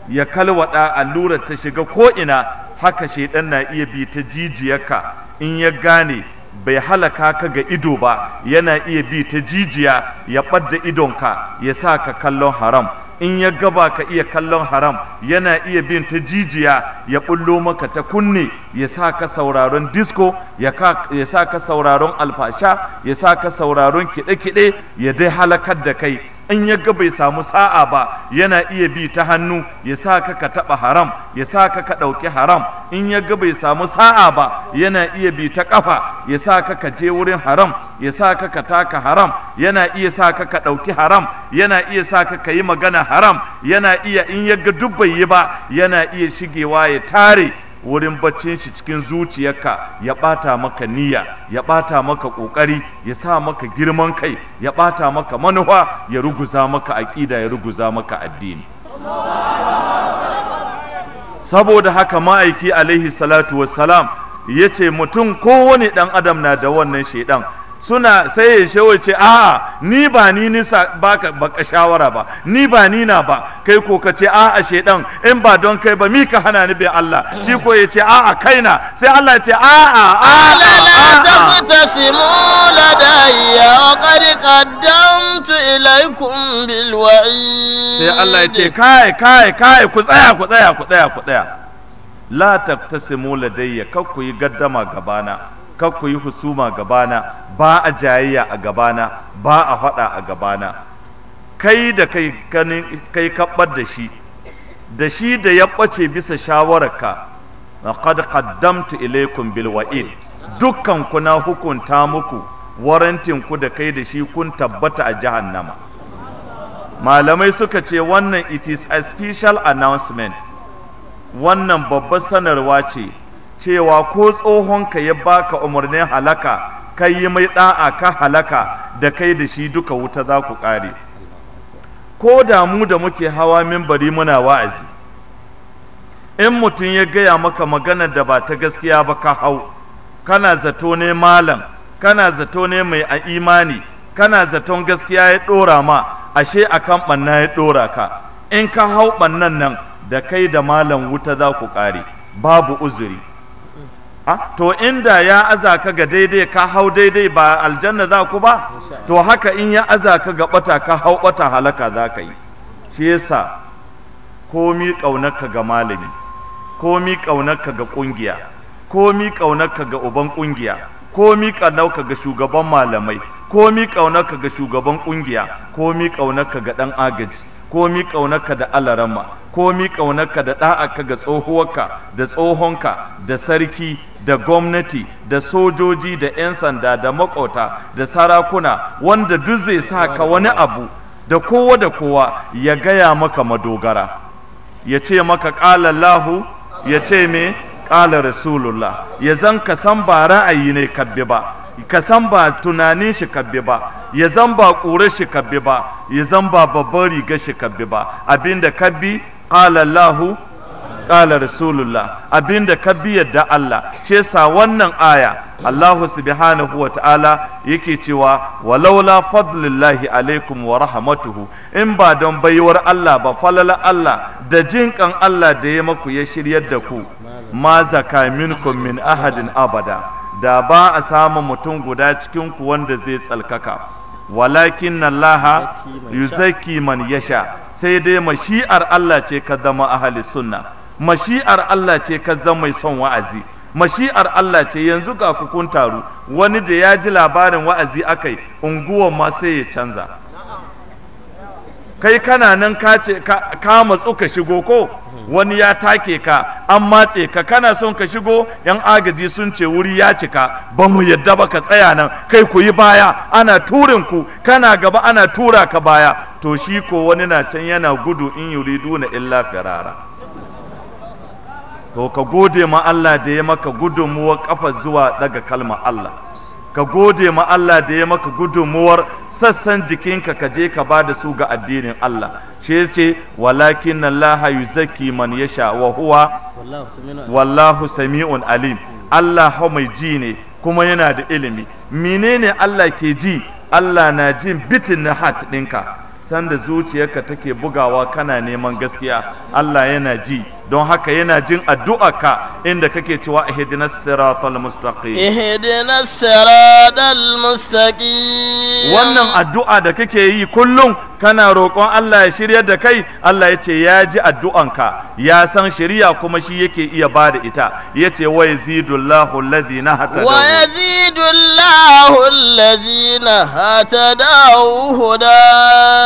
ya kalwada allurar ta shiga ko ina haka shaidan na iya bi ta jijiyarka in ya gane bai halaka ka ga ido ba yana iya bi ta jijiya ya ɓadda idonka ya sa ka kallon haram in ya gaba ka iya kallon haram yana iya bin ta jijiya ya bullo maka ta kunne ya sa ka sauraron disco ya sa ka sauraron alfasha ya sa ka sauraron kide kide ya dai halakar da kai in ya ga bai samu sa'a ba yana iya bi ta hannu ya sa ka ka taɓa haram ya sa ka ka ɗauki haram in ya ga bai samu sa'a ba yana iya bi ta ƙafa ya sa ka ka je wurin haram ya sa ka ka taka haram yana iya sa ka ka ɗauki haram yana iya sa ka ka yi magana haram yana iya in ya ga duk bai yi ba yana iya shigewa ya tare wurin baccin shi cikin zuciyarka ya ɓata maka niyya ya ɓata maka ƙoƙari ya sa maka girman kai ya ɓata maka manufa ya ruguza maka aƙida ya ruguza maka addini saboda haka ma'aiki alaihi salatu wassalam ya ce mutum kowane ɗan adam na da wannan shaidan suna sai ya shewa ce a'a ni ba ni nisa baka baka shawara ba ni ba ni na ba kai ko ka ce a'a shedan in ba don kai ba mi ka hana ni bai Allah shi ko ya ce a'a kaina sai Allah ya ce a'a a la taqtasimu ladayya wa qad qaddamtu ilaykum bil wa'i sai Allah ya ce kai kai kai ku tsaya ku tsaya ku tsaya ku tsaya la taqtasimu ladayya kar ku yi gaddama gabana kar ku yi husuma gabana ba a jayayya a gabana ba a faɗa a gabana kai da kai kai kabbar da shi da shi da ya ɓace bisa shawararka laqad qaddamtu ilaykum bil wa'id dukkan ku na hukunta muku warantin ku da kai da shi kun tabbata a jahannama malamai suka ce wannan it is a special announcement wannan babbar sanarwa ce cewa ko tsohonka ya baka umarnin halaka kai yi mai da'a ka halaka da kai da shi duka wuta za ku ƙare ko da mu da muke hawa mimbari muna wa'azi in mutum ya gaya maka magana da ba ta gaskiya ba ka hau kana zato ne malam kana zato ne mai a imani kana zaton gaskiya ya ɗora ma ashe akan ɓanna ya ɗora ka in ka hau ɓannan nan da kai da malam wuta za ku ƙare babu uzuri to inda ya aza ka ga daidai ka hau daidai ba aljanna za ku ba to haka in ya aza ka ga bata ka hau bata halaka za ka yi shi yasa komi kaunarka ga malami komi kaunarka ga ƙungiya komi kaunarka ga uban ƙungiya komi kaunarka ga shugaban malamai komi kaunarka ga shugaban ƙungiya komi kaunarka ga ɗan agaji komi ƙaunarka da alarama komi ƙaunarka da ɗa'aka ga tsohuwarka da tsohonka da sarki da gwamnati da sojoji da 'yan sanda da makota da sarakuna wanda duk zai sa ka wani abu da kowa da kowa ya gaya maka madogara ya ce maka ƙala lahu ya ce me ƙala rasulullah ya zan ka san ba ra'ayi ne kabbi ba ka san ba tunanin shi kabbi ba ya zan ba ƙurar shi kabbi ba ya zan ba babban riga shi kabbi ba abinda kabbi qala Allahu qala Rasulullah abinda kabbi yadda Allah ce sa wannan aya Allahu subhanahu wa ta'ala yake cewa walaula fadlillahi alaikum wa rahmatuhu in ba don baiwar Allah ba falala Allah da jinkan Allah da ya maku ya shiryar da ku ma zaka minkum min ahadin abada da ba a samu mutum guda cikin ku wanda zai tsalkaka walakin na laha yuzaki man yasha sai dai mashi'ar Allah ce ka zama ahali sunna mashi'ar Allah ce ka zama mai son wa'azi mashi'ar Allah ce yanzu ga kukun taru wani da ya ji labarin wa'azi akai unguwar ma sai ya canza kai kana nan ka ce ka matsu ka shigo ko wani ya take ka an matse ka kana son ka shigo yan agaji sun ce wuri ya cika ba mu yadda ba ka tsaya nan kai ku yi baya ana turin ku kana gaba ana tura ka baya to shi ko wani na can yana gudu in yuriduna illa firara to ka gode ma Allah da ya maka gudunmuwa kafa zuwa daga kalmar Allah ka gode ma Allah da ya maka gudunmuwar sassan jikinka ka je ka ba da su ga addinin Allah shi ce walakin Allah zaki man yasha wa huwa wallahu sami'un alim Allah mai ji ne kuma yana da ilimi menene Allah ke ji Allah na jin bitin na hat ɗinka sanda zuciyarka take bugawa kana neman gaskiya Allah yana ji don haka yana jin addu'a ka inda kake cewa ihdinas siratal mustaqim ihdinas siratal mustaqim wannan addu'a da kake yi kullum kana roƙon Allah ya shiryar da kai Allah ya ce ya ji addu'anka ya san shari'a kuma shi yake iya ba da ita ya ce wa yazidullahu alladhina hatadaw wa yazidullahu alladhina huda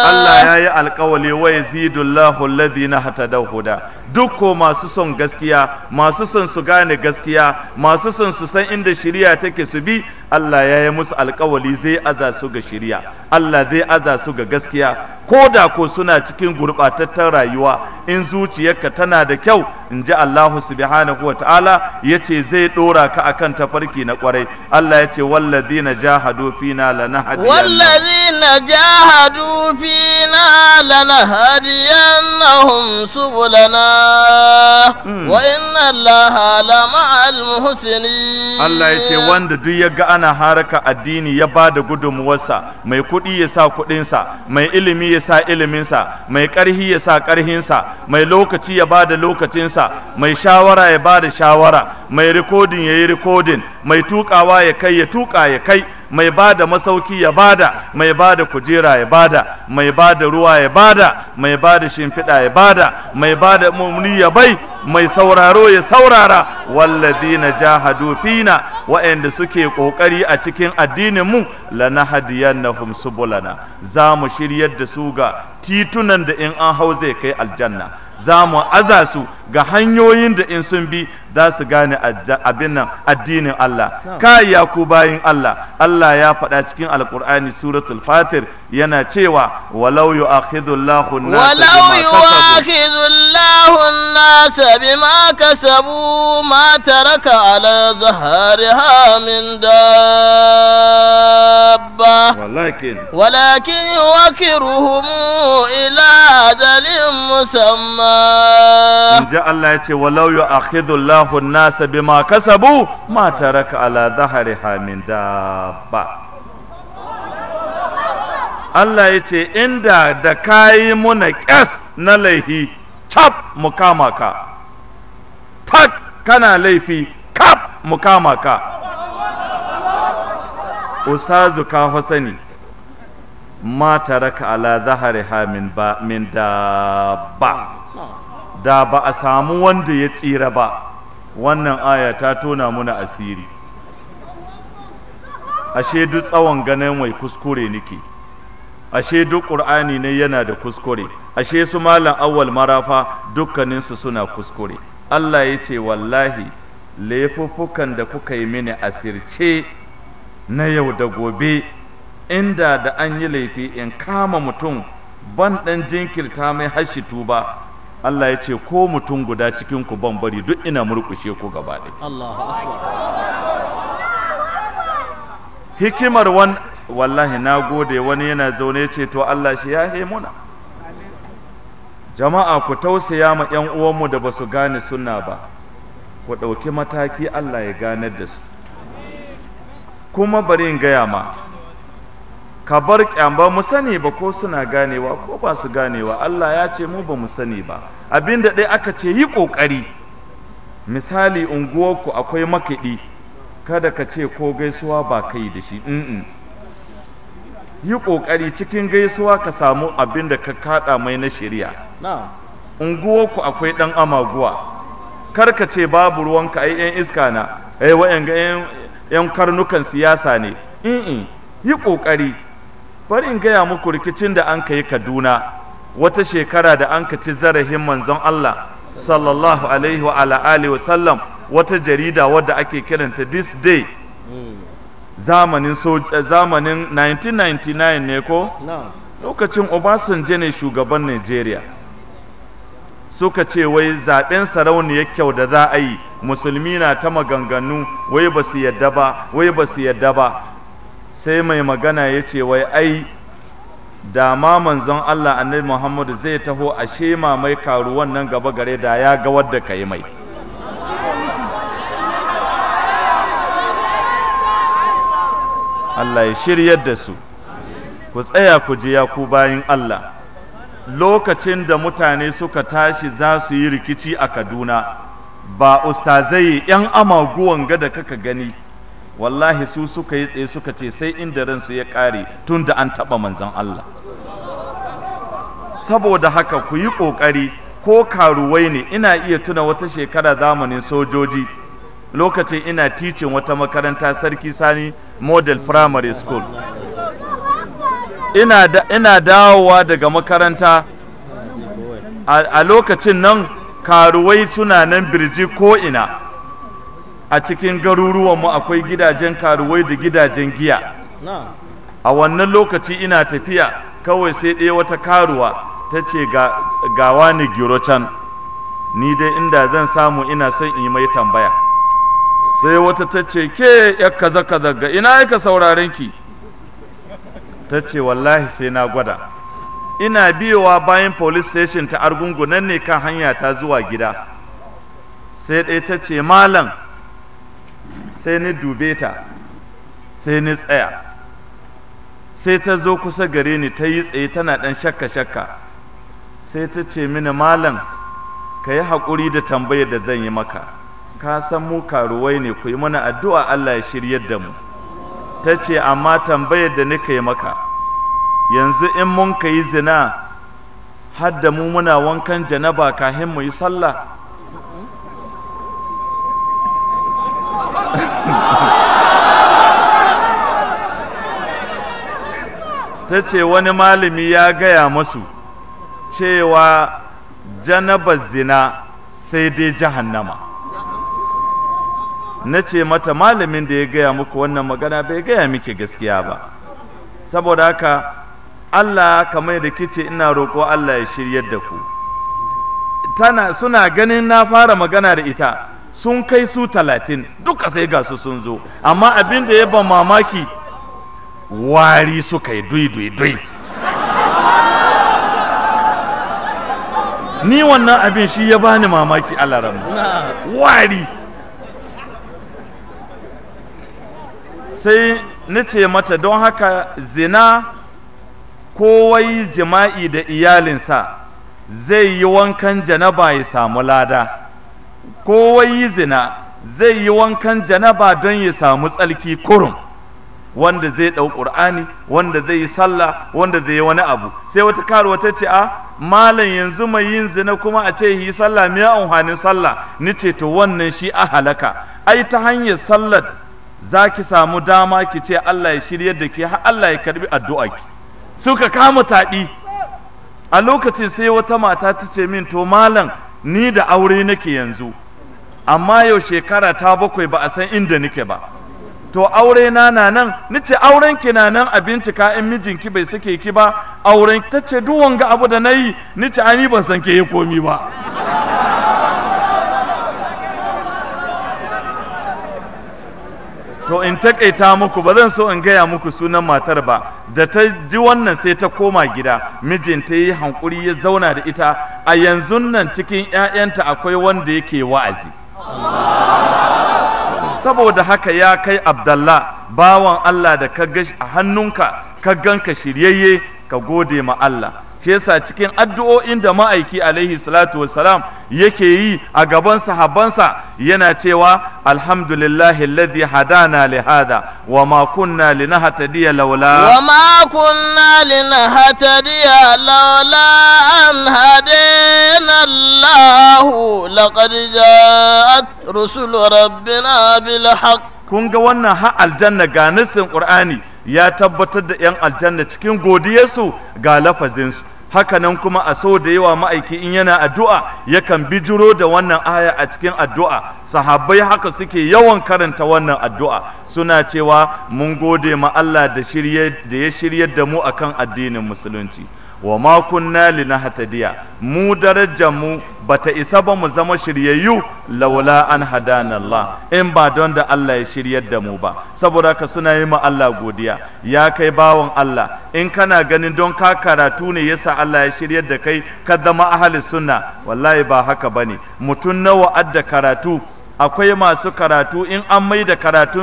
Allah ya yi alƙawali wa yazidullahu alladhina hatadaw huda duk masu son gaskiya masu son su gane gaskiya masu son su san inda shiriya take su bi Allah ya yi musu alkawali zai aza su ga shirya Allah zai aza su ga gaskiya ko da ko suna cikin gurɓatattar rayuwa in zuciyarka tana da kyau in ji Allahu subhanahu wa ta'ala ya ce zai ɗora ka akan tafarki na ƙwarai Allah ya ce na jahadu fina lanahdiyanna walladina jahadu fina nahum subulana hmm. wa inna Allaha lama'al muhsinin Allah ya ce wanda duk ya ga hana haraka addini ya ba da gudunmuwarsa mai kuɗi ya sa kuɗinsa mai ilimi ya sa iliminsa mai ƙarhi ya sa ƙarhinsa mai lokaci ya ba da lokacinsa mai shawara ya ba da shawara mai rikodin ya yi rikodin mai tukawa ya kai ya tuka ya kai mai ba da masauki ya ba da mai ba da kujera ya ba da mai ba da ruwa ya ba da mai ba da shimfiɗa ya ba da mai ba da mummuni ya bai mai sauraro ya saurara walladina jahadu fina waɗanda suke ƙoƙari a cikin addinin mu lanahdiyannahum subulana za mu shiryar da su ga titunan da in an hau zai kai aljanna za mu aza su ga hanyoyin da in sun bi za su gane abin nan addinin Allah ka ya ku Allah Allah ya faɗa cikin alkur'ani suratul fatir yana cewa walau yu'akhidullahu an-nasa bima kasabu جزاه الناس بما كسبوا ما ترك على ظهرها من دابة ولكن ولكن يوكرهم إلى أجل مسمى إن جاء الله يتي ولو يؤخذ الله الناس بما كسبوا ما ترك على ظهرها من دابة Allah ya ce inda da kayi muna ƙyas na laihi cap mu ka tak kana laifi kap mu kama ka usazu ka fasani ma taraka ala zahariha min ba min da ba da ba a samu wanda ya tsira ba wannan aya ta tona muna asiri ashe duk tsawon ganin wai kuskure nike ashe duk ƙur'ani ne yana da kuskure ashe su malam awwal marafa dukkaninsu suna kuskure Allah ya ce wallahi laifuffukan da kuka yi mini asirce na yau da gobe inda da an yi laifi in kama mutum ban ɗan jinkirta mai hashi tuba Allah ya ce ko mutum guda cikin ku ban bari duk ina murkushe ku gaba ɗaya hikimar wani wallahi na gode wani yana zaune ce to Allah shi ya muna jama'a ku tausaya ma 'yan uwanmu da ba su gane sunna ba ku ɗauki mataki Allah ya gane da su kuma bari in gaya ma ka bar kyamba mu sani ba ko suna ganewa ko ba su ganewa Allah ya ce mu ba mu sani ba abinda dai aka ce yi ƙoƙari misali unguwarku akwai makaɗi kada ka ce ko gaisuwa ba kai da shi mm yi ƙoƙari cikin gaisuwa ka samu abin da ka kaɗa mai na shirya unguwarku akwai ɗan amaguwa kar ka ce babu ruwanka ai 'yan iska na ai wa'yanga 'yan karnukan siyasa ne in yi ƙoƙari bari in gaya muku rikicin da an ka yi kaduna wata shekara da an ka ci zarafin manzon allah sallallahu alaihi wa ala wa sallam wata jarida wadda ake kiranta this day mm. zamanin eh, zamanin 1999 ne ko lokacin obasanjo ne shugaban nigeria suka ce wai zaben sarauniyar kyau da za a yi musulmi na ta maganganu wai ba su yadda ba wai ba su yadda ba sai mai magana ya ce wai ai da ma manzon Allah annabi Muhammadu zai taho a shema mai karuwan nan gaba gare da ya ga wadda ka yi mai Allah ya shiryar da su ku tsaya ku ji ya ku bayan Allah lokacin da mutane suka tashi za su yi rikici a Kaduna ba ustazai yan amaguwan ga da kaka gani wallahi su suka yi tsaye suka ce sai inda ransu ya ƙare tun da an taɓa manzon Allah saboda haka ku yi ƙoƙari ko karuwai ne ina iya tuna wata shekara zamanin sojoji lokacin ina ticin wata makaranta sarki sani model primary school ina, dawowa daga makaranta a, lokacin nan karuwai suna nan birji ko'ina a cikin garuruwanmu akwai gidajen karuwai da gidajen giya a wannan lokaci ina tafiya kawai sai ɗaya wata karuwa ta ce ga wani giro ni dai inda zan samu ina son in yi mai tambaya sai wata ta ce ke ya kaza kaza ga ina aika sauraren ki ta ce wallahi sai na gwada ina biyowa bayan police station ta argungu nan ne kan hanya ta zuwa gida sai ɗaya ta ce malam sai ni dube ta sai ni tsaya sai ta zo kusa gare ni ta yi tsaye tana ɗan shakka shakka sai ta ce mini malam ka yi haƙuri da tambayar da zan yi maka ka san mu karuwai ne ku yi mana addu'a Allah ya shiryar da mu ta ce amma tambayar da nika yi maka yanzu in mun ka yi zina har mu muna wankan janaba kahin mu yi sallah ta ce wani malami ya gaya masu cewa janabar zina sai dai jahannama na ce mata malamin da ya gaya muku wannan magana bai gaya miki gaskiya ba saboda haka Allah kamar da kice ina roƙo Allah ya shiryar da ku tana suna ganin na fara magana da ita sun kai su talatin duka sai ga su sun zo amma abin da ya ban mamaki wari suka yi dui dui dui ni wannan abin shi ya bani mamaki a wari sai ce mata don haka zina kowai jima'i da iyalinsa zai yi wankan janaba ya samu lada kowai zina zai yi wankan janaba don ya samu tsarki kurum wanda zai ɗau ƙur'ani wanda zai yi sallah wanda zai yi wani abu sai wata karuwa ta ce a malam yanzu mai yin zina kuma a ce yi sallah miya amfanin sallah ni ce to wannan shi a halaka ai ta hanyar sallar za ki samu dama ki ce Allah ya shirye da ke har Allah ya karbi addu'a ki suka kama taɗi a lokacin sai wata mata ta ce min to malam ni da aure nake yanzu amma yau shekara ta bakwai ba a san inda nake ba to aure na na nan ce auren ki na nan abinci bincika mijinki bai sake ki ba auren ta ce duk wanga abu da nayi nace ani ban san ke komi ba to in takaita muku ba zan so in gaya muku sunan matar ba da ta ji wannan sai ta koma gida mijinta yi hankuri ya zauna da ita a yanzu nan cikin 'ya'yanta akwai wanda yake wa'azi saboda haka ya kai abdallah bawan allah da ka gashi a hannunka ka ganka shiryayye ka gode ma allah shi yasa cikin addu'o'in da ma'aiki alaihi salatu salam yake yi a gaban sahabbansa yana cewa alhamdulillahi alladhi hadana li hada wa ma kunna linahtadiya laula wa ma kunna linahtadiya laula an hadana Allah laqad ja'at rusul rabbina bil haqq kun ga wannan ha aljanna ga nasin qur'ani ya tabbatar da yan aljanna cikin godiyarsu ga lafazinsu hakanan kuma a so da yawa ma'aiki in yana addu'a yakan bijiro da wannan aya a cikin addu'a sahabbai haka suke yawan karanta wannan addu'a suna cewa mun gode ma Allah da ya shiryar da mu akan addinin musulunci wa ma kunna linahtadiya mu darajar mu bata isa ba mu zama shiryayyu laula an hadana Allah in ba don da Allah ya shiryar da mu ba saboda ka suna yi ma Allah godiya ya kai bawon Allah in kana ganin don ka karatu ne yasa Allah ya shiryar da kai ka zama ahli sunna wallahi ba haka bane mutun nawa adda karatu akwai masu karatu in an mai da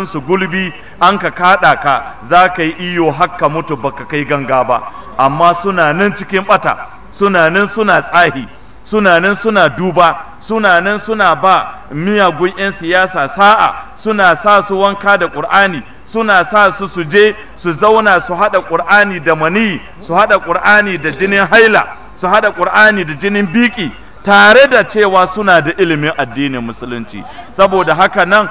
su gulbi an ka kaɗa ka za ka yi iyo hakka mutu baka kai ganga ba amma suna nan cikin ɓata suna nan suna tsahi suna nan suna duba suna nan suna ba miyagun 'yan siyasa sa'a suna sa su wanka da ƙur'ani suna sa su su je su zauna su haɗa ƙur'ani da mani su haɗa ƙur'ani da jinin haila su haɗa ƙur'ani da jinin biki tare da cewa suna da ilimin addinin musulunci saboda haka nan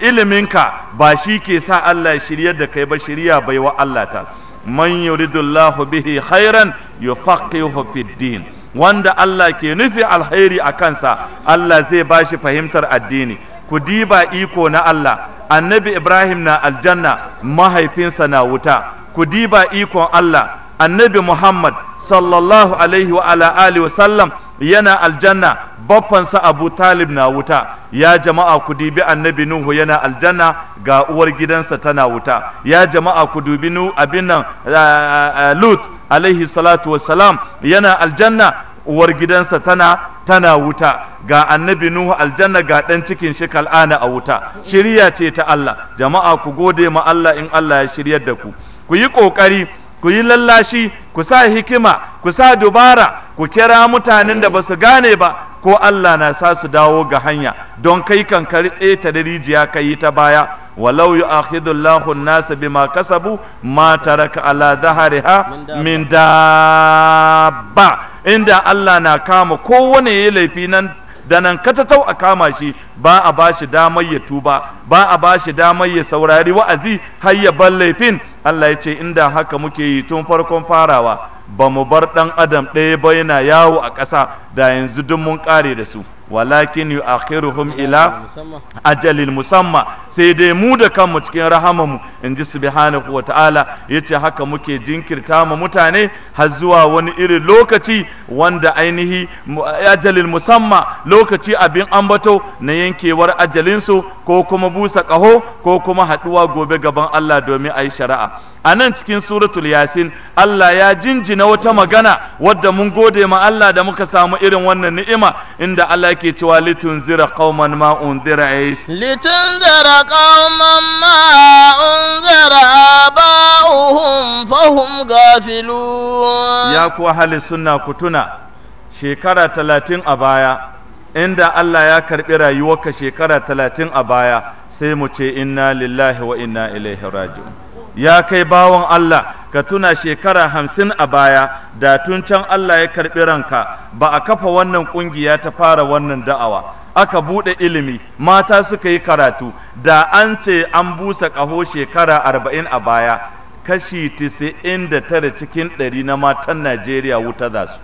iliminka ba shi ke sa Allah shirya da kai ba shirya baiwa Allah ta man yuridullahu bihi khairan yufaqihu fid din wanda Allah ke nufi alkhairi a kansa Allah zai ba shi fahimtar addini ku diba iko na Allah annabi Ibrahim na aljanna mahaifinsa na wuta ku diba ikon Allah annabi Muhammad sallallahu alaihi wa ala alihi wa sallam yana aljanna baffansa abu talib na wuta ya jama'a ku dubi annabi nuhu yana aljanna ga uwar gidansa tana wuta ya jama'a ku dubi nu abin nan lut alaihi salatu wassalam yana aljanna uwar gidansa tana tana wuta ga annabi nuhu aljanna ga dan cikin shi kal'ana a wuta shirya ce ta Allah jama'a ku gode ma Allah in Allah ya shiryar da ku ku yi kokari ku yi lallashi ku sa hikima ku sa dubara ku kira mutanen da ba su gane ba ko Allah na sa su dawo ga hanya don kai kan kari tseta da rijiya ka yi ta baya walau yu'akhidhu Allahu an-nasa bima kasabu ma taraka ala dhahriha min dabba inda Allah na kama kowane yayi laifi nan da nan katatau a kama shi ba a ba shi damar ya tuba ba a ba shi damar ya saurari wa'azi har ya bar laifin Allah ya ce inda haka muke yi tun farkon farawa ba mu bar ɗan adam ɗaya ba yana yawo a ƙasa da yanzu duk mun ƙare da su walakin yu'akhiruhum ila ajalil musamma sai dai mu da kanmu cikin in inji subhanahu ya yace haka muke jinkirta ma mutane har zuwa wani irin lokaci wanda ainihi ajalil musamma lokaci abin ambato na yankewar ajalinsu ko kuma busa ƙaho ko kuma haɗuwa gobe gaban Allah domin a shari'a a nan cikin suratul yasin Allah ya jinjina wata magana wadda mun gode ma Allah da muka samu irin wannan ni'ima inda Allah ke cewa zira qauman ma unzira aish zira qauman ma unzira abahum fahum gafilun ya ku ahli sunna kutuna shekara talatin a baya inda Allah ya karɓi rayuwarka shekara talatin a baya sai mu ce inna lillahi wa inna ilaihi raji'un ya kai bawan Allah ka tuna shekara hamsin a baya da tun can Allah ya karɓi ranka ba a kafa wannan ƙungiya ta fara wannan da'awa aka buɗe ilimi mata suka yi karatu da an ce an busa ƙaho shekara arba'in a baya kashi tisa'in da tara cikin ɗari na matan Najeriya wuta za su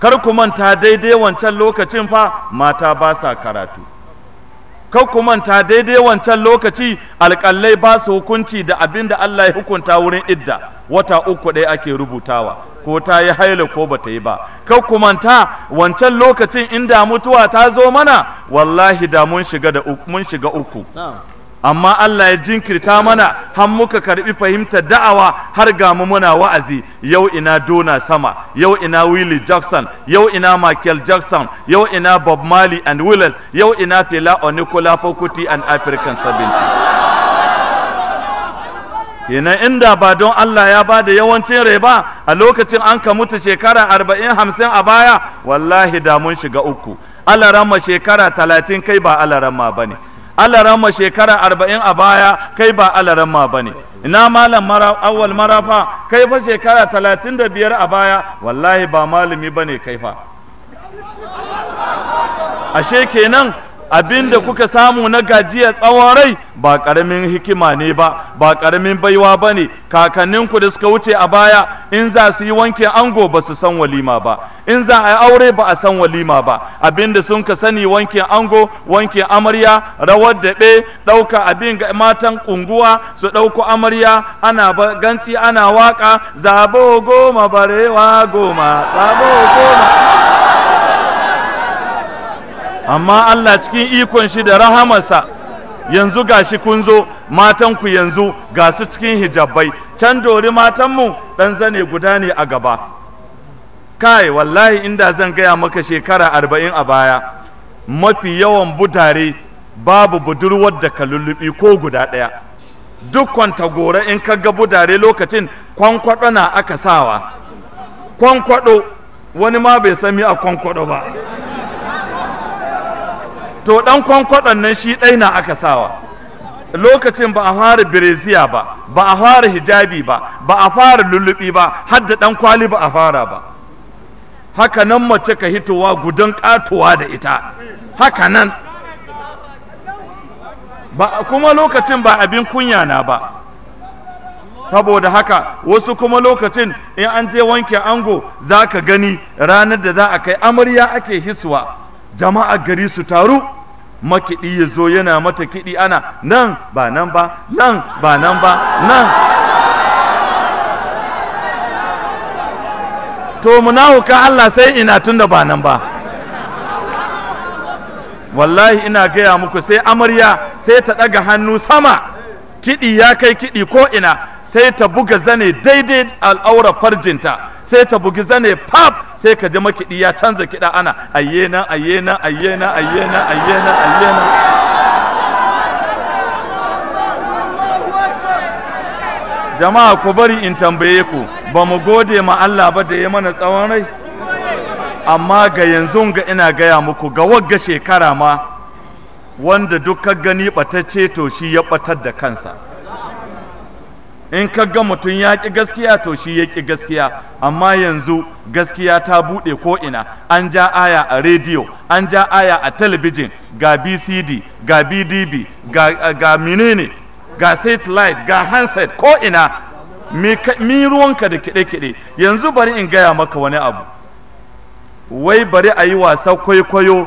kar ku manta daidai wancan lokacin fa mata ba sa karatu kar ku manta daidai wancan lokaci alƙalai ba su hukunci da abin da Allah ya hukunta wurin idda wata uku ɗaya ake rubutawa ko ta yi haila ko bata yi ba kar ku manta wancan lokacin inda mutuwa ta zo mana wallahi da mun shiga da mun shiga uku amma Allah ya jinkirta mana har muka karbi fahimta da'awa har ga mu muna wa'azi yau ina Dona sama yau ina Willie Jackson yau ina Michael Jackson yau ina Bob Marley and Willis yau ina Fela onikola Fokuti and African 70 ina inda ba don Allah ya ba da yawancin rai ba a lokacin an ka mutu shekara arba'in hamsin a baya wallahi da mun shiga uku alarama shekara talatin kai ba alarama bane ma shekara arba'in a baya kai ba alarama ba ne ina malam awal awwal marafa kai fa shekara talatin da biyar a baya wallahi ba malami ba ne kai fa ashe kenan Abin da kuka samu na gajiya tsawon rai ba karamin hikima ne ba ba karamin baiwa ba ne kakanninku da suka wuce a baya in za su yi wankin ango ba su san walima ba in za a yi aure ba a san walima ba abinda sun ka sani wanke ango wanke amarya rawar daɓe ɗauka abin ga matan kunguwa su ɗauko amarya ana gantsi ana waka zabo goma barewa goma zabo goma amma Allah cikin ikon shi da rahamarsa yanzu ga shi kun zo matanku yanzu ga su cikin hijabai can dori matanmu ɗan zane guda ne a gaba kai wallahi inda zan gaya maka shekara arba'in a baya mafi yawan budare babu budurwar da ka lullubi ko guda ɗaya duk kwanta gora in ka ga budare lokacin kwankwaɗo na aka sawa kwankwaɗo wani ma bai sami a kwankwaɗo ba to ɗan kwankwadon nan shi ɗai na aka sawa lokacin ba a fara bireziya ba ba a fara hijabi ba ba a fara lullubi ba har da dan kwali ba a fara ba haka nan mace ka hitowa gudun katuwa da ita haka nan kuma lokacin ba abin kunya na ba saboda haka wasu kuma lokacin in an je wanke ango za ka gani ranar da za a kai amarya ake hisuwa. jama'a gari su taru makiɗi ya zo yana mata kiɗi ana nan ba nan ba nan ba nan ba nan to ka Allah sai ina tunda ba nan ba wallahi ina gaya muku sai amarya sai ta ɗaga hannu sama kiɗi ya kai kiɗi ko ina sai ta buga zane daidai al'aura farjinta sai ta bugi zane pap sai ka ji makiɗi ya canza kiɗa ana ayyena ayyena ayyena ayyena ayyena ayyena jama'a ku bari in tambaye ku ba mu gode ma Allah ba da ya mana tsawon rai amma ga yanzu ga ina gaya muku ga wagga shekara ma wanda duk ka gani ɓatacce to shi ya ɓatar da kansa in ka ga mutum ya ƙi gaskiya to shi ya ƙi gaskiya amma yanzu gaskiya ta buɗe ko'ina an ja aya a rediyo an ja aya a talabijin ga bcd ga bdb ga, eh, ga menene ga satellite ga handset ko'ina mi ruwanka da kiɗe-kiɗe yanzu bari in gaya maka wani abu wai bari a yi wasa kwaikwayo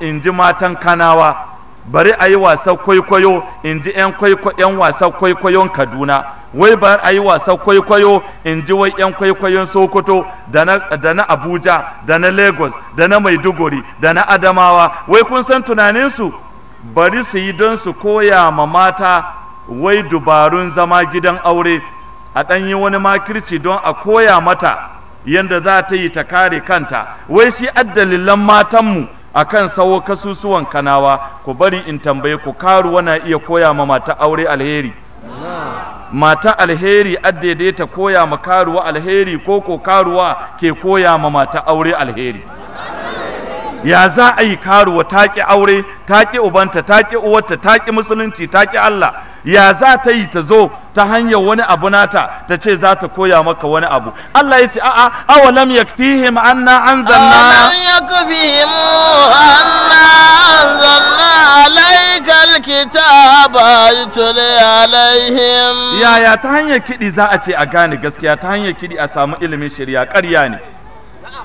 in ji matan kanawa bari a yi wasan kwaikwayo in ji 'yan wasan kwaikwayon kaduna wai bari a yi wasan kwaikwayo in ji wai 'yan kwaikwayon sokoto da na abuja da na lagos da na maiduguri da na adamawa wai kun san tunaninsu bari su yi don su koya ma mata wai dubarun zama gidan aure a ɗan yi wani makirci don a koya mata yadda za ta yi ta kare kanta wai shi addalilan matanmu akan sawo kasusuwan kanawa ku bari in tambaye ku karuwa na iya koya ma mata aure alheri mata alheri addede ta koya ma karuwa alheri ko ko karuwa ke koya ma mata aure alheri ya za a yi karuwa taƙi aure taƙi ubanta taƙi uwarta taƙi musulunci taƙi Allah ya za ta yi ta zo ta hanyar wani abu nata ta ce za ta koya maka wani abu Allah ya ce a'a awalam yakfihim anna anzalna awalam yakfihim anna anzalna alaykal kitaba yutli alaihim yaya ta hanyar kidi za a ce a gane gaskiya ta hanyar kidi a samu ilimin shari'a ƙarya ne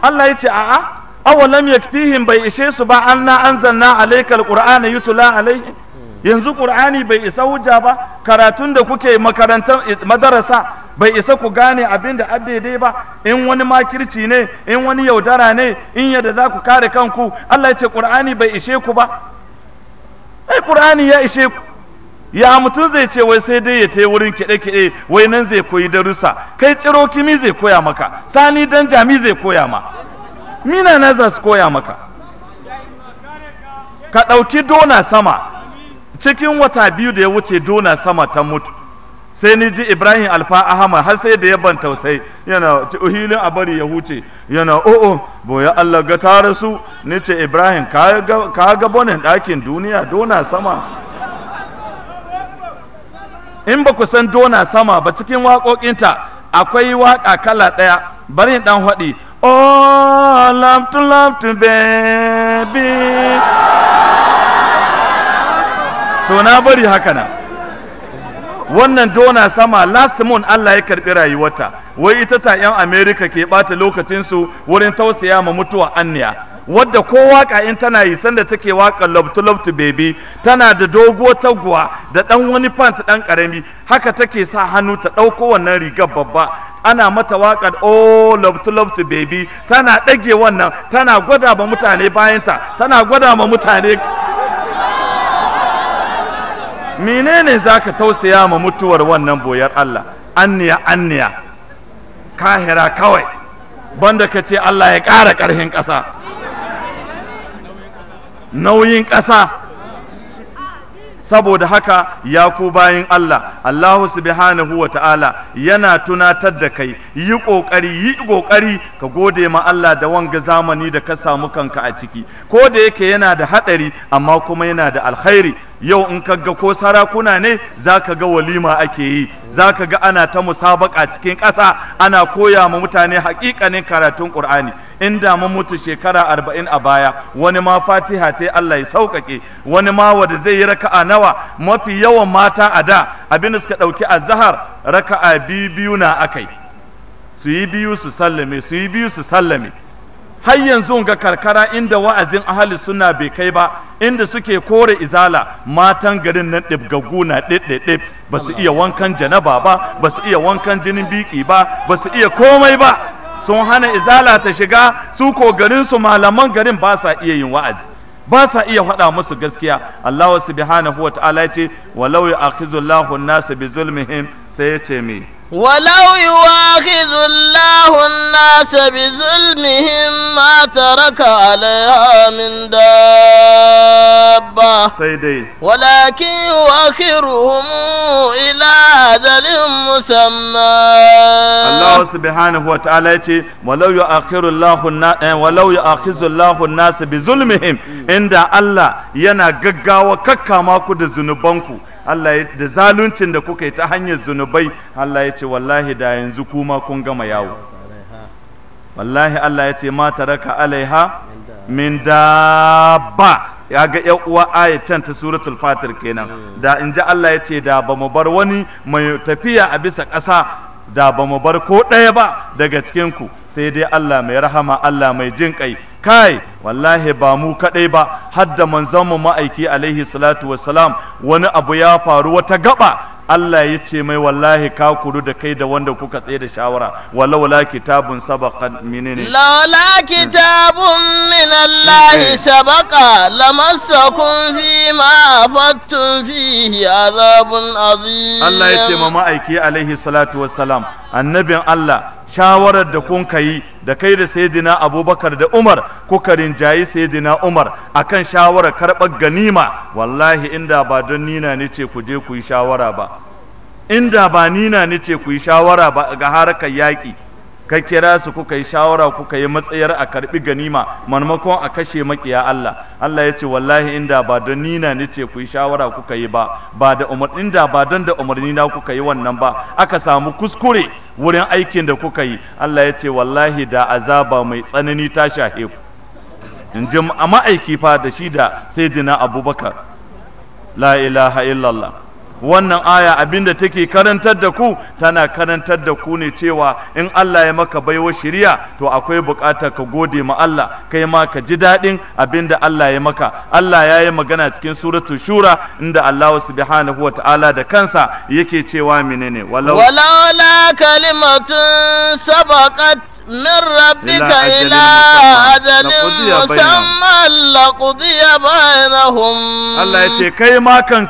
Allah ya ce a'a awalam yakfihim bai ishe su ba anna anzalna alaykal qur'ana yutla alaihim yanzu ƙur'ani bai isa hujja ba karatun da kuke makarantar eh, madarasa bai isa ku gane abin da daidai ba in wani makirci ne in wani yaudara ne in yadda za ku kare kanku Allah ya ce ƙur'ani bai ishe ku ba ai ƙur'ani ya ishe ku ya mutum zai ce wai sai dai ya tai wurin kiɗe-kiɗe wai nan zai koyi darussa kai tsiro kimi zai koya maka sani dan jami zai koya ma mina na za su koya maka ka ɗauki dona sama cikin wata biyu da ya wuce dona sama ta mutu sai ni ji ibrahim alfa ahama har sai da ya ban tausai yana hilin a bari ya huce yana o'o oh, oh, boya allah ga ta rasu ni ce ibrahim ka ga bonin ɗakin duniya dona sama in ba ku san dona sama ba cikin waƙoƙinta akwai waƙa kala ɗaya bari ɗan haɗi oh love to love to baby to na bari haka na wannan dona sama last moon Allah ya karbi rayuwarta wai ita ta yan America ke bata lokacinsu wurin tausaya ma mutuwa anniya wadda ko waka in tana yi sanda take waka love to love to baby tana da dogo taguwa da dan wani pant dan karami haka take sa hannu ta dauko wannan rigar babba ana mata waka oh love to love to baby tana dage wannan tana gwada ma mutane bayanta tana gwada ma mutane menene zaka tausaya ma mutuwar wannan boyar Allah anniya anniya kahira kawai banda ka ce Allah ya ƙara ƙarhin ƙasa nauyin ƙasa saboda haka ya ku bayin Allah Allahu subhanahu wa ta'ala yana tunatar da kai yi ƙoƙari, yi ƙoƙari, ka gode ma Allah da wanga zamani da ka samu kanka a ciki ko da yake yana da haɗari, amma kuma yana da alkhairi yau in kaga ko sarakuna ne za ka ga walima ake yi za ka ga ana ta musabaka cikin ƙasa ana koya ma mutane haƙiƙanin karatun ƙur'ani in da mun mutu shekara arba'in a baya wani ma fatiha ta Allah ya sauƙaƙe wani ma wanda zai yi raka'a nawa mafi yawan mata a da abin da suka ɗauki a zahar raka'a biyu biyu na akai su yi biyu su sallame su yi biyu su sallame har yanzu ga karkara inda wa'azin ahali suna bai kai ba inda suke kore izala matan garin nan ga na ɗiɗɗiɗɗib ba su iya wankan janaba ba ba su iya wankan jinin biki ba ba su iya komai ba sun hana izala ta shiga su ko garin su malaman garin ba sa iya yin wa'azi ba sa iya faɗa musu gaskiya allahu subhanahu wa ta'ala ya ce walau ya akhizullahu an bi zulmihim sai ya ce me ولو يواخذ الله الناس بظلمهم ما ترك عليها من دابة ولكن يؤخرهم إلى أجل مسمى الله سبحانه وتعالى ولو يؤخر الله ولو يؤخذ الله الناس بظلمهم عند الله ينا غغاوا ككما كو ذنوبانكو Allah da zaluncin da kuka yi ta hanyar zunubai Allah ya ce wallahi da yanzu kuma kun gama yawo wallahi Allah ya ce ma taraka alaiha min dabba ya ga yan uwa ayatan ta suratul fatir kenan da in ji Allah ya ce da ba mu bar wani mai tafiya a bisa ƙasa da ba mu bar ko ɗaya ba daga cikinku. sai dai Allah mai rahama Allah mai jin kai kai wallahi ba mu kadai ba har da manzon mu ma'aiki alaihi salatu wassalam wani abu ya faru wata gaba Allah ya ce mai wallahi ka kudu da kai da wanda kuka tsaye da shawara walaula kitabun sabaqa menene laula kitabun min Allah mm-hmm. sabaqa lamassakum fi ma fattum fihi azabun azim Allah ya ce ma ma'aiki alaihi salatu wassalam annabin Allah shawarar da kun yi da kai da sayyidina abubakar da umar kuka rinjayi sayyidina umar akan shawarar karɓar ganima wallahi inda ba don nina ni ce ku je ku yi shawara ba inda ba nina ni ce ku yi shawara ba ga harkar yaƙi ka kira su kuka yi shawara kuka yi matsayar a karbi ganima maimakon a kashe makiya Allah Allah ya ce wallahi inda ba da nina ni ce ku yi shawara kuka yi ba ba da umar inda ba don da umarni na kuka yi wannan ba aka samu kuskure wurin aikin da kuka yi Allah ya ce wallahi da azaba mai tsanani ta shahe ku in ji ma'aiki fa da shi da sayyidina Abubakar la ilaha illallah wannan aya abinda take karantar da ku tana karantar da ku ne cewa in Allah ya maka baiwa shiriya to akwai bukata ka gode ma Allah kai ma ka ji daɗin abinda Allah ya maka Allah ya yi magana cikin suratul shura inda Allah subhanahu wa ta'ala da kansa yake cewa menene walau walaula kalimatun sabaqat min ربك إلى أجل مسمى لقضي بينهم الله يتي kai ma كان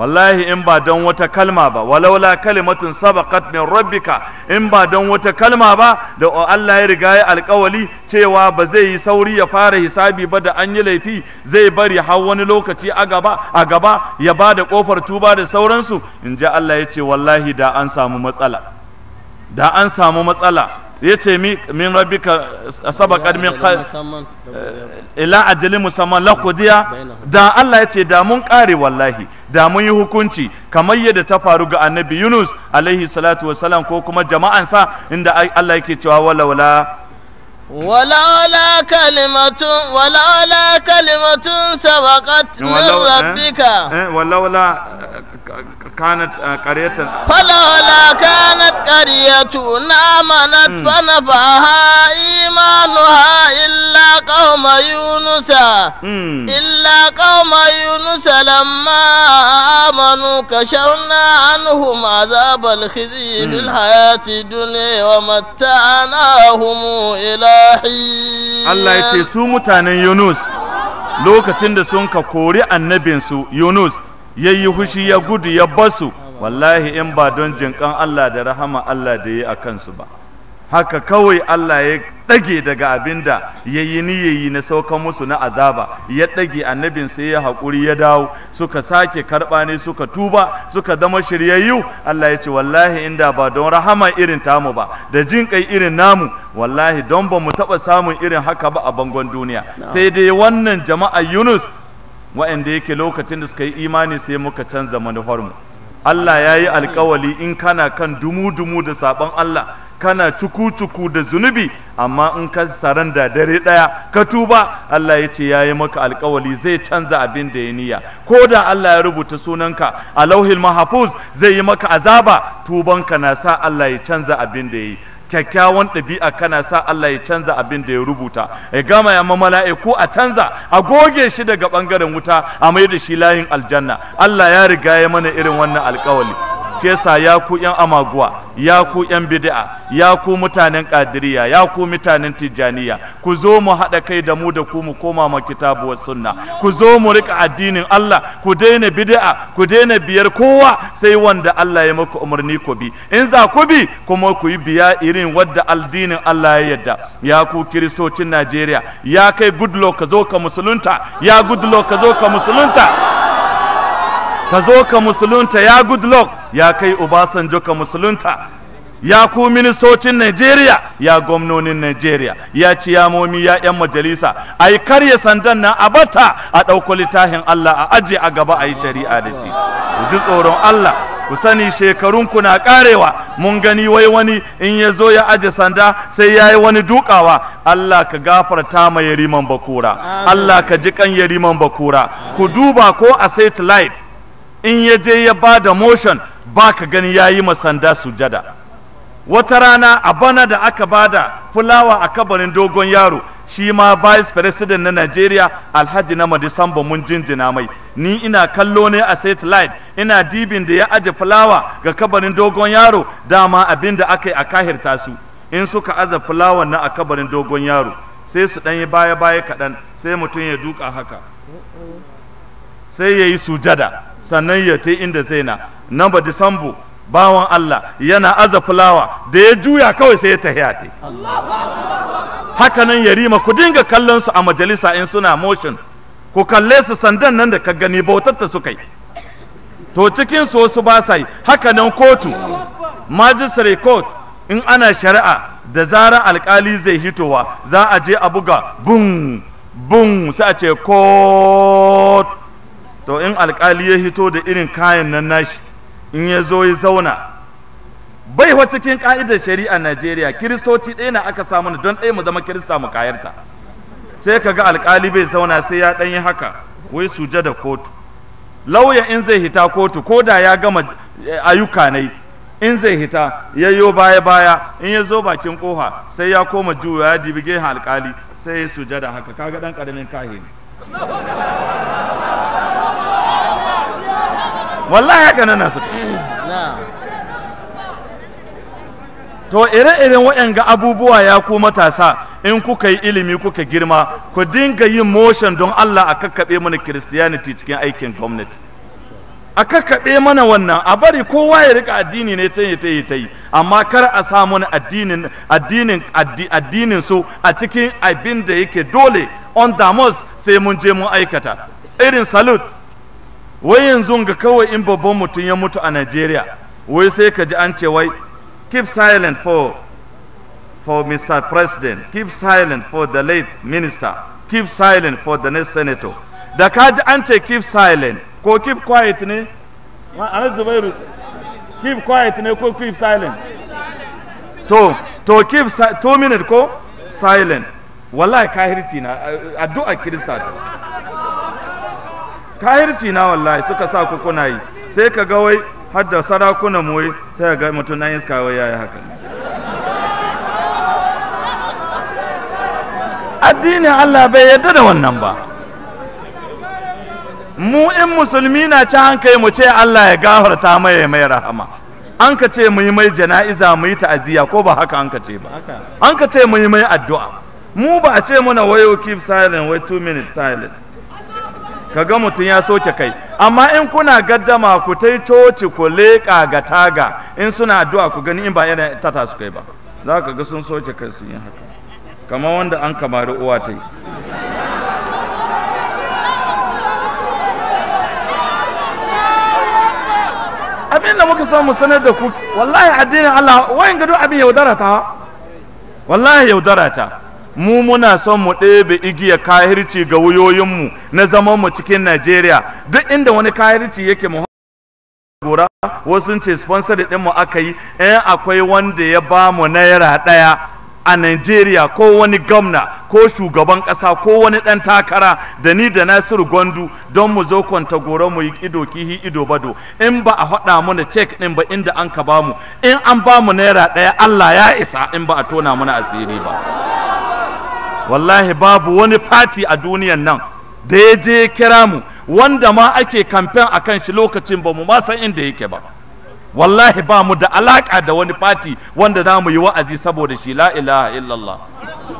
wallahi in ba don wata kalma ba walaula kalimatun sabaqat min rabbika in ba don wata kalma ba da Allah ya riga ya alkawali cewa ba zai yi sauri ya fara hisabi ba da an yi laifi zai bari har wani lokaci a gaba a gaba ya ba da kofar tuba da sauransu in ji Allah ya ce wallahi da an samu matsala da an samu matsala ya ce min rabbika sabaqat min ila ajalin musamman lakudiya da Allah ya ce da mun kare wallahi da mun yi hukunci kamar yadda ta faru ga annabi yunus alaihi salatu wasalam ko kuma jama'ansa inda allah yake cewa walawala ولولا كلمة ولولا كلمة سبقت من ربك ولولا كانت قرية فلولا كانت قرية آمنت فنفعها إيمانها إلا قوم يونس إلا قوم يونس لما آمنوا كشفنا عنهم عذاب الخزي في الحياة الدنيا ومتعناهم إلى حين الله يتسوم تاني يونس لو كتند سنك كوري النبي يونس ya yi hushi ya gudu ya basu wallahi in ba don jinkan Allah da rahama Allah da ya a kansu ba haka kawai Allah ya ɗage daga abin da ya yi niyayi na saukan musu na azaba ya ɗage annabin sai ya haƙuri ya dawo suka sake karɓa ne suka tuba suka zama shiryayyu Allah ya ce wallahi inda ba don rahama irin tamu ba da jin kai irin namu wallahi don ba mu taɓa samun irin haka ba a bangon duniya sai dai wannan jama'a Yunus wa'anda yake lokacin da suka yi imani sai muka canza manufarmu Allah ya yi alkawali in kana kan dumu-dumu da saban Allah kana cuku-cuku da zunubi amma in ka saranda dare ɗaya ka tuba Allah ya ce ya yi maka alkawali zai canza abin da ya niyya ko da Allah ya rubuta sunanka a lauhil mahafuz zai yi maka azaba tubanka na sa Allah ya canza abin da ya yi kyakkyawan ɗabi'a kana sa Allah ya canza abin da ya rubuta ya gama ya mala'iku a canza a goge shi daga ɓangaren wuta a mai da shi layin aljanna Allah ya riga ya mana irin wannan alƙawali shi ya ku yan amaguwa ya ku yan bid'a ya ku mutanen kadiriya ya ku mutanen tijaniya ku zo mu haɗa kai da mu da ku mu koma ma kitabu wa sunna ku zo mu rika addinin Allah ku daina bid'a ku daina biyar kowa sai wanda Allah ya maku umarni ku bi in za ku bi kuma ku yi biya irin wadda addinin Allah ya yadda ya ku kiristocin Najeriya ya kai goodluck ka zo ka musulunta ya gudlo ka zo ka musulunta ka zo ka musulunta ya good luck ya kai obasanjo ka musulunta ya ku ministocin Najeriya ya gwamnonin Najeriya ya ci ya 'yan majalisa a yi karya sandan nan a bata a ɗauko littafin Allah a aje a gaba a yi shari'a da shi ku ji tsoron Allah ku sani shekarun ku na karewa mun gani wai wani in ya zo ya aje sanda sai ya yi wani dukawa Allah ka gafarta ma yariman bakura Allah ka ji kan yariman bakura ku duba ko a satellite in ya je ya ba da motion ba ka gani ya yi masanda sujada wata rana a bana da aka ba da fulawa a kabarin dogon yaro shi ma vice president na nigeria alhaji na madisamba mun jinjina mai ni ina kallo ne a satellite ina dibin da ya aje fulawa ga kabarin dogon yaro dama abin da aka yi a kahirta su in suka aza fulawan na a kabarin dogon yaro sai su ɗanyi baya-baya kaɗan sai mutum ya duka haka sai ya yi sujada sannan ya ta inda zai na namba disambu bawan Allah yana aza fulawa da ya juya kawai sai ya ta haka nan ya rima ku dinga kallon su a majalisa in suna motion ku kalle su sandan nan da ka gani bautar ta kai to cikin su wasu ba sa yi haka nan kotu magistrate court in ana shari'a da zarar alkali zai hitowa za a je a buga bun bun sai a ce court to in alkali ya hito da irin kayan nan nashi in ya zo ya zauna bai wa cikin ka'idar shari'a Najeriya kiristoci ɗaya na aka samu don ɗaya mu zama kirista mu kayarta sai ka ga alkali bai zauna sai ya ɗanyi haka wai suje da kotu lauya in zai hita kotu ko da ya gama eh, ayyuka nai in zai hita ya yo baya baya in ya zo bakin koha sai ya koma juya ya dibi gehen alkali sai ya suje da haka kaga ɗan ƙaramin kahi ne wallahi haka nan suka to ire-iren waɗanga abubuwa ya ku matasa in kuka yi ilimi kuka girma ku dinga yin motion don Allah a kakkaɓe mana christianity cikin aikin gwamnati a kakkaɓe mana wannan a bari kowa ya rika addini ne ta yi ta amma kar a sa mana addinin addinin addinin su a cikin abin da yake dole on the most sai mun je mun aikata irin salute wai yanzu ga kawai in babban mutum ya mutu a Najeriya wai sai ka ji an ce wai keep silent for for Mr. President keep silent for the late minister keep silent for the next senator da ka ji an ce keep silent ko keep quiet ne Anas Zubairu keep quiet ne ko keep silent to to keep two minute ko silent wallahi kahirci na addu'ar kirista kahirci na wallahi suka sa kukuna yi sai ka ga wai har da sarakuna mu sai ga mutum na iska wai yayi haka addinin Allah bai yadda da wannan ba mu in musulmi na ci hankali mu ce Allah ya gafarta mai mai rahama an ka ce mu yi mai jana'iza mu yi ta'aziyya ko ba haka an ka ce ba an ka ce mu yi mai addu'a mu ba a ce muna wayo keep silent wai two minutes silent kaga mutum ya soke kai amma in kuna gaddama ku tai coci ku leƙa ga taga in suna addu'a ku gani in ba yana ta tasu kai ba za ka ga sun soke kai sun yi haka kamar wanda an kamari uwa ta yi abin da muka samu sanar da ku wallahi addinin Allah wayan gado abin yaudara ta wallahi yaudara ta mu muna son mu ɗebe igiya kahirci ga wuyoyinmu na zaman mu cikin Najeriya duk inda wani kahirci yake mu gora wasu ce sponsor din mu aka yi in akwai wanda ya ba mu naira daya a Najeriya ko wani gwamna ko shugaban ƙasa ko wani ɗan takara da ni da Nasiru Gwandu don mu zo kwanta gora mu yi ido kihi ido bado in ba a faɗa mana cek ɗin ba inda an ka bamu in an ba mu naira ɗaya Allah ya isa in ba a tona mana asiri ba wallahi babu wani fati a duniyan nan da ya je kira mu wanda ma ake kamfen a kan shi lokacin ba mu ma san inda yake ba wallahi ba mu da alaƙa da wani fati wanda za mu yi wa'azi saboda shi la ilaha illallah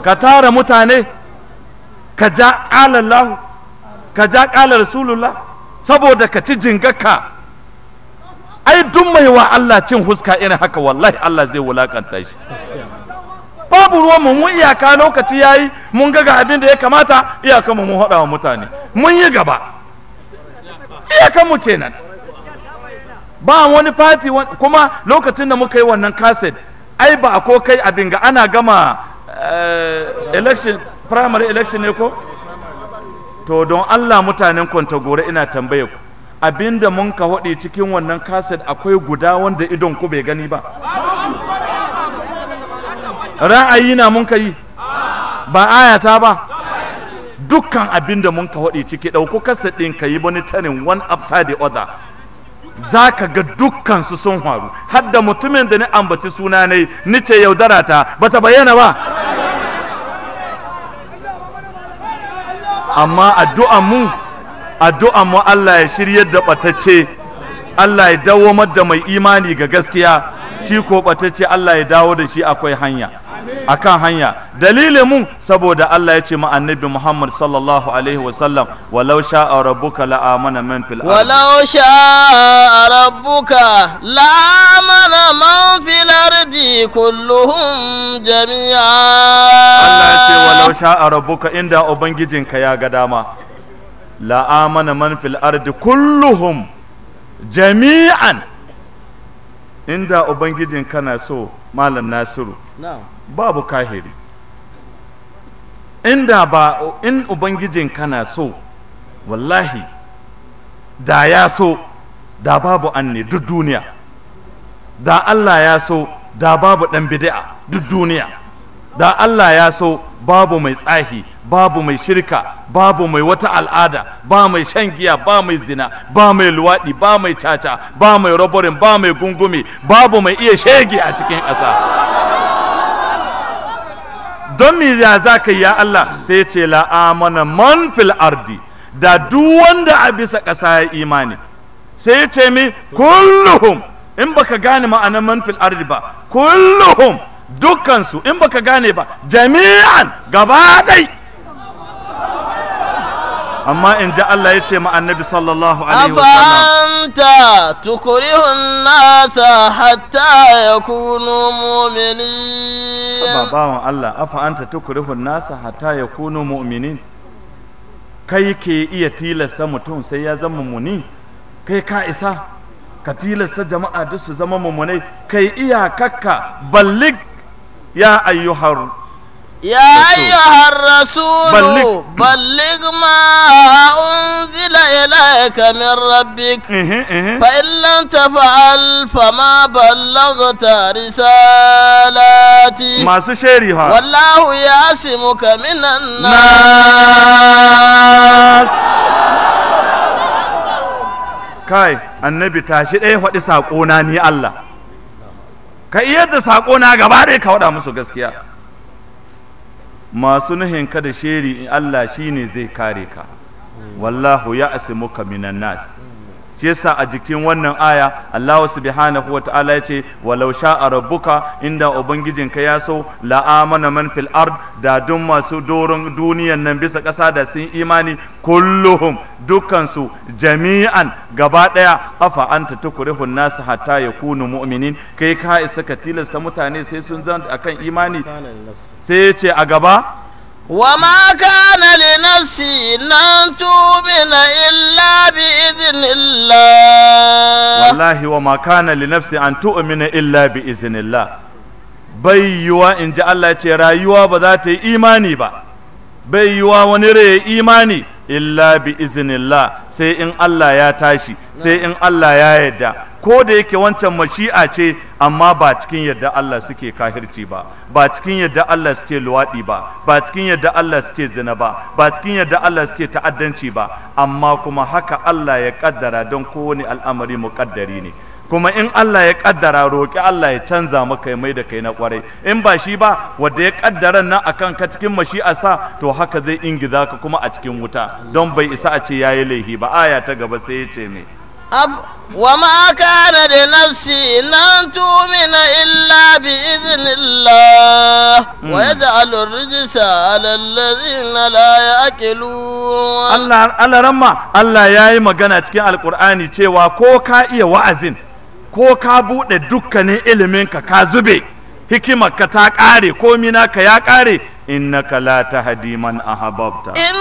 ka tara mutane ka ja ƙalallahu ka ja rasulullah saboda ka ci jingaka ai duk mai wa Allah cin huska irin haka wallahi Allah zai wulakanta shi babu ruwan mu mun iyaka lokaci yayi mun ga ga abin da ya kamata iyakan mu mun hada wa mutane mun yi gaba iyakan mu kenan ba wani fati kuma lokacin da muka yi wannan kaset ai ba ko kai abin ga ana gama eh, election primary election ne ko to don Allah mutanen Kwantagore ina tambaye ku abinda mun ka hodi cikin wannan kaset akwai guda wanda idon ku bai gani ba ra'ayi na mun yi ba ayata ba dukkan abin da mun ka waɗi ciki ɗauko kasa ɗin ka yi tanin one after the other za ga dukkan su sun faru har da mutumin da ni ambaci suna ne ni ce yaudara ta ba bayyana ba amma addu'a mu addu'a mu Allah ya shiryar da batacce Allah ya dawo da mai imani ga gaskiya shi ko batacce Allah ya dawo da shi akwai hanya akan hanya dalilin mun saboda Allah ya ce ma annabi Muhammad sallallahu alaihi wa sallam walau sha'a rabbuka la amana man fil ardi walau sha'a rabbuka la amana man fil ardi kulluhum jami'a Allah ya ce walau sha'a rabbuka inda ubangijinka ya ga dama la amana man fil ardi kulluhum jami'an inda ubangijinka na so malam nasiru na'am babu kahiri inda ba in ubangijin kana so wallahi da ya so da babu ne duk duniya da Allah ya so da babu dan bid'a duk duniya da Allah ya so babu mai tsahi babu mai shirka babu mai wata al'ada ba mai shan giya ba mai zina ba mai luwaɗi ba mai caca ba mai roborin ba mai gungume babu mai iya shege a cikin ƙasa don me ya za ka ya Allah sai ya ce la'amana man fil ardi da duk wanda a bisa ƙasa ya imani sai ya ce mi kulluhum in baka gane ma'anar man fil ardi ba kulluhum dukkansu in baka gane ba jami'an gaba amma in ji Allah ya ce ma annabi sallallahu alaihi wa sallam anta nasa hatta yakunu mu'minin babawan Allah afanta tukurihun nasa hatta yakunu mu'minin kai ke iya tilasta mutum sai ya zama muni kai ka isa ka tilasta jama'a duk su zama mumunai kai iya kakka ballig ya ayyuhar يا أيها الرسول بلغ, بلغ ما أنزل إليك من ربك فإن لم تفعل فما بلغت رسالاتي والله يعصمك من الناس kai annabi tashi ɗaya faɗi saƙona ni Allah ka iya da saƙona gaba ɗaya ka waɗa musu gaskiya masu nuhin ka da sheri in Allah shine zai kare ka wallahu ya asimuka minan nas shi yasa a jikin wannan aya Allah subhanahu wata'ala ya ce wa walau sha'a rabbuka inda ubangijin ka ya so la amana man fil ard da dun masu doron duniyan nan bisa ƙasa da sun imani kulluhum dukansu jami'an gaba daya afa anta tukrihu nasu hatta yakunu mu'minin kai ka isa ka tilasta mutane sai sun zanta akan imani sai ya ce a gaba وما كان لنفسي أن تؤمن إلا بإذن الله والله وما كان لنفسي أن تؤمن إلا بإذن الله bai yiwuwa in ji Allah ce rayuwa ba za ta yi imani ba bai yiwuwa wani rai imani illa bi iznillah sai in Allah ya tashi sai in Allah ya yadda. ko da yake wancan mashi'a ce amma ba cikin yadda Allah suke kahirci ba ba cikin yadda Allah suke luwaɗi ba ba cikin yadda Allah suke zina ba ba cikin yadda Allah suke ta'addanci ba amma kuma haka Allah ya kaddara don kowane al'amari muƙaddari ne kuma in Allah ya kaddara roƙi Allah ya canza maka mai da kai na kwarai in ba shi ba wanda ya kaddara nan akan ka cikin mashi'a sa to haka zai ingiza ka kuma a cikin wuta don bai isa a ce yi laifi ba aya ta gaba sai ya ce me أب وما كان لنفسي أن تؤمن إلا بإذن الله ويجعل الرجس على الذين لا يأكلون الله الله رما الله ياي magana cikin alkur'ani cewa ko ka iya wa'azin ko ka bude dukkanin iliminka ka zube ka ta kare komi naka ya kare innaka la tahdi man ahbabta in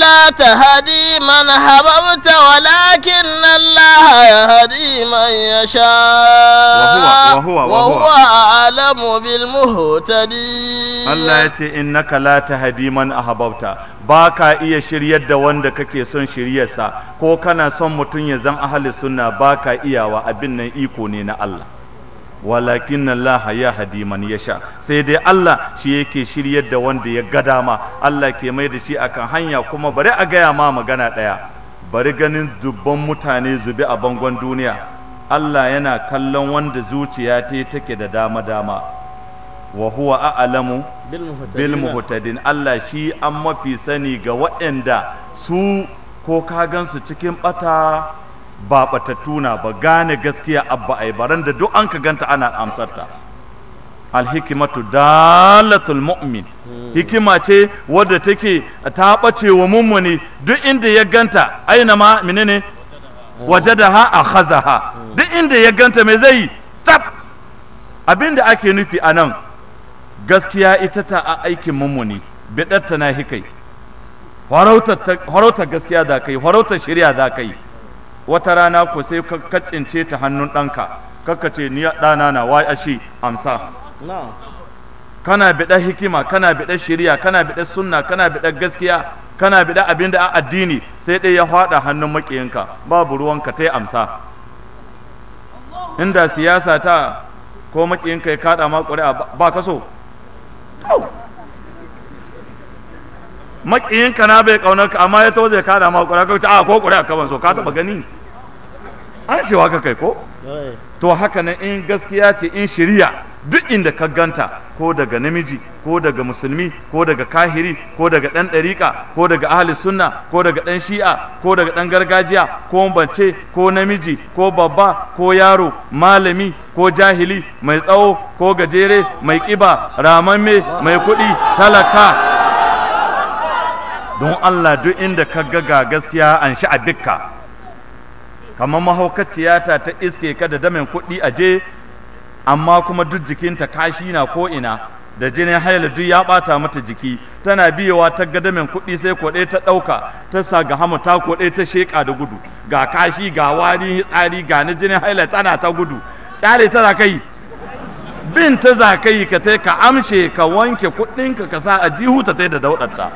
لا تهدي من حببت ولكن الله يهدي من يشاء وهو, وهو, وهو, وهو أعلم بالمهتدي الله يتي إنك لا تهدي من أحببت baka iya shiryar da wanda kake son shiryarsa ko kana son mutum ya zan ahli sunna baka iyawa abin nan iko ne na Allah walakin Allah ya hadi man yasha sai dai Allah shi yake shiryar da wanda ya ga dama Allah ke mai da shi akan hanya kuma bari a gaya ma magana ɗaya. bari ganin dubban mutane zube a bangon duniya Allah yana kallon wanda zuciya ta take da dama dama wa huwa a'lamu bil muhtadin Allah shi an mafi sani ga waɗanda su ko ka gansu cikin ɓata. ba na ba gane gaskiya abba ai baran da duk an ka ganta ana amsar ta. amsarta alhikimatu dalatul mu'min hmm. hikima ce wadda take ta bace wa mummuni duk inda ya ganta aina ma menene hmm. wajadaha akhazaha hmm. duk inda ya ganta me zai tab abinda ake nufi anan gaskiya ita ta a aikin mummuni bidatta na hikai Horauta gaskiya da kai horauta shari'a da kai wata rana ko sai ka kacince ta hannun ɗanka kakka ce ni ɗana na wai ashi amsa kana biɗa hikima kana biɗa shirya kana biɗa sunna kana biɗa gaskiya kana biɗa abin da a addini sai dai ya faɗa hannun makiyinka babu ruwanka ta amsa inda siyasa ta ko makiyinka ya kaɗa ma ƙuri'a ba ka so makiyinka na bai ƙaunar ka amma ya to ya kaɗa ma ƙuri'a ka ta, a ko ƙuri'a ka ban so ka taɓa gani an shewa ka kai ko to haka nan in gaskiya ce in shirya duk inda ka ganta ko daga namiji ko daga musulmi ko daga kahiri ko daga ɗan ɗariƙa ko daga ahli sunna ko daga ɗan shi'a ko daga ɗan gargajiya ko bance ko namiji ko babba ko yaro malami ko jahili mai tsawo ko gajere mai ƙiba ramamme mai kuɗi talaka don allah duk inda ka ga gaskiya an dukka. kamar mahaukaciyata ta iske ka da damin kuɗi a je amma kuma duk jikinta kashi na ko ina da jinin haila duk ya bata mata jiki tana biyowa ta ga damin kuɗi sai koɗe ta ɗauka ta sa ga hamu ta ta sheƙa da gudu ga kashi ga wari tsari ga na jinin haila tana ta gudu ƙyale tana kai bin ta za ka yi ka amshe ka wanke kuɗinka ka sa a jihu ta da dauɗarta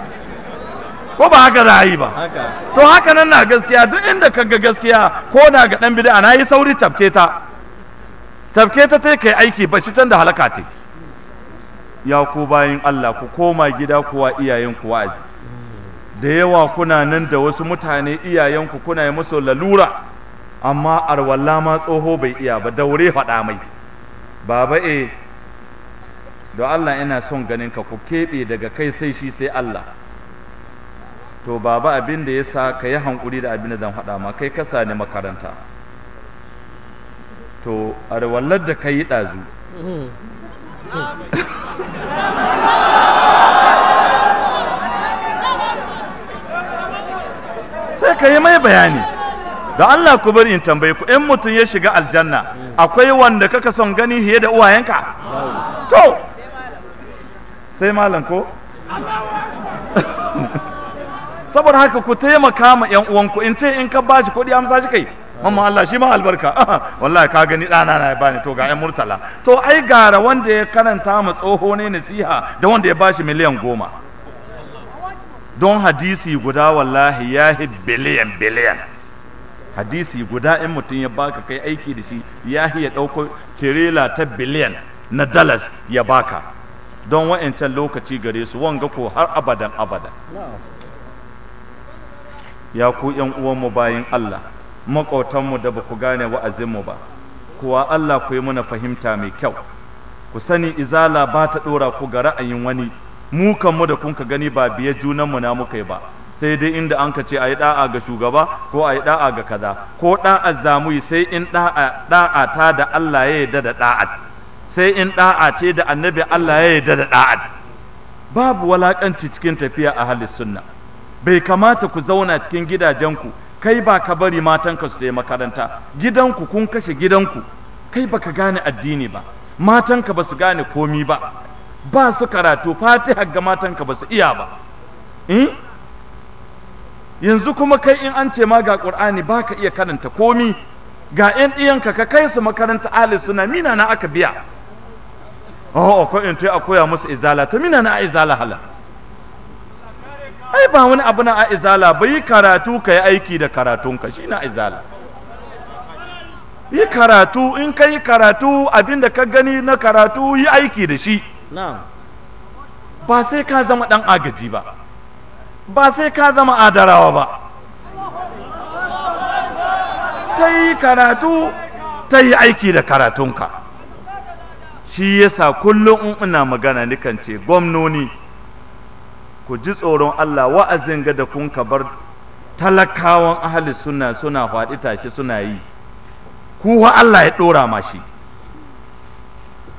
ko ba haka za a yi ba to haka nan na gaskiya duk inda ka ga gaskiya ko na ga dan bid'a na yi sauri tafke ta tafke ta tai kai aiki ba shi can da halaka te ya ku bayin Allah ku koma gida kuwa iyayen ku wa'azi da yawa kuna nan da wasu mutane iyayen ku kuna yi musu lalura amma arwalla ma tsoho bai iya ba daure faɗa mai baba e don Allah ina son ganin ka ku keɓe daga kai sai shi sai Allah to baba abin da ya sa ka yi hankuri da abin da zan haɗa ma kai ka sani makaranta to a wallar da ka yi ɗazu sai ka yi mai bayani da Allah ku bari in tambayi ku in mutum ya shiga aljanna akwai wanda kaka son gani fiye da uwayenka to sai malam ko saboda haka ku taimaka ma yan uwanku in ce in ka bashi kuɗi amsa shi kai mamma Allah shi ma albarka wallahi ka gani ɗana na bani to ga yan murtala to ai gara wanda ya karanta ma tsoho ne nasiha da wanda ya bashi miliyan goma don hadisi guda wallahi ya biliyan biliyan hadisi guda in mutum ya baka kai aiki da shi ya ya ɗauko tirela ta biliyan na dalas ya baka don wa'ancan lokaci gare su wanga ko har abadan abada ya ku yan uwanmu bayan Allah maƙotanmu da ba ku gane wa'azinmu ba kuwa Allah ku yi mana fahimta mai kyau ku sani izala ba ta ɗora ku ga ra'ayin wani mu kanmu da kun gani ba biye junanmu na muka yi ba sai dai inda an ka ce a yi ɗa'a ga shugaba ko a yi ɗa'a ga kaza ko ɗa'a zamuyi sai in ɗa'a ta da Allah ya yarda da ɗa'a sai in ɗa'a ce da annabi Allah ya yarda da ɗa'a babu walakanci cikin tafiya a halin sunna bai kamata ku zauna cikin gidajenku kai ba ka bari matanka su yi makaranta gidanku kun kashe gidanku kai ba ka gane addini ba matanka ba su gane komi ba ba su karatu fatiha ga matanka ba su iya ba hmm? yanzu kuma kai in an ce ma ga ƙur'ani ba ka iya karanta komi ga 'yan ɗiyanka ka kai su makaranta ahli suna mina na aka biya oh, oh ko in a koya musu izala to mina na izala halal ai ba wani abu na izala ba yi karatu ka yi aiki da karatunka shi na izala yi karatu in ka yi karatu abinda ka gani na karatu yi aiki da shi ba sai ka zama dan agaji ba ba sai ka zama adarawa ba ta yi karatu ta yi aiki da karatunka shi yasa kullum in ina magana nikan ce gwamnoni ku ji tsoron Allah wa'azin ga da kun ka bar talakawan ahli suna suna faɗi tashi suna yi ku wa Allah ya ɗora ma shi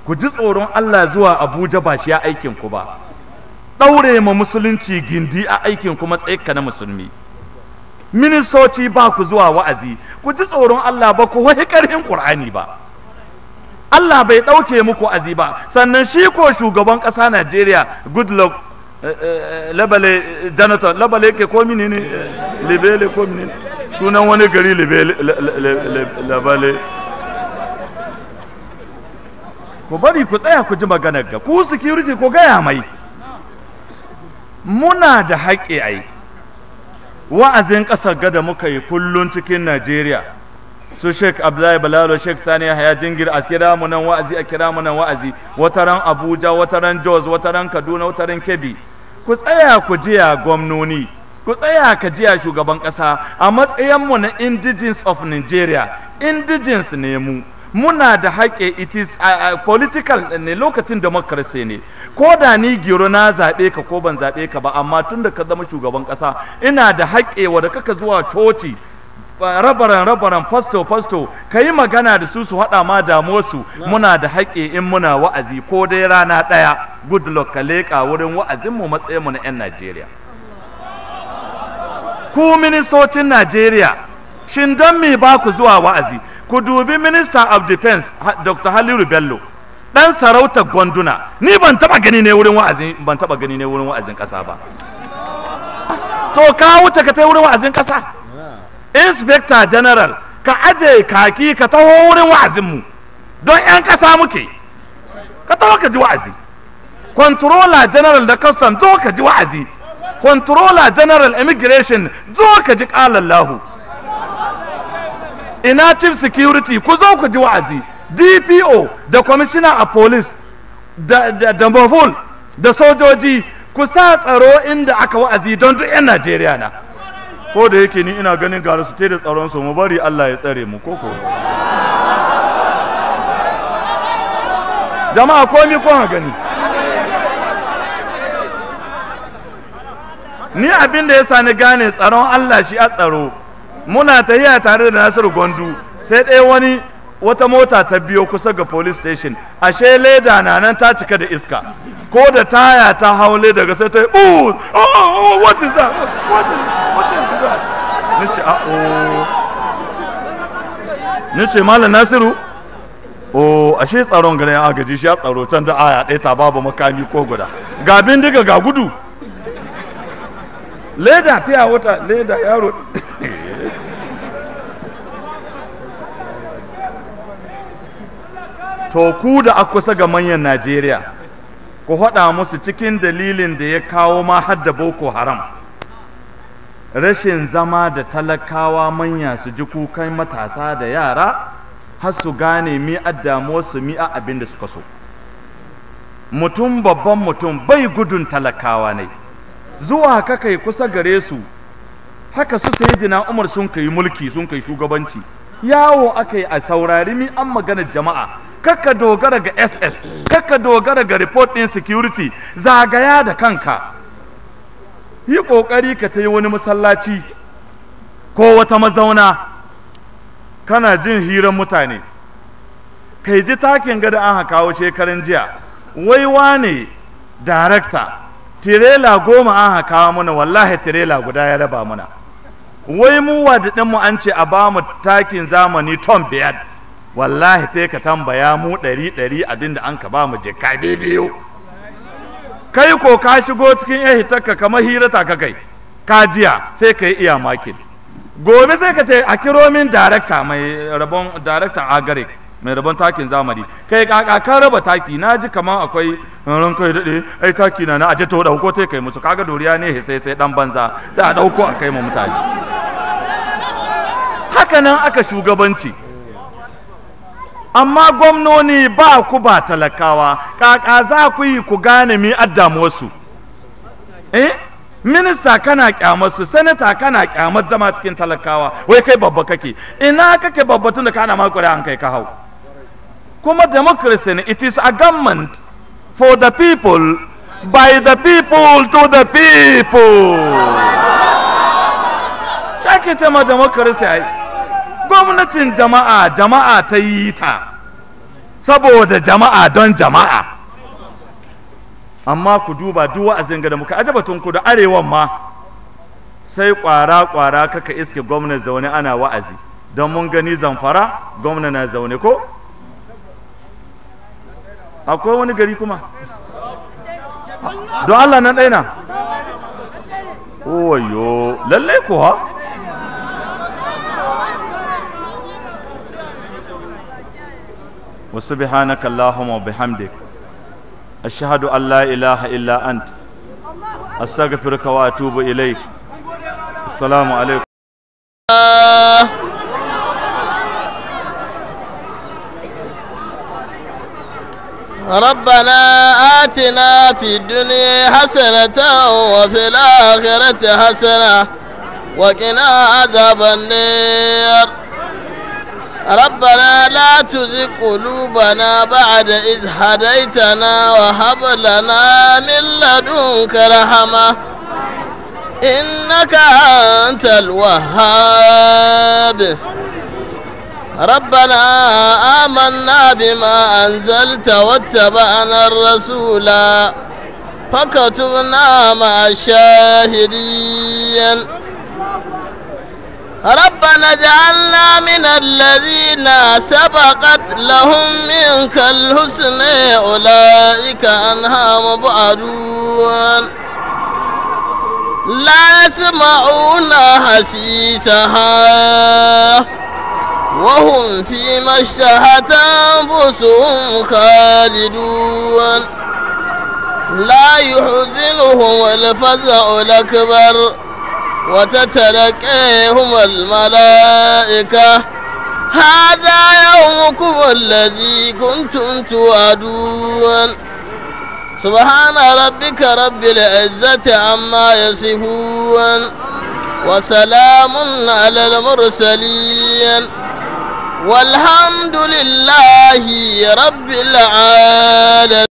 ku ji tsoron Allah zuwa Abuja ba shi ya aikin ku ba ɗaure ma musulunci gindi a aikin kuma tsaika na musulmi ministoci ba ku zuwa wa'azi ku ji tsoron Allah ba ku wahi ƙarfin ƙur'ani ba Allah bai ɗauke muku azi ba sannan shi ko shugaban ƙasa Najeriya Goodluck Eh, eh, eh, labale jonathan labale ke ko mini ne libele ko mini sunan wani gari labale ku bari ku tsaya ku ji maganar ga ku security ku gaya mai muna da haƙƙi ai wa'azin ƙasar gada muka yi kullum cikin najeriya su sheik abdullahi balalo sheik sani haya jingir a kira mu nan wa'azi a kira mu nan wa'azi wataran abuja wataran jos wataran kaduna wataran kebbi ku tsaya ku jiya gwamnoni ku tsaya ka jiya shugaban ƙasa a matsayinmu na indigens of nigeria indigens ne mu muna da haƙe it is uh, political ne lokacin democracy ne ko da ni gero na zaɓe ka ko ban zaɓe ka ba amma tun da ka zama shugaban ƙasa ina da haƙe wadda kaka zuwa coci rabaran rabaran fasto fasto ka yi magana da su su haɗa ma damuwarsu muna da haƙƙi in muna wa'azi ko dai rana ɗaya good luck ka leƙa wurin wa'azinmu matsayinmu na 'yan najeriya ku ministocin najeriya shin don me ba ku zuwa wa'azi ku dubi minister of defense dr haliru bello dan sarauta gwanduna ni ban taɓa gani ne wurin wa'azin ban taɓa gani ne wurin wa'azin ƙasa ba to ka wuce ka tai wurin wa'azin ƙasa. inspector general ka aje kaki ka taho wurin wa'azinmu don 'yan ƙasa muke ka taho ka ji wa'azi controller general da custom zo ka ji wa'azi controller general immigration zo ka ji ƙalallahu ina security ku zo ku ji wa'azi dpo da commissioner a police da da da sojoji ku sa tsaro inda aka wa'azi don duk 'yan najeriya na ko da yake ni ina ganin gara su da tsaron su mu bari Allah ya tsare mu koko jama'a komi kun gani ni abin da ya sani gane tsaron Allah shi a tsaro muna tahiya tare da Nasiru Gondu sai ɗaya wani wata mota ta biyo kusa ga police station ashe leda na nan ta cika da iska ko da taya ta hau daga sai ta yi oh, oh, oh, what is that what is, what is nace ce a'o ah, oh. na ce malam nasiru o oh, ashe tsaron gare a gaji shi ya tsaro can da aya ɗaya ta babu makami ko guda ga bindiga ga gudu leda fiya wata leda yaro to ku da a kusa ga manyan najeriya ku haɗa musu cikin dalilin da ya kawo ma hadda boko haram rashin zama da talakawa manya su ji kukan matasa da yara har su gane mi su mi a abin da suka so mutum babban mutum bai gudun talakawa ne zuwa kakai kai kusa gare su haka su sayyidina umar sun kai mulki sun kai shugabanci yawo aka yi a saurari mi an maganar jama'a kakka dogara ga ss kakka dogara ga report din security zagaya da kanka yi ƙoƙari ka ta yi wani masallaci ko wata mazauna kana jin hiran mutane kai ji takin gada an kawo shekarun jiya waiwa ne darakta tirela goma an kawo mana wallahi tirela guda ya raba mana wai mu mu an ce a ba mu takin zamani ton biyar wallahi ta ka tambaya mu ɗari ɗari abinda an ka ba mu jika biyu kai ko ka shigo cikin ya hitarka kamar hirata ka kai ka jiya sai ka yi iya makin gobe sai ka ce a kiro min darakta mai rabon darakta agare mai rabon takin zamani kai kaka ka raba taki na ji kamar akwai ran kai daɗe ai taki na na aje to dauko tai kai musu kaga doriya ne sai sai dan banza sai a ɗauko a kai ma mutane haka nan aka shugabanci amma gwamnoni ba ku ba talakawa kaka za ku yi ku gane mi addamu wasu eh minista kana kyamarsu su kana kyamar zama cikin talakawa wai kai babba kake ina kake babba tun da kana ma an kai ka hau kuma democracy ne it is a government for the people by the people to the people shakita ma democracy ai gwamnatin jama'a jama'a ta yi ta saboda jama'a don jama'a amma ku duba duk wa'azin ga da muka ajabatun ku da arewan ma sai kwara kwara kaka iske gwamnan zaune ana wa'azi don mun gani zamfara gwamna na zaune ko akwai wani gari kuma don Allah na ɗaina owayo lallai kuwa وسبحانك اللهم وبحمدك أشهد أن لا إله إلا أنت أستغفرك وأتوب إليك السلام عليكم ربنا آتنا في الدنيا حسنة وفي الآخرة حسنة وقنا عذاب النار ربنا لا تزغ قلوبنا بعد إذ هديتنا وهب لنا من لدنك رحمة إنك أنت الوهاب ربنا آمنا بما أنزلت واتبعنا الرسول فكتبنا مع الشاهدين ربنا اجعلنا من الذين سبقت لهم منك الحسن أولئك انها مبعدون لا يسمعون حسيسها وهم فيما اشتهت أنفسهم خالدون لا يحزنهم الفزع الأكبر وتتلقيهم الملائكة هذا يومكم الذي كنتم توعدون سبحان ربك رب العزة عما يصفون وسلام على المرسلين والحمد لله رب العالمين